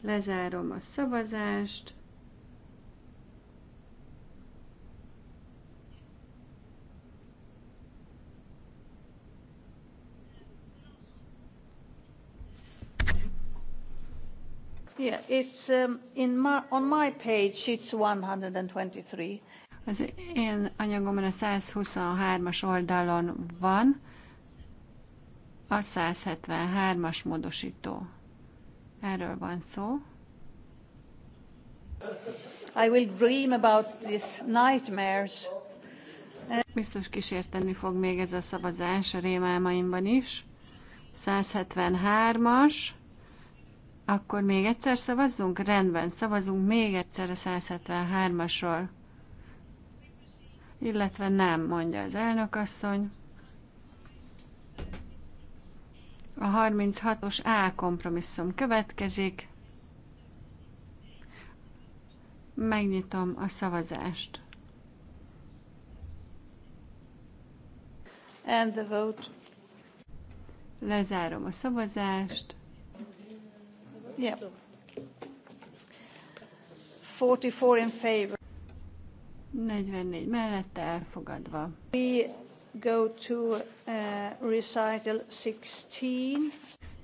lezárom a szavazást, it's um, in my, on my page it's 123. Az én anyagomon a 123-as oldalon van a 173-as módosító. Erről van szó. I will dream about these nightmares. Biztos kísérteni fog még ez a szavazás a rémálmaimban is. 173-as. Akkor még egyszer szavazzunk? Rendben, szavazunk még egyszer a 173-asról. Illetve nem, mondja az elnökasszony. A 36-os A kompromisszum következik. Megnyitom a szavazást. And the vote. Lezárom a szavazást. 44 44 mellette elfogadva. We go to uh, recital 16.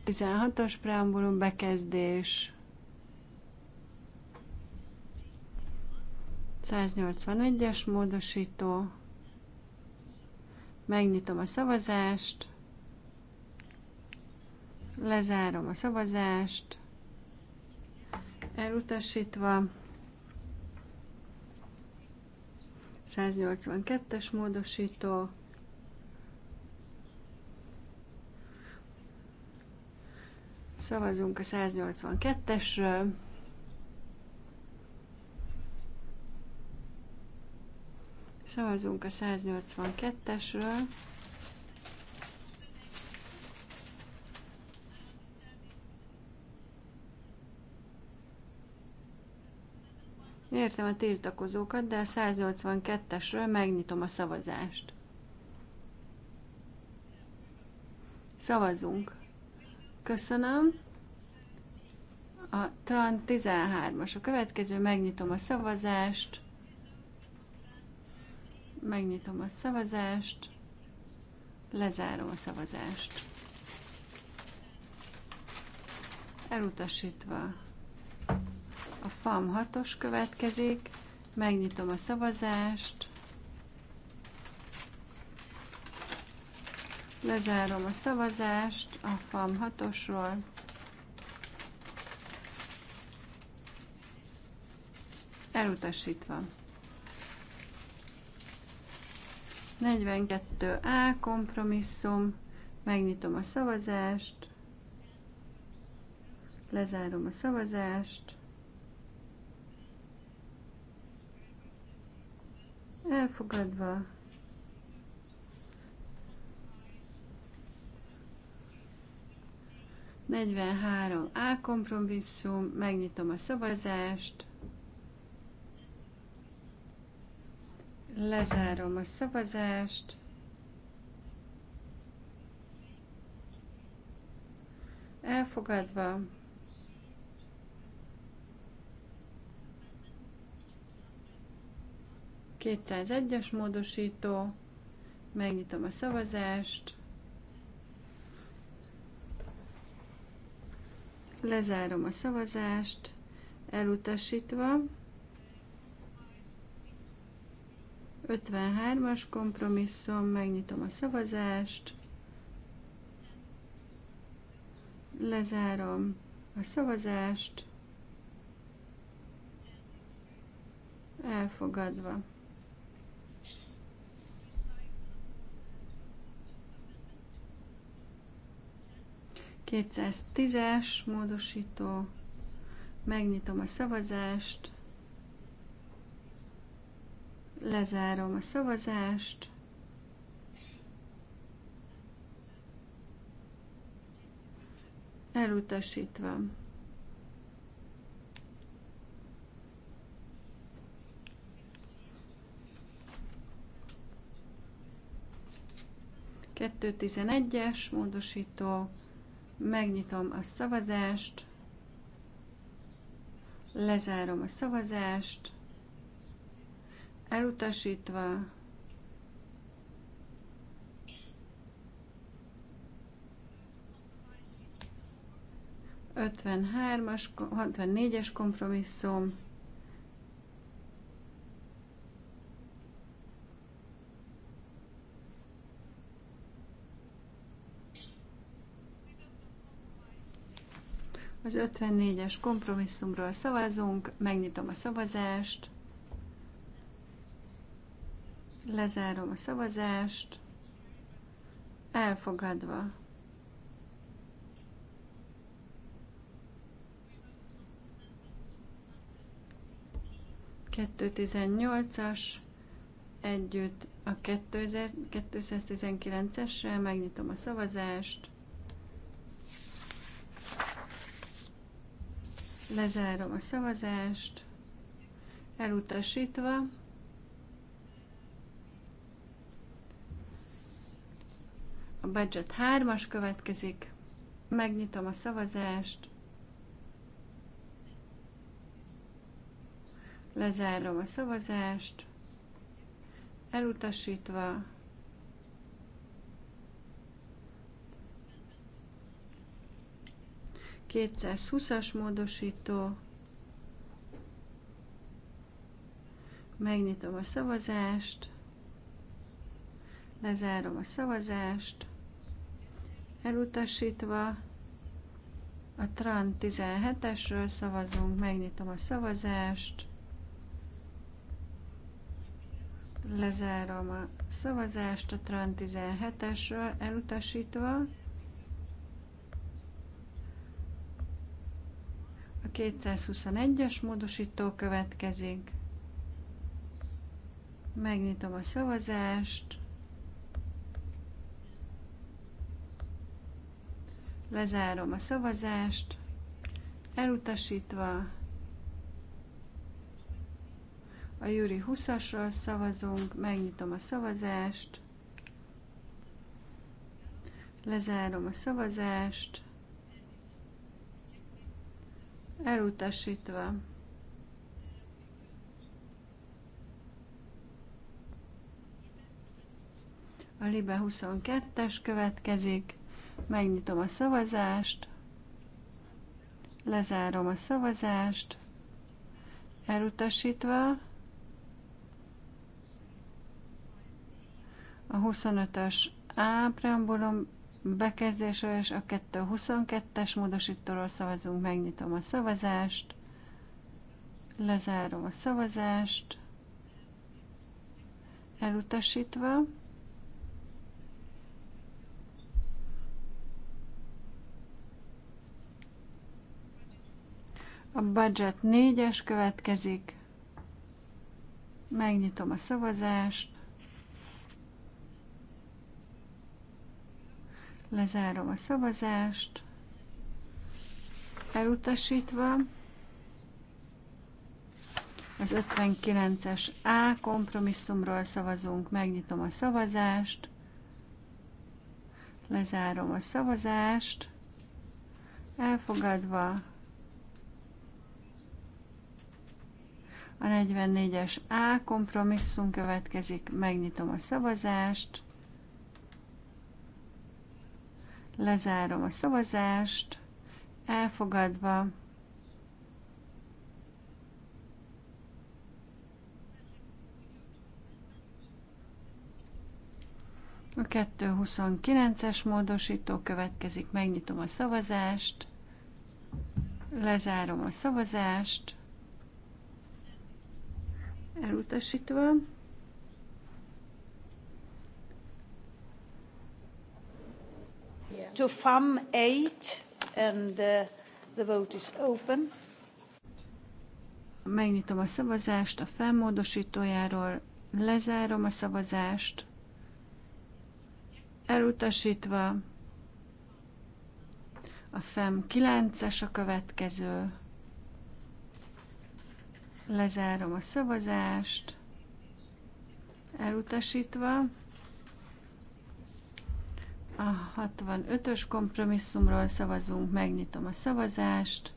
16-os preambulum bekezdés. 181-es módosító. Megnyitom a szavazást. Lezárom a szavazást elutasítva. 182-es módosító, Szavazunk a 182-esről. Szavazunk a 182-esről. Értem a tiltakozókat, de a 182-esről megnyitom a szavazást. Szavazunk. Köszönöm. A Tran 13-as a következő, megnyitom a szavazást. Megnyitom a szavazást. Lezárom a szavazást. Elutasítva. A FAM 6-os következik. Megnyitom a szavazást. Lezárom a szavazást a FAM 6-osról. Elutasítva. 42A kompromisszum. Megnyitom a szavazást. Lezárom a szavazást. Elfogadva. Negyvenhárom A kompromisszum, megnyitom a szavazást. Lezárom a szavazást. Elfogadva. 201-es módosító, megnyitom a szavazást, lezárom a szavazást, elutasítva, 53-as kompromisszum, megnyitom a szavazást, lezárom a szavazást, elfogadva. 210-es módosító. Megnyitom a szavazást. Lezárom a szavazást. Elutasítva. Kettő tizenegyes módosító Megnyitom a szavazást, lezárom a szavazást, elutasítva, ötven hármas, 64-es kompromisszum, Az 54-es kompromisszumról szavazunk, megnyitom a szavazást, lezárom a szavazást, elfogadva. Kettő as együtt a 2219-essel megnyitom a szavazást, Lezárom a szavazást. Elutasítva. A budget 3-as következik. Megnyitom a szavazást. Lezárom a szavazást. Elutasítva. 220-as módosító. Megnyitom a szavazást. Lezárom a szavazást. Elutasítva a TRAN 17-esről szavazunk. Megnyitom a szavazást. Lezárom a szavazást a TRAN 17-esről elutasítva. 221-es módosító következik. Megnyitom a szavazást. Lezárom a szavazást. Elutasítva a Júri 20-asról szavazunk, megnyitom a szavazást, lezárom a szavazást, Elutasítva. A Libe 22-es következik. Megnyitom a szavazást. Lezárom a szavazást. Elutasítva. A 25-ös A preambulum bekezdésről és a 222-es módosítóról szavazunk, megnyitom a szavazást, lezárom a szavazást, elutasítva. A budget 4-es következik. Megnyitom a szavazást. Lezárom a szavazást. Elutasítva az 59-es A kompromisszumról szavazunk, megnyitom a szavazást, lezárom a szavazást, elfogadva a 44-es A kompromisszum következik, megnyitom a szavazást, Lezárom a szavazást. Elfogadva. A 229-es módosító következik, megnyitom a szavazást, lezárom a szavazást, elutasítva. to FAM 8, and uh, the vote is open. Megnyitom a szavazást a FAM módosítójáról, lezárom a szavazást, elutasítva a FEM 9-es a következő, lezárom a szavazást, elutasítva, a 65-ös kompromisszumról szavazunk, megnyitom a szavazást,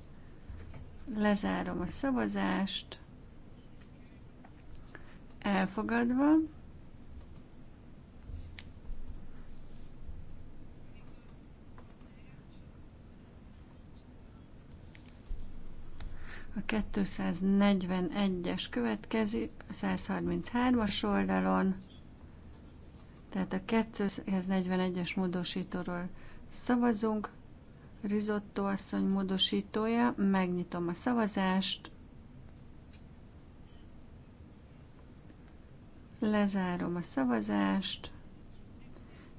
lezárom a szavazást, elfogadva. A 241-es következik a 133-as oldalon. Tehát a 241-es módosítóról szavazunk. Risotto asszony módosítója. Megnyitom a szavazást. Lezárom a szavazást.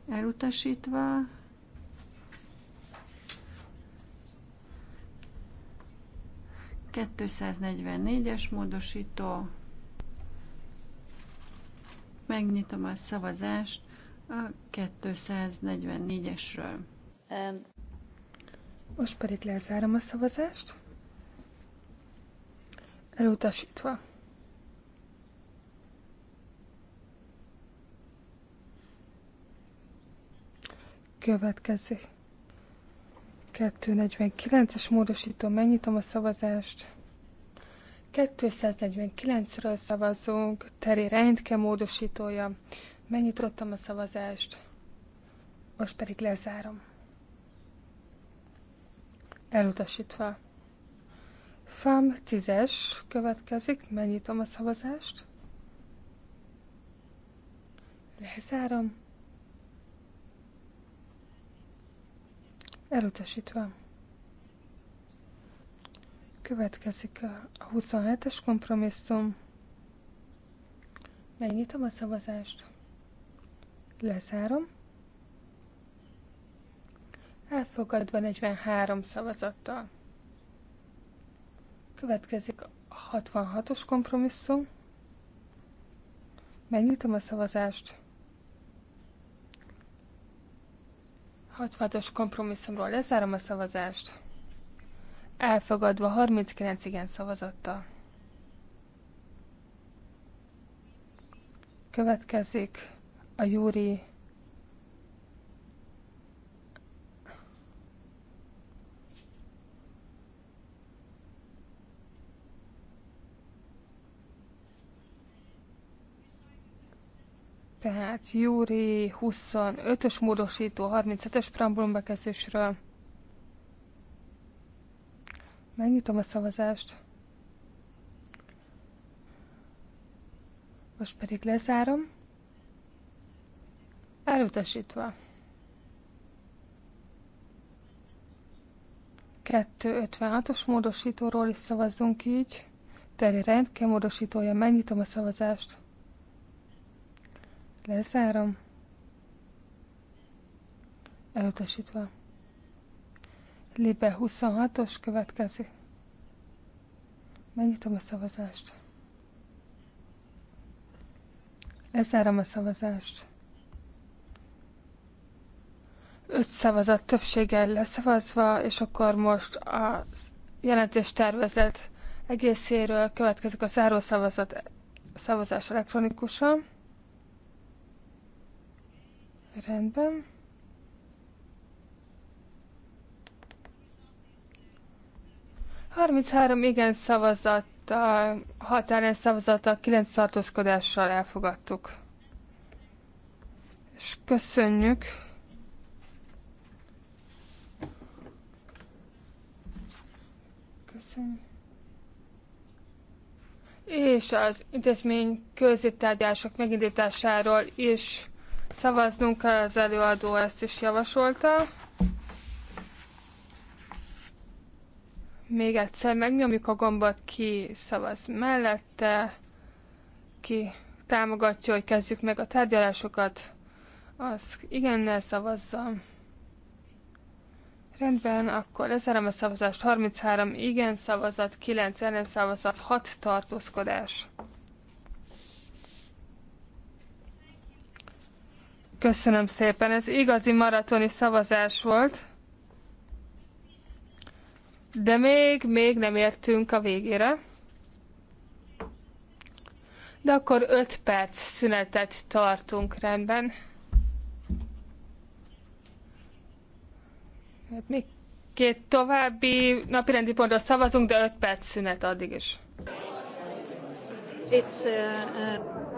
Elutasítva. Kettőszáznegyvennégyes módosító Megnyitom a szavazást a 244-esről. And um, Most pedig lezárom a szavazást. Elutasítva. Következik. 249-es módosító. Megnyitom a szavazást. 249-ről szavazunk, Teri Reintke módosítója. Megnyitottam a szavazást, most pedig lezárom. Elutasítva. FAM 10-es következik, megnyitom a szavazást. Lezárom. Elutasítva. Következik a 27-es kompromisszum. Megnyitom a szavazást. Lezárom. Elfogadva 43 szavazattal. Következik a 66-os kompromisszum. Megnyitom a szavazást. 66-os kompromisszumról lezárom a szavazást. Elfogadva 39 igen szavazattal. Következik a Júri tehát Júri 25-ös módosító 37 ös prambulum bekezdésről Megnyitom a szavazást. Most pedig lezárom. Elutasítva. 256-os módosítóról is szavazzunk így. Teri rendke módosítója. Megnyitom a szavazást. Lezárom. Elutasítva. Libe 26-os következik. Megnyitom a szavazást. Lezárom a szavazást. Öt szavazat többséggel leszavazva, és akkor most a jelentős tervezet egészéről következik a záró szavazat, szavazás elektronikusan. Rendben. 33 igen szavazattal, 6 ellen szavazattal, 9 tartózkodással elfogadtuk. És köszönjük. Köszönjük. És az intézmény közétárgyások megindításáról is szavaznunk az előadó ezt is javasolta. Még egyszer megnyomjuk a gombot, ki szavaz mellette, ki támogatja, hogy kezdjük meg a tárgyalásokat, az igennel szavazzam. Rendben, akkor lezárom a szavazást. 33 igen szavazat, 9 ellen szavazat, 6 tartózkodás. Köszönöm szépen, ez igazi maratoni szavazás volt. De még, még nem értünk a végére. De akkor 5 perc szünetet tartunk rendben. Hát még két további napirendi pontra szavazunk, de 5 perc szünet addig is. It's, uh, uh...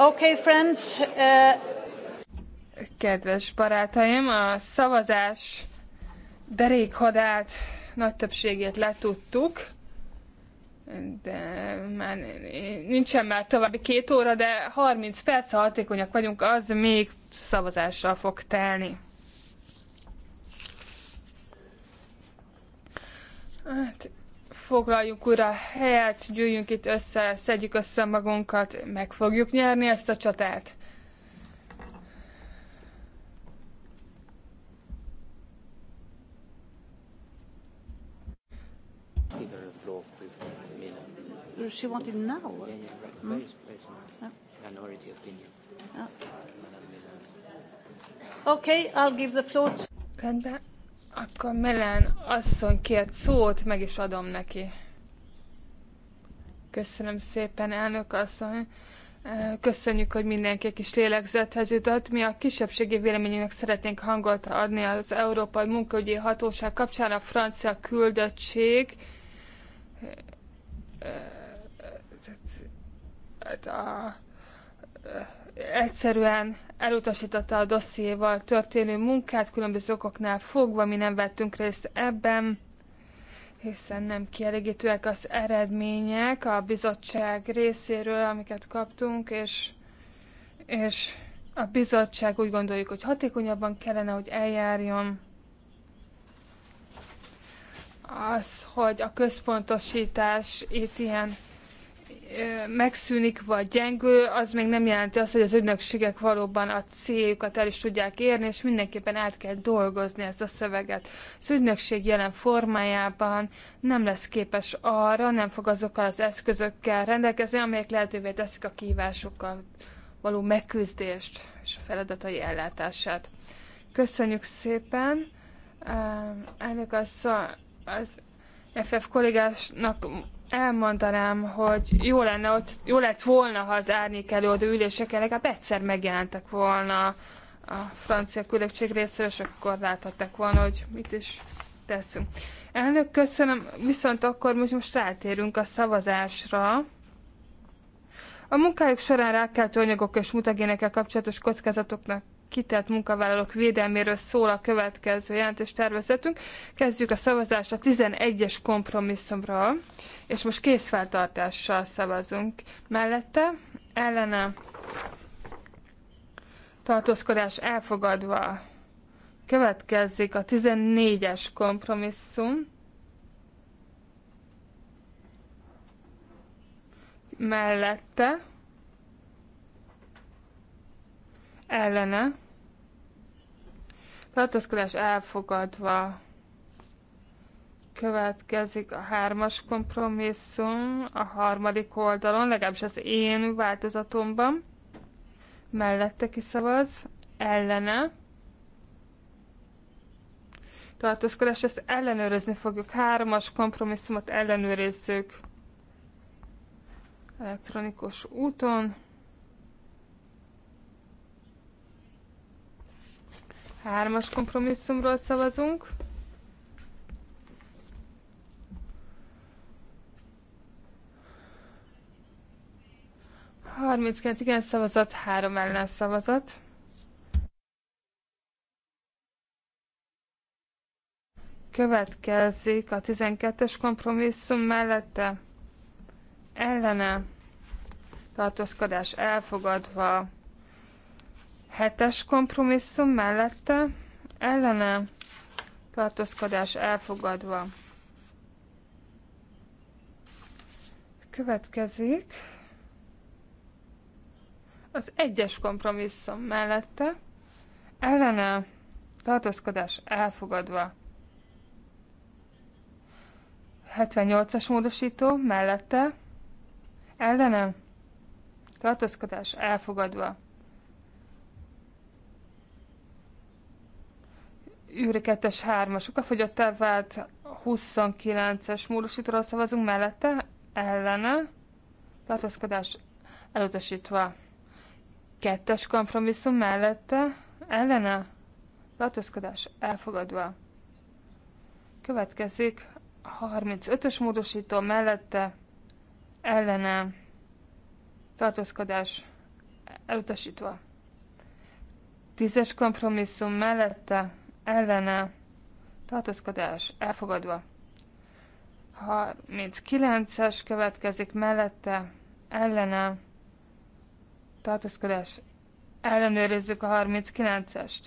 Okay, friends. Uh... Kedves barátaim, a szavazás derékhadát nagy többségét letudtuk, de már nincsen már további két óra, de 30 perc, ha hatékonyak vagyunk, az még szavazással fog telni. Hát, foglaljunk újra helyet, gyűjjünk itt össze, szedjük össze magunkat, meg fogjuk nyerni ezt a csatát. She wanted now. Yeah, yeah, right. Hmm? Yeah. Minority opinion. Yeah. Okay, I'll give the floor to... Rendben, akkor Melán asszony kért szót, meg is adom neki. Köszönöm szépen, elnök asszony. Köszönjük, hogy mindenki egy kis lélegzethez jutott. Mi a kisebbségi véleményének szeretnénk hangot adni az Európai Munkaügyi Hatóság kapcsán. A francia küldöttség a egyszerűen elutasította a dossziéval történő munkát, különböző okoknál fogva mi nem vettünk részt ebben, hiszen nem kielégítőek az eredmények a bizottság részéről, amiket kaptunk, és, és a bizottság úgy gondoljuk, hogy hatékonyabban kellene, hogy eljárjon az, hogy a központosítás itt ilyen megszűnik vagy gyengül, az még nem jelenti azt, hogy az ügynökségek valóban a céljukat el is tudják érni, és mindenképpen át kell dolgozni ezt a szöveget. Az ügynökség jelen formájában nem lesz képes arra, nem fog azokkal az eszközökkel rendelkezni, amelyek lehetővé teszik a kívásokkal való megküzdést és a feladatai ellátását. Köszönjük szépen! Elnök az, az FF kollégásnak elmondanám, hogy jó lenne ott, jó lett volna, ha az árnyék előadó üléseken legalább egyszer megjelentek volna a francia küldöttség részéről, és akkor láthatták volna, hogy mit is teszünk. Elnök, köszönöm, viszont akkor most, most rátérünk a szavazásra. A munkájuk során rákkeltő anyagok és mutagénekkel kapcsolatos kockázatoknak kitelt munkavállalók védelméről szól a következő jelentős tervezetünk. Kezdjük a szavazást a 11-es kompromisszumról, és most készfeltartással szavazunk. Mellette ellene tartózkodás elfogadva következik a 14-es kompromisszum, mellette ellene, tartózkodás elfogadva következik a hármas kompromisszum a harmadik oldalon, legalábbis az én változatomban. Mellette kiszavaz, ellene. Tartózkodás, ezt ellenőrizni fogjuk. Hármas kompromisszumot ellenőrizzük elektronikus úton. Hármas kompromisszumról szavazunk. Harminckét igen szavazat, három ellen szavazat. Következik a 12-es kompromisszum mellette ellene tartózkodás elfogadva Hetes kompromisszum mellette ellene tartózkodás elfogadva. Következik az egyes kompromisszum mellette ellene tartózkodás elfogadva. 78-as módosító mellette ellene tartózkodás elfogadva. Júri 2-es 3-as okafogyottá vált, 29-es módosítóra szavazunk mellette, ellene, tartózkodás elutasítva. Kettes kompromisszum mellette, ellene, tartózkodás elfogadva. Következik 35-ös módosító mellette, ellene, tartózkodás elutasítva. Tízes kompromisszum mellette, ellene tartózkodás elfogadva. 39-es következik mellette ellene tartózkodás ellenőrizzük a 39-est.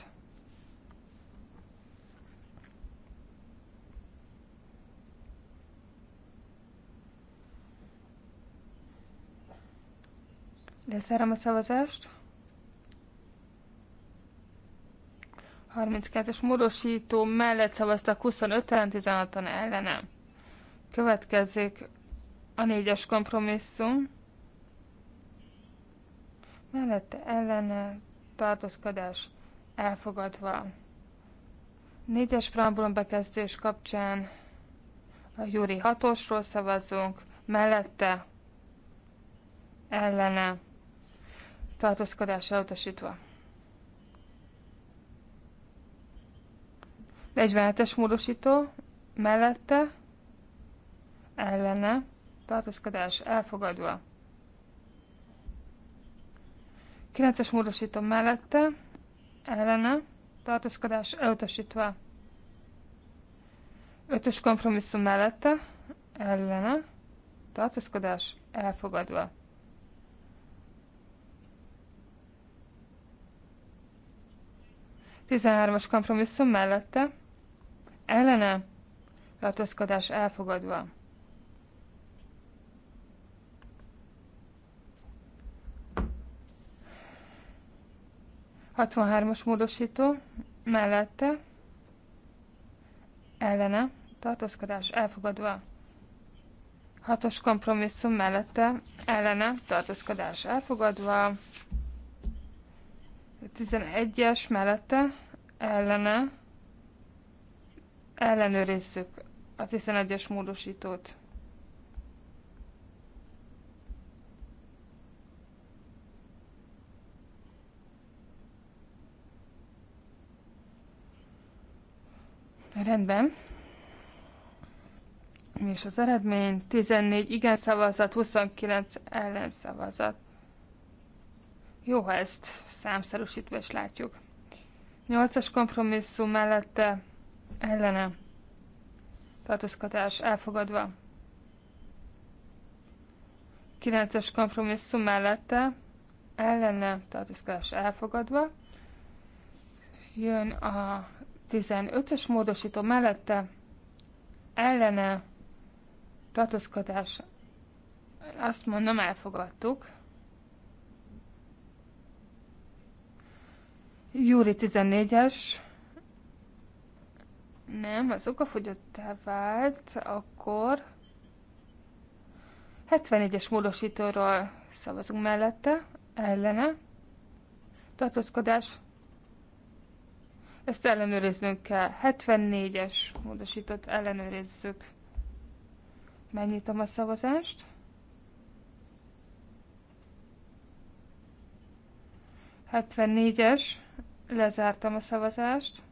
Leszárom a szavazást. 32-es módosító mellett szavaztak 25-en, 16-an ellene. Következik a 4-es kompromisszum. Mellette ellene tartózkodás elfogadva. 4-es preambulum bekezdés kapcsán a Júri 6-osról szavazunk, mellette ellene tartózkodás elutasítva. 47-es módosító mellette ellene tartózkodás elfogadva. 9-es módosító mellette ellene tartózkodás elutasítva. 5-ös kompromisszum mellette ellene tartózkodás elfogadva. Tizenhármas kompromisszum mellette ellene tartózkodás elfogadva. Hatvanhármas módosító mellette ellene tartózkodás elfogadva. Hatos kompromisszum mellette ellene tartózkodás elfogadva. 11-es mellette ellene Ellenőrizzük a 11-es módosítót. Rendben. És az eredmény 14 igen szavazat, 29 ellen szavazat. Jó, ha ezt számszerűsítve is látjuk. 8-as kompromisszum mellette ellene tartózkodás elfogadva. 9-es kompromisszum mellette ellene tartózkodás elfogadva. Jön a 15-ös módosító mellette ellene tartózkodás azt mondom, elfogadtuk. Júri 14-es nem, az fogyottá vált, akkor 71-es módosítóról szavazunk mellette, ellene. Tartózkodás. Ezt ellenőriznünk kell. 74-es módosított ellenőrizzük. Megnyitom a szavazást. Hetvennégyes. Lezártam a szavazást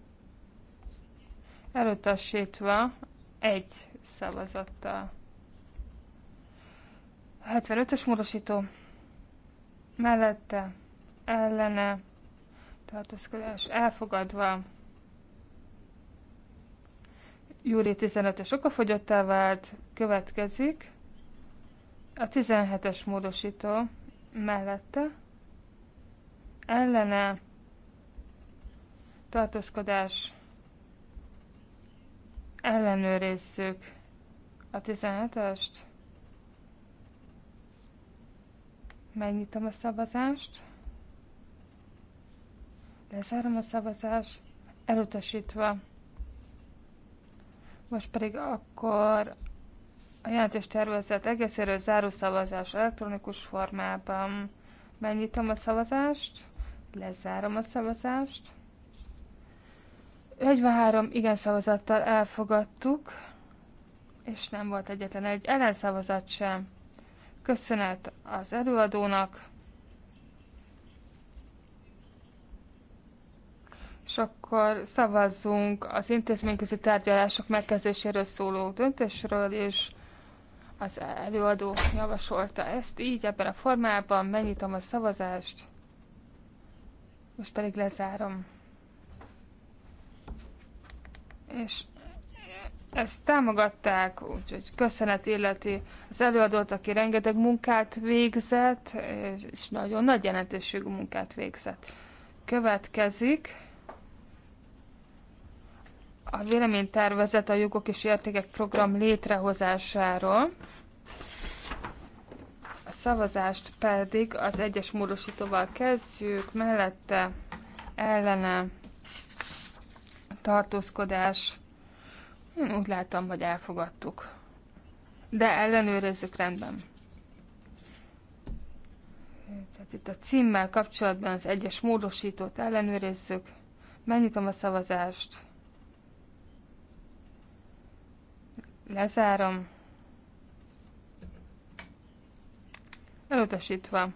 elutasítva egy szavazattal. 75-ös módosító mellette ellene tartózkodás elfogadva. Júli 15-ös okafogyottá vált, következik a 17-es módosító mellette ellene tartózkodás ellenőrizzük a 17-est. Megnyitom a szavazást. Lezárom a szavazást. Elutasítva. Most pedig akkor a jelentés tervezet egészéről záró szavazás elektronikus formában. Megnyitom a szavazást. Lezárom a szavazást. 43 igen szavazattal elfogadtuk, és nem volt egyetlen egy ellenszavazat sem. Köszönet az előadónak. És akkor szavazzunk az intézményközi tárgyalások megkezdéséről szóló döntésről, és az előadó javasolta ezt így, ebben a formában. Megnyitom a szavazást, most pedig lezárom és ezt támogatták, úgyhogy köszönet illeti az előadót, aki rengeteg munkát végzett, és nagyon nagy jelentőségű munkát végzett. Következik a véleménytervezet a jogok és értékek program létrehozásáról. A szavazást pedig az egyes módosítóval kezdjük, mellette ellene tartózkodás. Én hm, úgy látom, hogy elfogadtuk. De ellenőrizzük rendben. Tehát itt a címmel kapcsolatban az egyes módosítót ellenőrizzük. Megnyitom a szavazást. Lezárom. Elutasítva.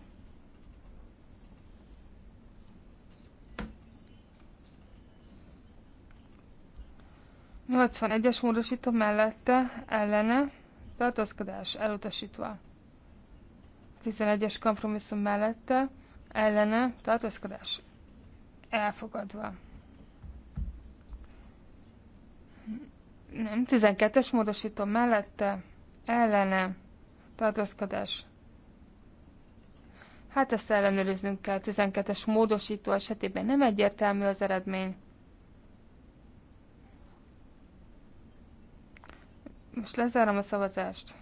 81-es módosító mellette ellene tartózkodás elutasítva. 11-es kompromisszum mellette ellene tartózkodás elfogadva. Nem, 12-es módosító mellette ellene tartózkodás. Hát ezt ellenőriznünk kell. 12-es módosító esetében nem egyértelmű az eredmény. Most lezárom a szavazást.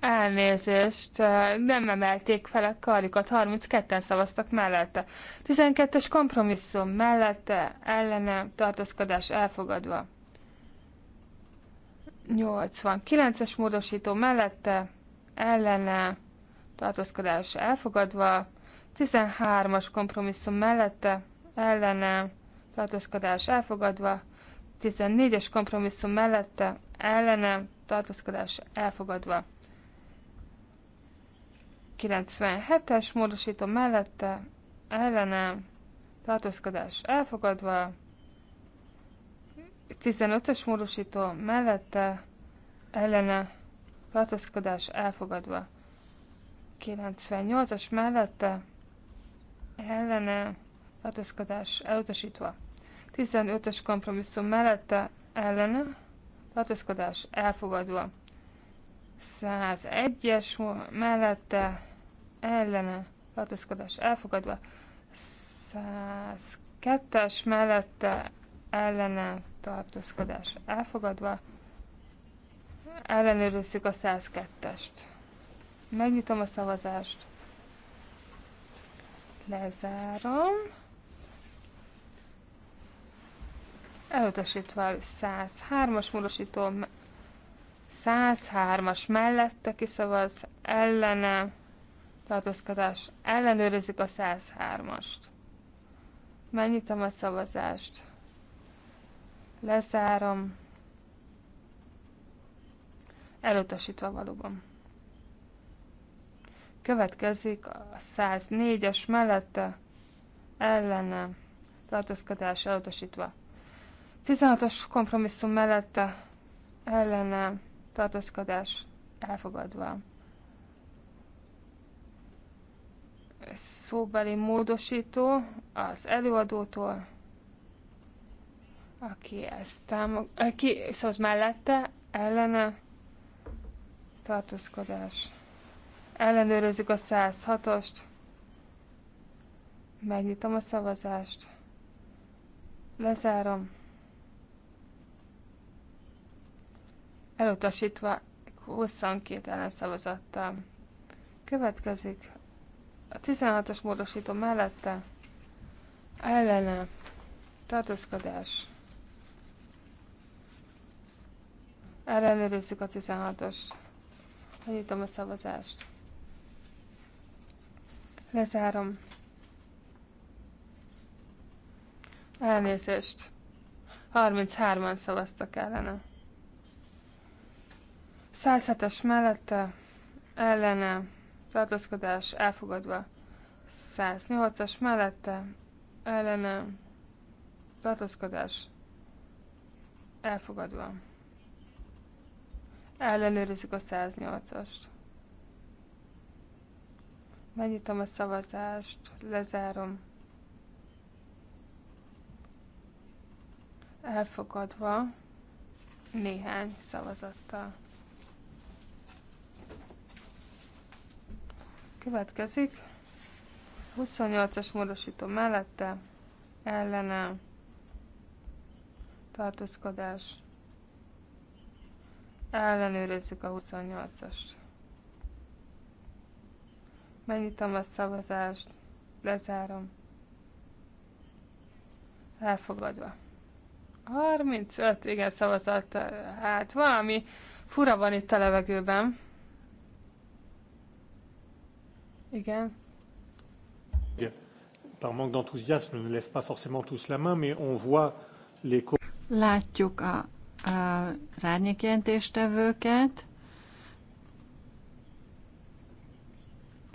Elnézést, nem emelték fel a karjukat, 32-en szavaztak mellette. 12-es kompromisszum mellette, ellene, tartózkodás elfogadva. 89-es módosító mellette, ellene, tartózkodás elfogadva. 13-as kompromisszum mellette, ellene, tartózkodás elfogadva. 14-es kompromisszum mellette ellene tartózkodás elfogadva. 97-es módosító mellette ellene tartózkodás elfogadva. 15-ös módosító mellette ellene tartózkodás elfogadva. 98-as mellette ellene tartózkodás elutasítva. 15-ös kompromisszum mellette ellen tartózkodás elfogadva. 101-es mellette ellene tartózkodás elfogadva. 102-es mellette ellene tartózkodás elfogadva. Ellenőrizzük a 102-est. Megnyitom a szavazást. Lezárom. elutasítva 103-as módosító 103-as mellette kiszavaz, ellene tartózkodás, ellenőrizik a 103-ast. Megnyitom a szavazást. Lezárom. Elutasítva valóban. Következik a 104-es mellette, ellene tartózkodás elutasítva. 16-os kompromisszum mellette ellene tartózkodás elfogadva. Szóbeli módosító az előadótól, aki ezt támog, aki eh, szóval mellette ellene tartózkodás. Ellenőrizzük a 106-ost. Megnyitom a szavazást. Lezárom. elutasítva 22 ellenszavazattal. Következik a 16-os módosító mellette ellene tartózkodás. Ellenőrizzük a 16-os. Hagyítom a szavazást. Lezárom. Elnézést. 33-an szavaztak ellene. 107-es mellette ellene tartózkodás elfogadva. 108-as mellette ellene tartózkodás elfogadva. Ellenőrizzük a 108-ast. Megnyitom a szavazást, lezárom. Elfogadva néhány szavazattal. Következik. 28-as módosító mellette ellene tartózkodás. Ellenőrizzük a 28 as Megnyitom a szavazást, lezárom. Elfogadva. 35, igen, szavazat. Hát valami fura van itt a levegőben. Igen. Par manque d'enthousiasme, ne lève pas forcément tous la main, mais on voit les... Látjuk a, a, az árnyékjelentéstevőket,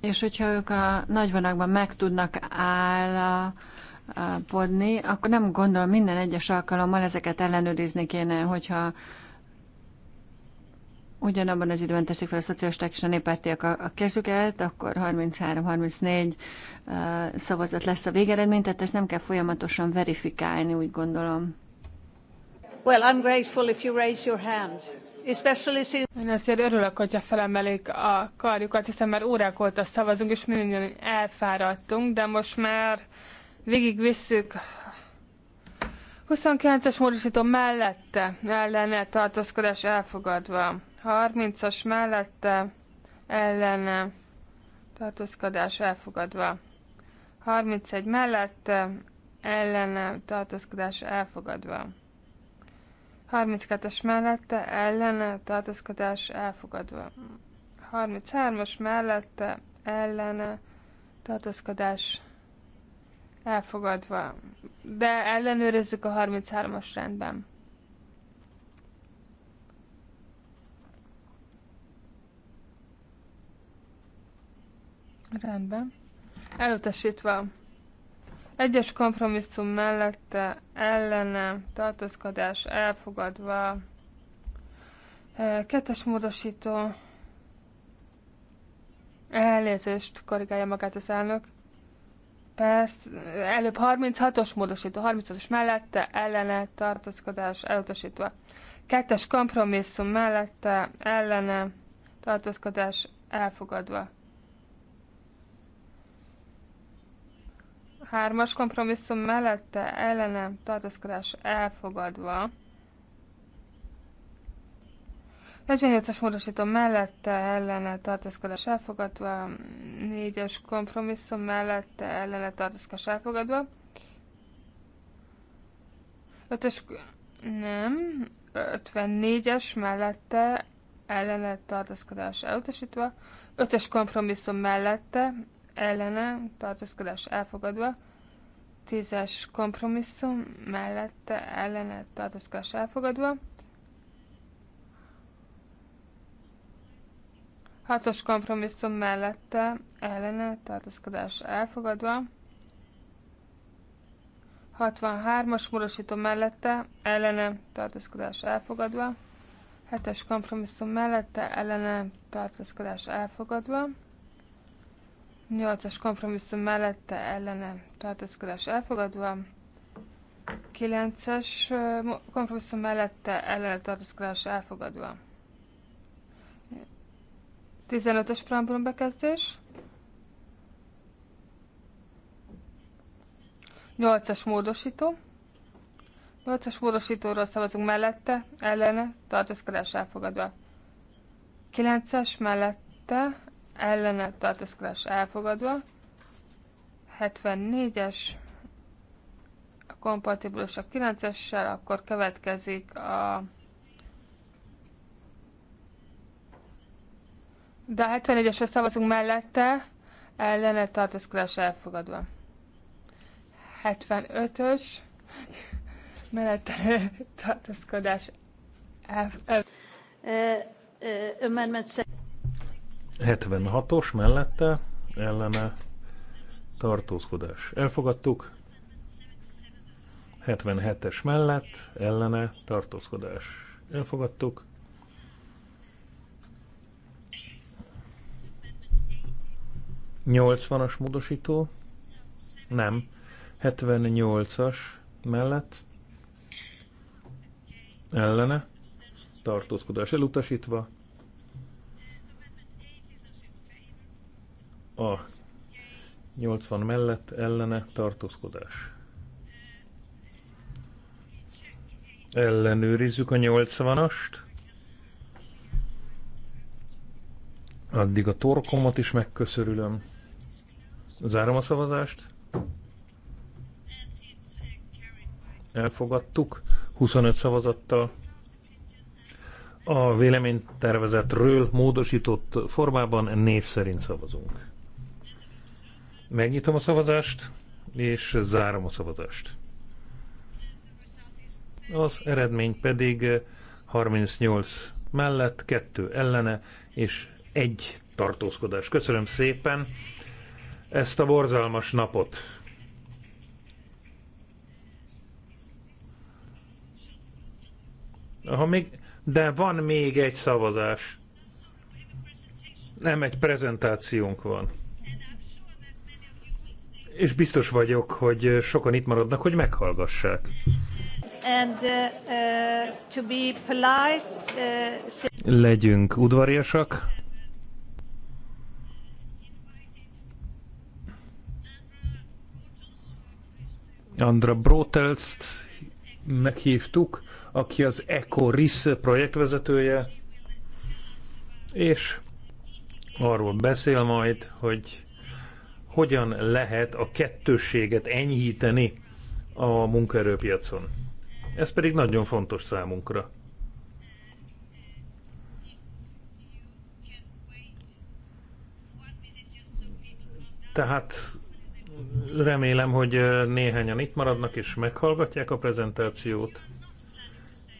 és hogyha ők a nagyvonakban meg tudnak áll, podni, akkor nem gondolom minden egyes alkalommal ezeket ellenőrizni kéne, hogyha ugyanabban az időben teszik fel a szocialisták és a néppártiak a, a kezüket, akkor 33-34 uh, szavazat lesz a végeredmény, tehát ezt nem kell folyamatosan verifikálni, úgy gondolom. Well, I'm grateful if you raise your hand. Especially since... Én azért örülök, hogyha felemelik a karjukat, hiszen már órák óta szavazunk, és mindig elfáradtunk, de most már végigvisszük 29-es módosító mellette ellene tartózkodás elfogadva. 30-as mellette ellene tartózkodás elfogadva. 31 mellette ellene tartózkodás elfogadva. 32-es mellette ellene tartózkodás elfogadva. 33-as mellette ellene tartózkodás elfogadva. Elfogadva. De ellenőrizzük a 33-as rendben. Rendben. Elutasítva. Egyes kompromisszum mellette ellene tartózkodás elfogadva. Kettes módosító. Elnézést, korrigálja magát az elnök. Persze, előbb 36-os módosító, 36-os mellette, ellene, tartózkodás, elutasítva. Kettes kompromisszum mellette, ellene, tartózkodás, elfogadva. Hármas kompromisszum mellette, ellene, tartózkodás, elfogadva. 48-as módosító mellette ellene tartózkodás elfogadva, 4-es kompromisszum mellette ellene tartózkodás elfogadva, 5-ös nem, 54-es mellette ellene tartózkodás elutasítva, 5-ös kompromisszum mellette ellene tartózkodás elfogadva, 10-es kompromisszum mellette ellene tartózkodás elfogadva, Hatos kompromisszum mellette ellene tartózkodás elfogadva. 63-as módosító mellette ellene tartózkodás elfogadva. 7-es kompromisszum mellette ellene tartózkodás elfogadva. 8-as kompromisszum mellette ellene tartózkodás elfogadva. 9-es kompromisszum mellette ellene tartózkodás elfogadva. 15-ös preambulum bekezdés. 8-as módosító. 8-as módosítóról szavazunk mellette, ellene, tartózkodás elfogadva. 9-es mellette, ellene, tartózkodás elfogadva. 74-es kompatibilis a 9-essel, akkor következik a De 71-esre szavazunk mellette, ellene tartózkodás elfogadva. 75-ös mellette tartózkodás elfogadva. 76-os mellette ellene tartózkodás. Elfogadtuk. 77-es mellett ellene tartózkodás. Elfogadtuk. 80-as módosító, nem, 78-as mellett, ellene, tartózkodás elutasítva, a 80 mellett ellene tartózkodás. Ellenőrizzük a 80-ast. Addig a torkomat is megköszörülöm. Zárom a szavazást. Elfogadtuk 25 szavazattal. A véleménytervezetről módosított formában név szerint szavazunk. Megnyitom a szavazást, és zárom a szavazást. Az eredmény pedig 38 mellett, 2 ellene és egy tartózkodás. Köszönöm szépen! ezt a borzalmas napot. Ha még, de van még egy szavazás. Nem egy prezentációnk van. És biztos vagyok, hogy sokan itt maradnak, hogy meghallgassák. And, uh, uh, to be polite, uh... Legyünk udvariasak. Andra Brotelst meghívtuk, aki az EcoRIS projektvezetője, és arról beszél majd, hogy hogyan lehet a kettősséget enyhíteni a munkaerőpiacon. Ez pedig nagyon fontos számunkra. Tehát Remélem, hogy néhányan itt maradnak és meghallgatják a prezentációt.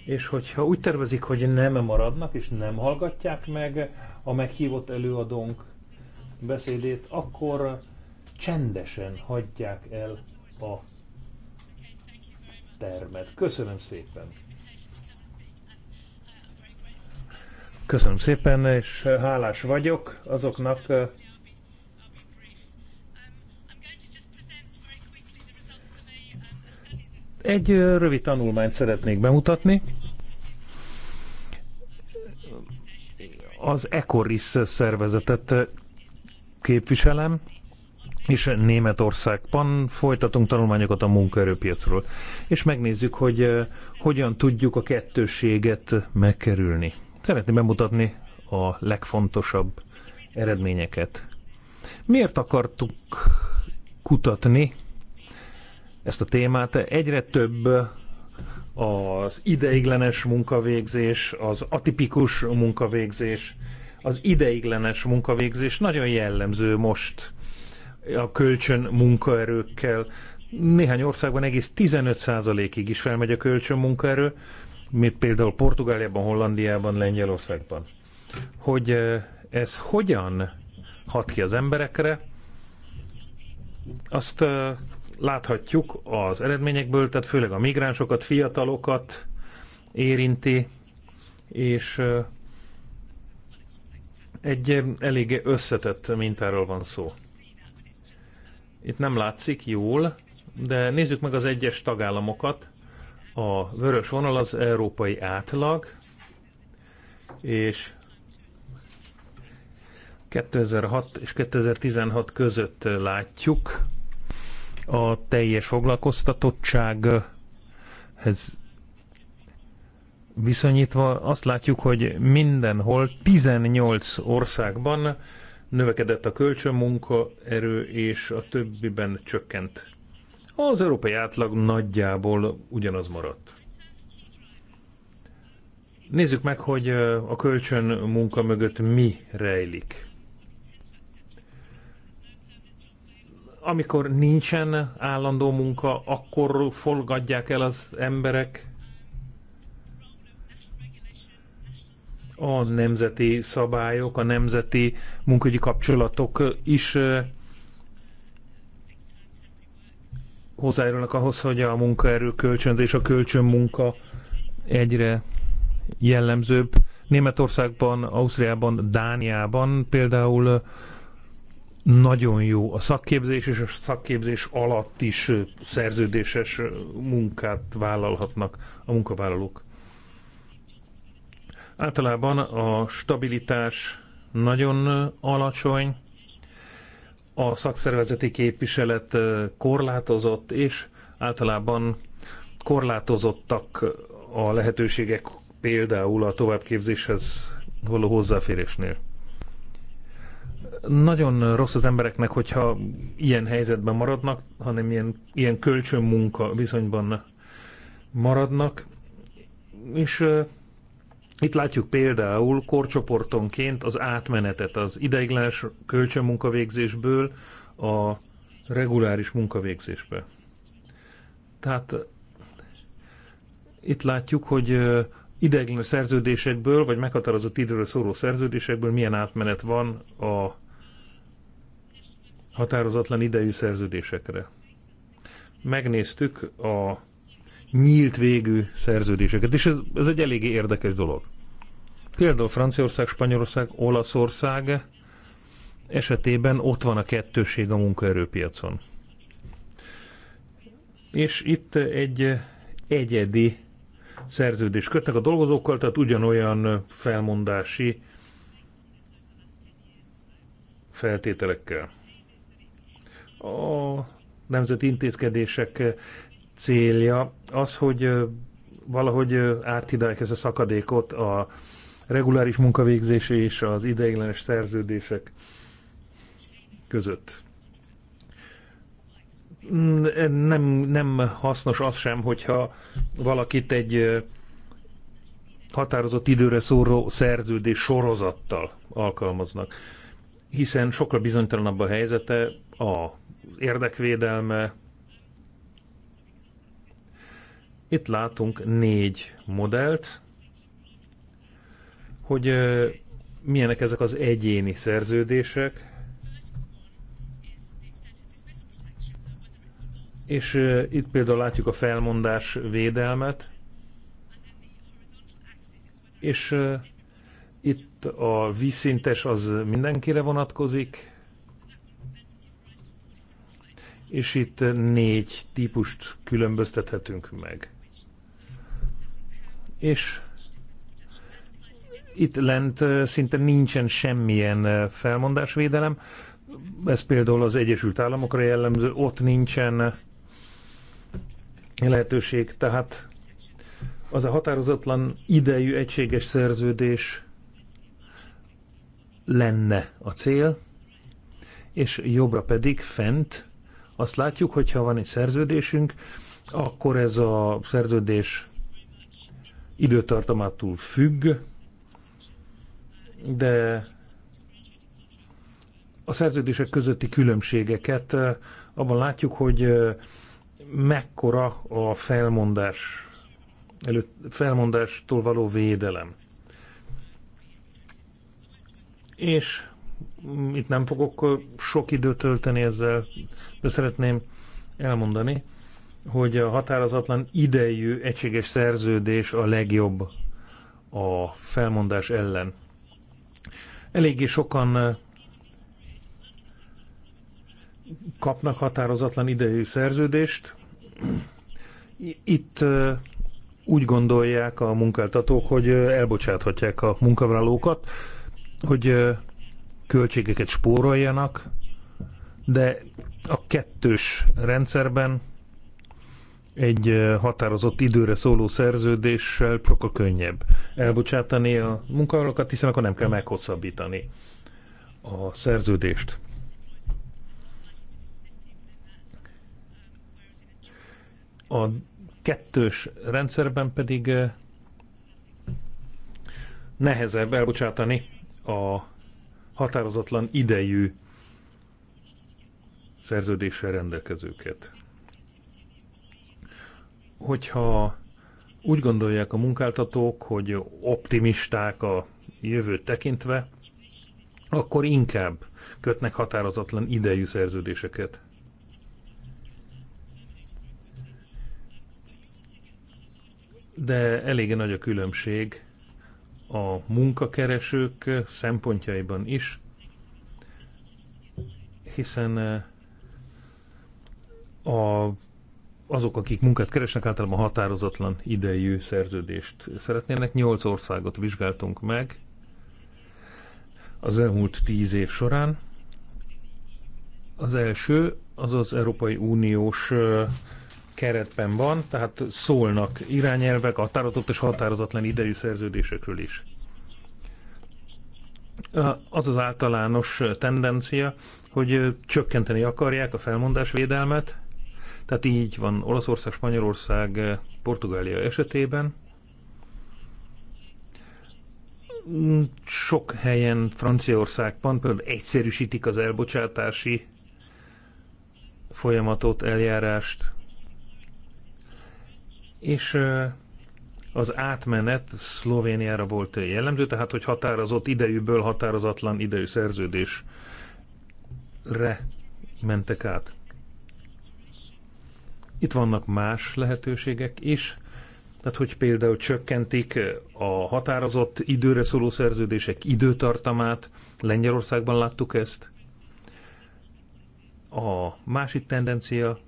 És hogyha úgy tervezik, hogy nem maradnak és nem hallgatják meg a meghívott előadónk beszédét, akkor csendesen hagyják el a termet. Köszönöm szépen! Köszönöm szépen, és hálás vagyok azoknak, Egy rövid tanulmányt szeretnék bemutatni. Az Ecoris szervezetet képviselem, és Németországban folytatunk tanulmányokat a munkaerőpiacról. És megnézzük, hogy hogyan tudjuk a kettősséget megkerülni. Szeretném bemutatni a legfontosabb eredményeket. Miért akartuk kutatni ezt a témát. Egyre több az ideiglenes munkavégzés, az atipikus munkavégzés, az ideiglenes munkavégzés nagyon jellemző most a kölcsön munkaerőkkel. Néhány országban egész 15%-ig is felmegy a kölcsön munkaerő, mint például Portugáliában, Hollandiában, Lengyelországban. Hogy ez hogyan hat ki az emberekre, azt láthatjuk az eredményekből, tehát főleg a migránsokat, fiatalokat érinti, és egy eléggé összetett mintáról van szó. Itt nem látszik jól, de nézzük meg az egyes tagállamokat. A vörös vonal az európai átlag, és 2006 és 2016 között látjuk a teljes foglalkoztatottság ez viszonyítva azt látjuk, hogy mindenhol 18 országban növekedett a kölcsön, munkaerő és a többiben csökkent. Az európai átlag nagyjából ugyanaz maradt. Nézzük meg, hogy a kölcsön munka mögött mi rejlik. amikor nincsen állandó munka, akkor folgadják el az emberek a nemzeti szabályok, a nemzeti munkügyi kapcsolatok is hozzájárulnak ahhoz, hogy a munkaerő kölcsönzés, a kölcsönmunka egyre jellemzőbb. Németországban, Ausztriában, Dániában például nagyon jó a szakképzés, és a szakképzés alatt is szerződéses munkát vállalhatnak a munkavállalók. Általában a stabilitás nagyon alacsony, a szakszervezeti képviselet korlátozott, és általában korlátozottak a lehetőségek például a továbbképzéshez való hozzáférésnél nagyon rossz az embereknek, hogyha ilyen helyzetben maradnak, hanem ilyen, ilyen kölcsönmunka viszonyban maradnak. És uh, itt látjuk például korcsoportonként az átmenetet az ideiglenes kölcsönmunkavégzésből a reguláris munkavégzésbe. Tehát uh, itt látjuk, hogy uh, ideiglenes szerződésekből, vagy meghatározott időre szóló szerződésekből milyen átmenet van a határozatlan idejű szerződésekre. Megnéztük a nyílt végű szerződéseket, és ez, ez egy eléggé érdekes dolog. Például Franciaország, Spanyolország, Olaszország esetében ott van a kettőség a munkaerőpiacon. És itt egy egyedi szerződés kötnek a dolgozókkal, tehát ugyanolyan felmondási feltételekkel. A nemzeti intézkedések célja az, hogy valahogy áthidalják ezt a szakadékot a reguláris munkavégzés és az ideiglenes szerződések között. Nem, nem hasznos az sem, hogyha valakit egy határozott időre szóró szerződés sorozattal alkalmaznak, hiszen sokkal bizonytalanabb a helyzete a érdekvédelme. Itt látunk négy modellt, hogy milyenek ezek az egyéni szerződések, és itt például látjuk a felmondás védelmet, és itt a vízszintes az mindenkire vonatkozik, és itt négy típust különböztethetünk meg. És itt lent szinte nincsen semmilyen felmondásvédelem, ez például az Egyesült Államokra jellemző, ott nincsen lehetőség, tehát az a határozatlan idejű egységes szerződés lenne a cél, és jobbra pedig fent azt látjuk, hogy ha van egy szerződésünk, akkor ez a szerződés időtartamától függ, de a szerződések közötti különbségeket eh, abban látjuk, hogy eh, mekkora a felmondás előtt felmondástól való védelem. És itt nem fogok sok időt tölteni ezzel, de szeretném elmondani, hogy a határozatlan idejű egységes szerződés a legjobb a felmondás ellen. Eléggé sokan kapnak határozatlan idejű szerződést. Itt úgy gondolják a munkáltatók, hogy elbocsáthatják a munkavállalókat, hogy költségeket spóroljanak, de a kettős rendszerben egy határozott időre szóló szerződéssel sokkal könnyebb elbocsátani a munkavállalókat, hiszen akkor nem kell meghosszabbítani a szerződést. A kettős rendszerben pedig nehezebb elbocsátani a határozatlan idejű szerződéssel rendelkezőket. Hogyha úgy gondolják a munkáltatók, hogy optimisták a jövőt tekintve, akkor inkább kötnek határozatlan idejű szerződéseket. De elég nagy a különbség a munkakeresők szempontjaiban is, hiszen eh, a, azok, akik munkát keresnek, általában határozatlan idejű szerződést szeretnének. Nyolc országot vizsgáltunk meg az elmúlt tíz év során. Az első az az Európai Uniós eh, keretben van, tehát szólnak irányelvek, határozott és határozatlan idejű szerződésekről is. Az az általános tendencia, hogy csökkenteni akarják a felmondás védelmet, tehát így van Olaszország, Spanyolország, Portugália esetében. Sok helyen Franciaországban például egyszerűsítik az elbocsátási folyamatot, eljárást, és az átmenet Szlovéniára volt jellemző, tehát hogy határozott idejűből határozatlan idejű szerződésre mentek át. Itt vannak más lehetőségek is, tehát hogy például csökkentik a határozott időre szóló szerződések időtartamát, Lengyelországban láttuk ezt. A másik tendencia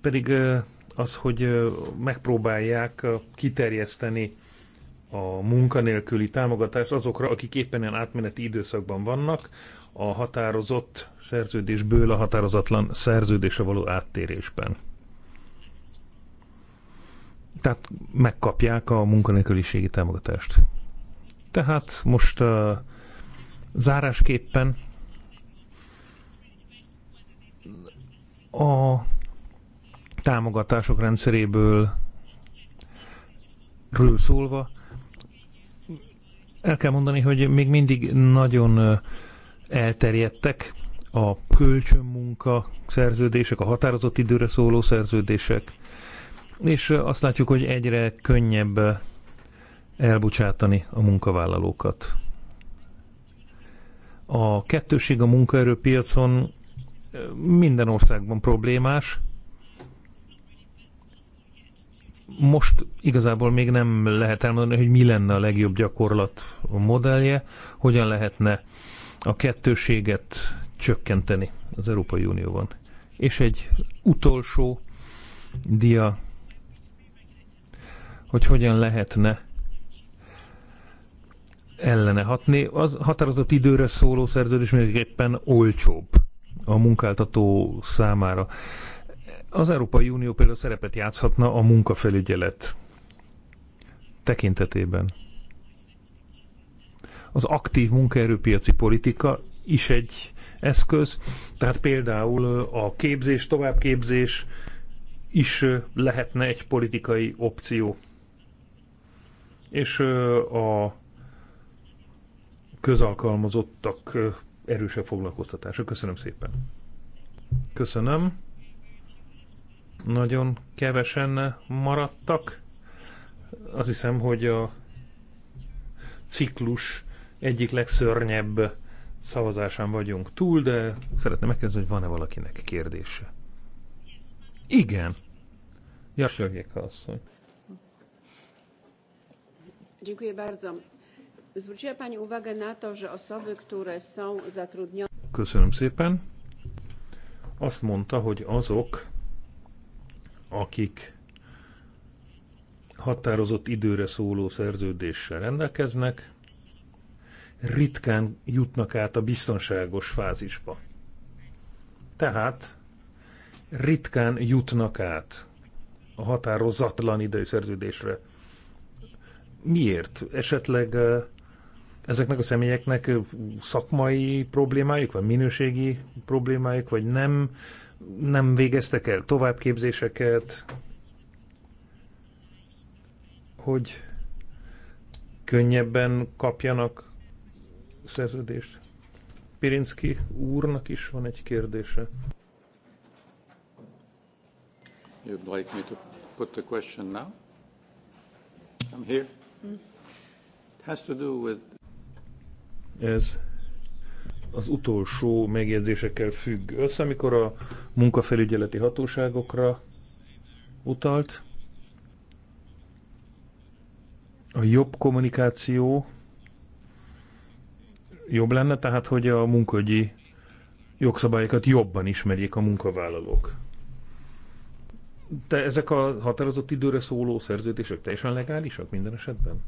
pedig az, hogy megpróbálják kiterjeszteni a munkanélküli támogatást azokra, akik éppen ilyen átmeneti időszakban vannak, a határozott szerződésből a határozatlan szerződésre való áttérésben. Tehát megkapják a munkanélküliségi támogatást. Tehát most uh, zárásképpen a támogatások rendszeréből ről szólva, el kell mondani, hogy még mindig nagyon elterjedtek a kölcsönmunka szerződések, a határozott időre szóló szerződések, és azt látjuk, hogy egyre könnyebb elbocsátani a munkavállalókat. A kettőség a munkaerőpiacon minden országban problémás, most igazából még nem lehet elmondani, hogy mi lenne a legjobb gyakorlat a modellje, hogyan lehetne a kettőséget csökkenteni az Európai Unióban. És egy utolsó dia, hogy hogyan lehetne ellene hatni. Az határozott időre szóló szerződés mindenképpen olcsóbb a munkáltató számára. Az Európai Unió például szerepet játszhatna a munkafelügyelet tekintetében. Az aktív munkaerőpiaci politika is egy eszköz, tehát például a képzés, továbbképzés is lehetne egy politikai opció. És a közalkalmazottak erősebb foglalkoztatása. Köszönöm szépen. Köszönöm. Nagyon kevesen maradtak. Azt hiszem, hogy a ciklus egyik legszörnyebb szavazásán vagyunk túl, de szeretném megkérdezni, hogy van-e valakinek kérdése. Igen. Jasjogjék asszony. Dziękuję bardzo. Zwróciła Pani uwagę na to, że osoby, które są zatrudnione... Köszönöm szépen. Azt mondta, hogy azok, akik határozott időre szóló szerződéssel rendelkeznek, ritkán jutnak át a biztonságos fázisba. Tehát ritkán jutnak át a határozatlan idei szerződésre. Miért? Esetleg eh, ezeknek a személyeknek eh, szakmai problémájuk vagy minőségi problémájuk, vagy nem nem végeztek el továbbképzéseket, hogy könnyebben kapjanak szerződést. Pirinski úrnak is van egy kérdése. You'd like me to put the question now? I'm here. It has to do with... Ez az utolsó megjegyzésekkel függ össze, amikor a munkafelügyeleti hatóságokra utalt. A jobb kommunikáció jobb lenne, tehát hogy a munkagyi jogszabályokat jobban ismerjék a munkavállalók. Te ezek a határozott időre szóló szerződések teljesen legálisak minden esetben?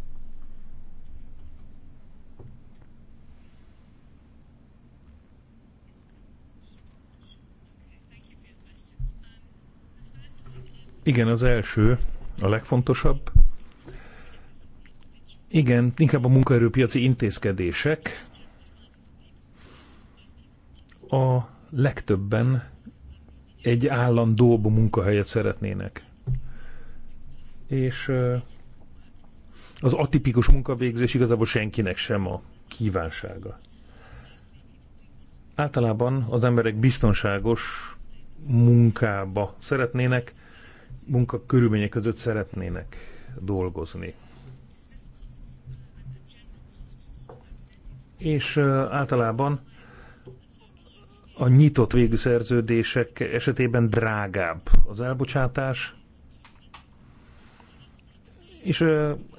Igen, az első, a legfontosabb. Igen, inkább a munkaerőpiaci intézkedések a legtöbben egy állandóbb munkahelyet szeretnének. És az atipikus munkavégzés igazából senkinek sem a kívánsága. Általában az emberek biztonságos munkába szeretnének, munkakörülmények között szeretnének dolgozni. És általában a nyitott végű szerződések esetében drágább az elbocsátás, és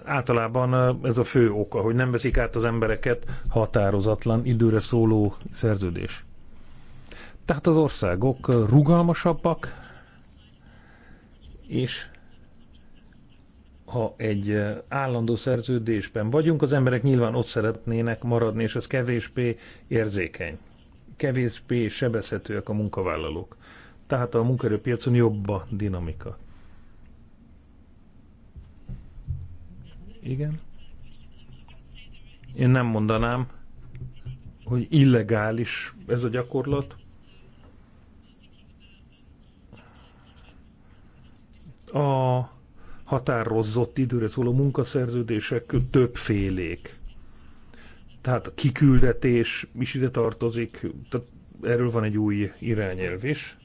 általában ez a fő oka, hogy nem veszik át az embereket határozatlan időre szóló szerződés. Tehát az országok rugalmasabbak, és ha egy állandó szerződésben vagyunk, az emberek nyilván ott szeretnének maradni, és az kevésbé érzékeny, kevésbé sebezhetőek a munkavállalók. Tehát a munkaerőpiacon jobb a dinamika. Igen? Én nem mondanám, hogy illegális ez a gyakorlat, a határozott időre szóló munkaszerződések többfélék. Tehát a kiküldetés is ide tartozik, tehát erről van egy új irányelv is.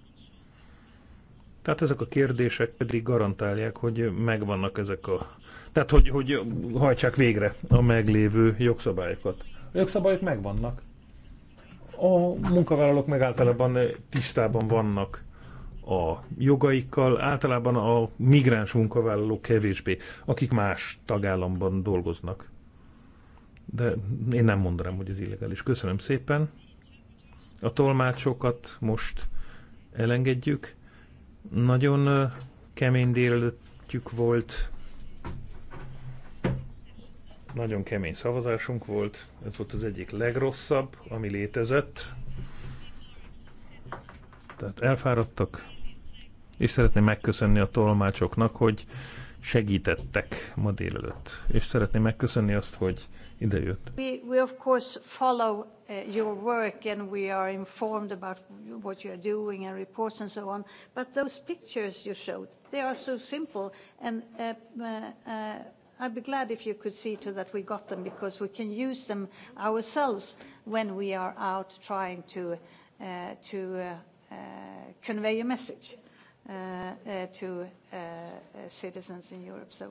Tehát ezek a kérdések pedig garantálják, hogy megvannak ezek a... Tehát, hogy, hogy hajtsák végre a meglévő jogszabályokat. A jogszabályok megvannak. A munkavállalók meg általában tisztában vannak a jogaikkal, általában a migráns munkavállalók kevésbé, akik más tagállamban dolgoznak. De én nem mondanám, hogy ez illegális. Köszönöm szépen. A tolmácsokat most elengedjük. Nagyon kemény délelőttjük volt. Nagyon kemény szavazásunk volt. Ez volt az egyik legrosszabb, ami létezett. Tehát elfáradtak, és szeretném megköszönni a tolmácsoknak, hogy segítettek ma délelőtt. És szeretném megköszönni azt, hogy idejött. We, we of course follow uh, your work and we are informed about what you are doing and reports and so on, but those pictures you showed, they are so simple and uh, uh, uh, I'd be glad if you could see to that we got them because we can use them ourselves when we are out trying to, uh, to uh, uh, convey a message uh, uh, to uh, uh, citizens in Europe. So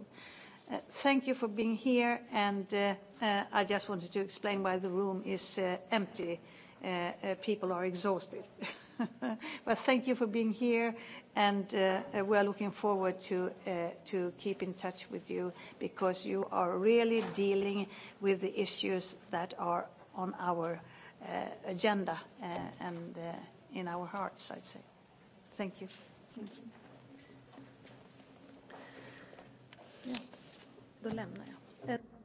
uh, thank you for being here, and uh, uh, I just wanted to explain why the room is uh, empty. Uh, uh, people are exhausted. but thank you for being here, and uh, uh we are looking forward to, uh, to keep in touch with you because you are really dealing with the issues that are on our uh, agenda uh, and uh, in our hearts, I'd say. Thank you. Ja, då lämnar jag.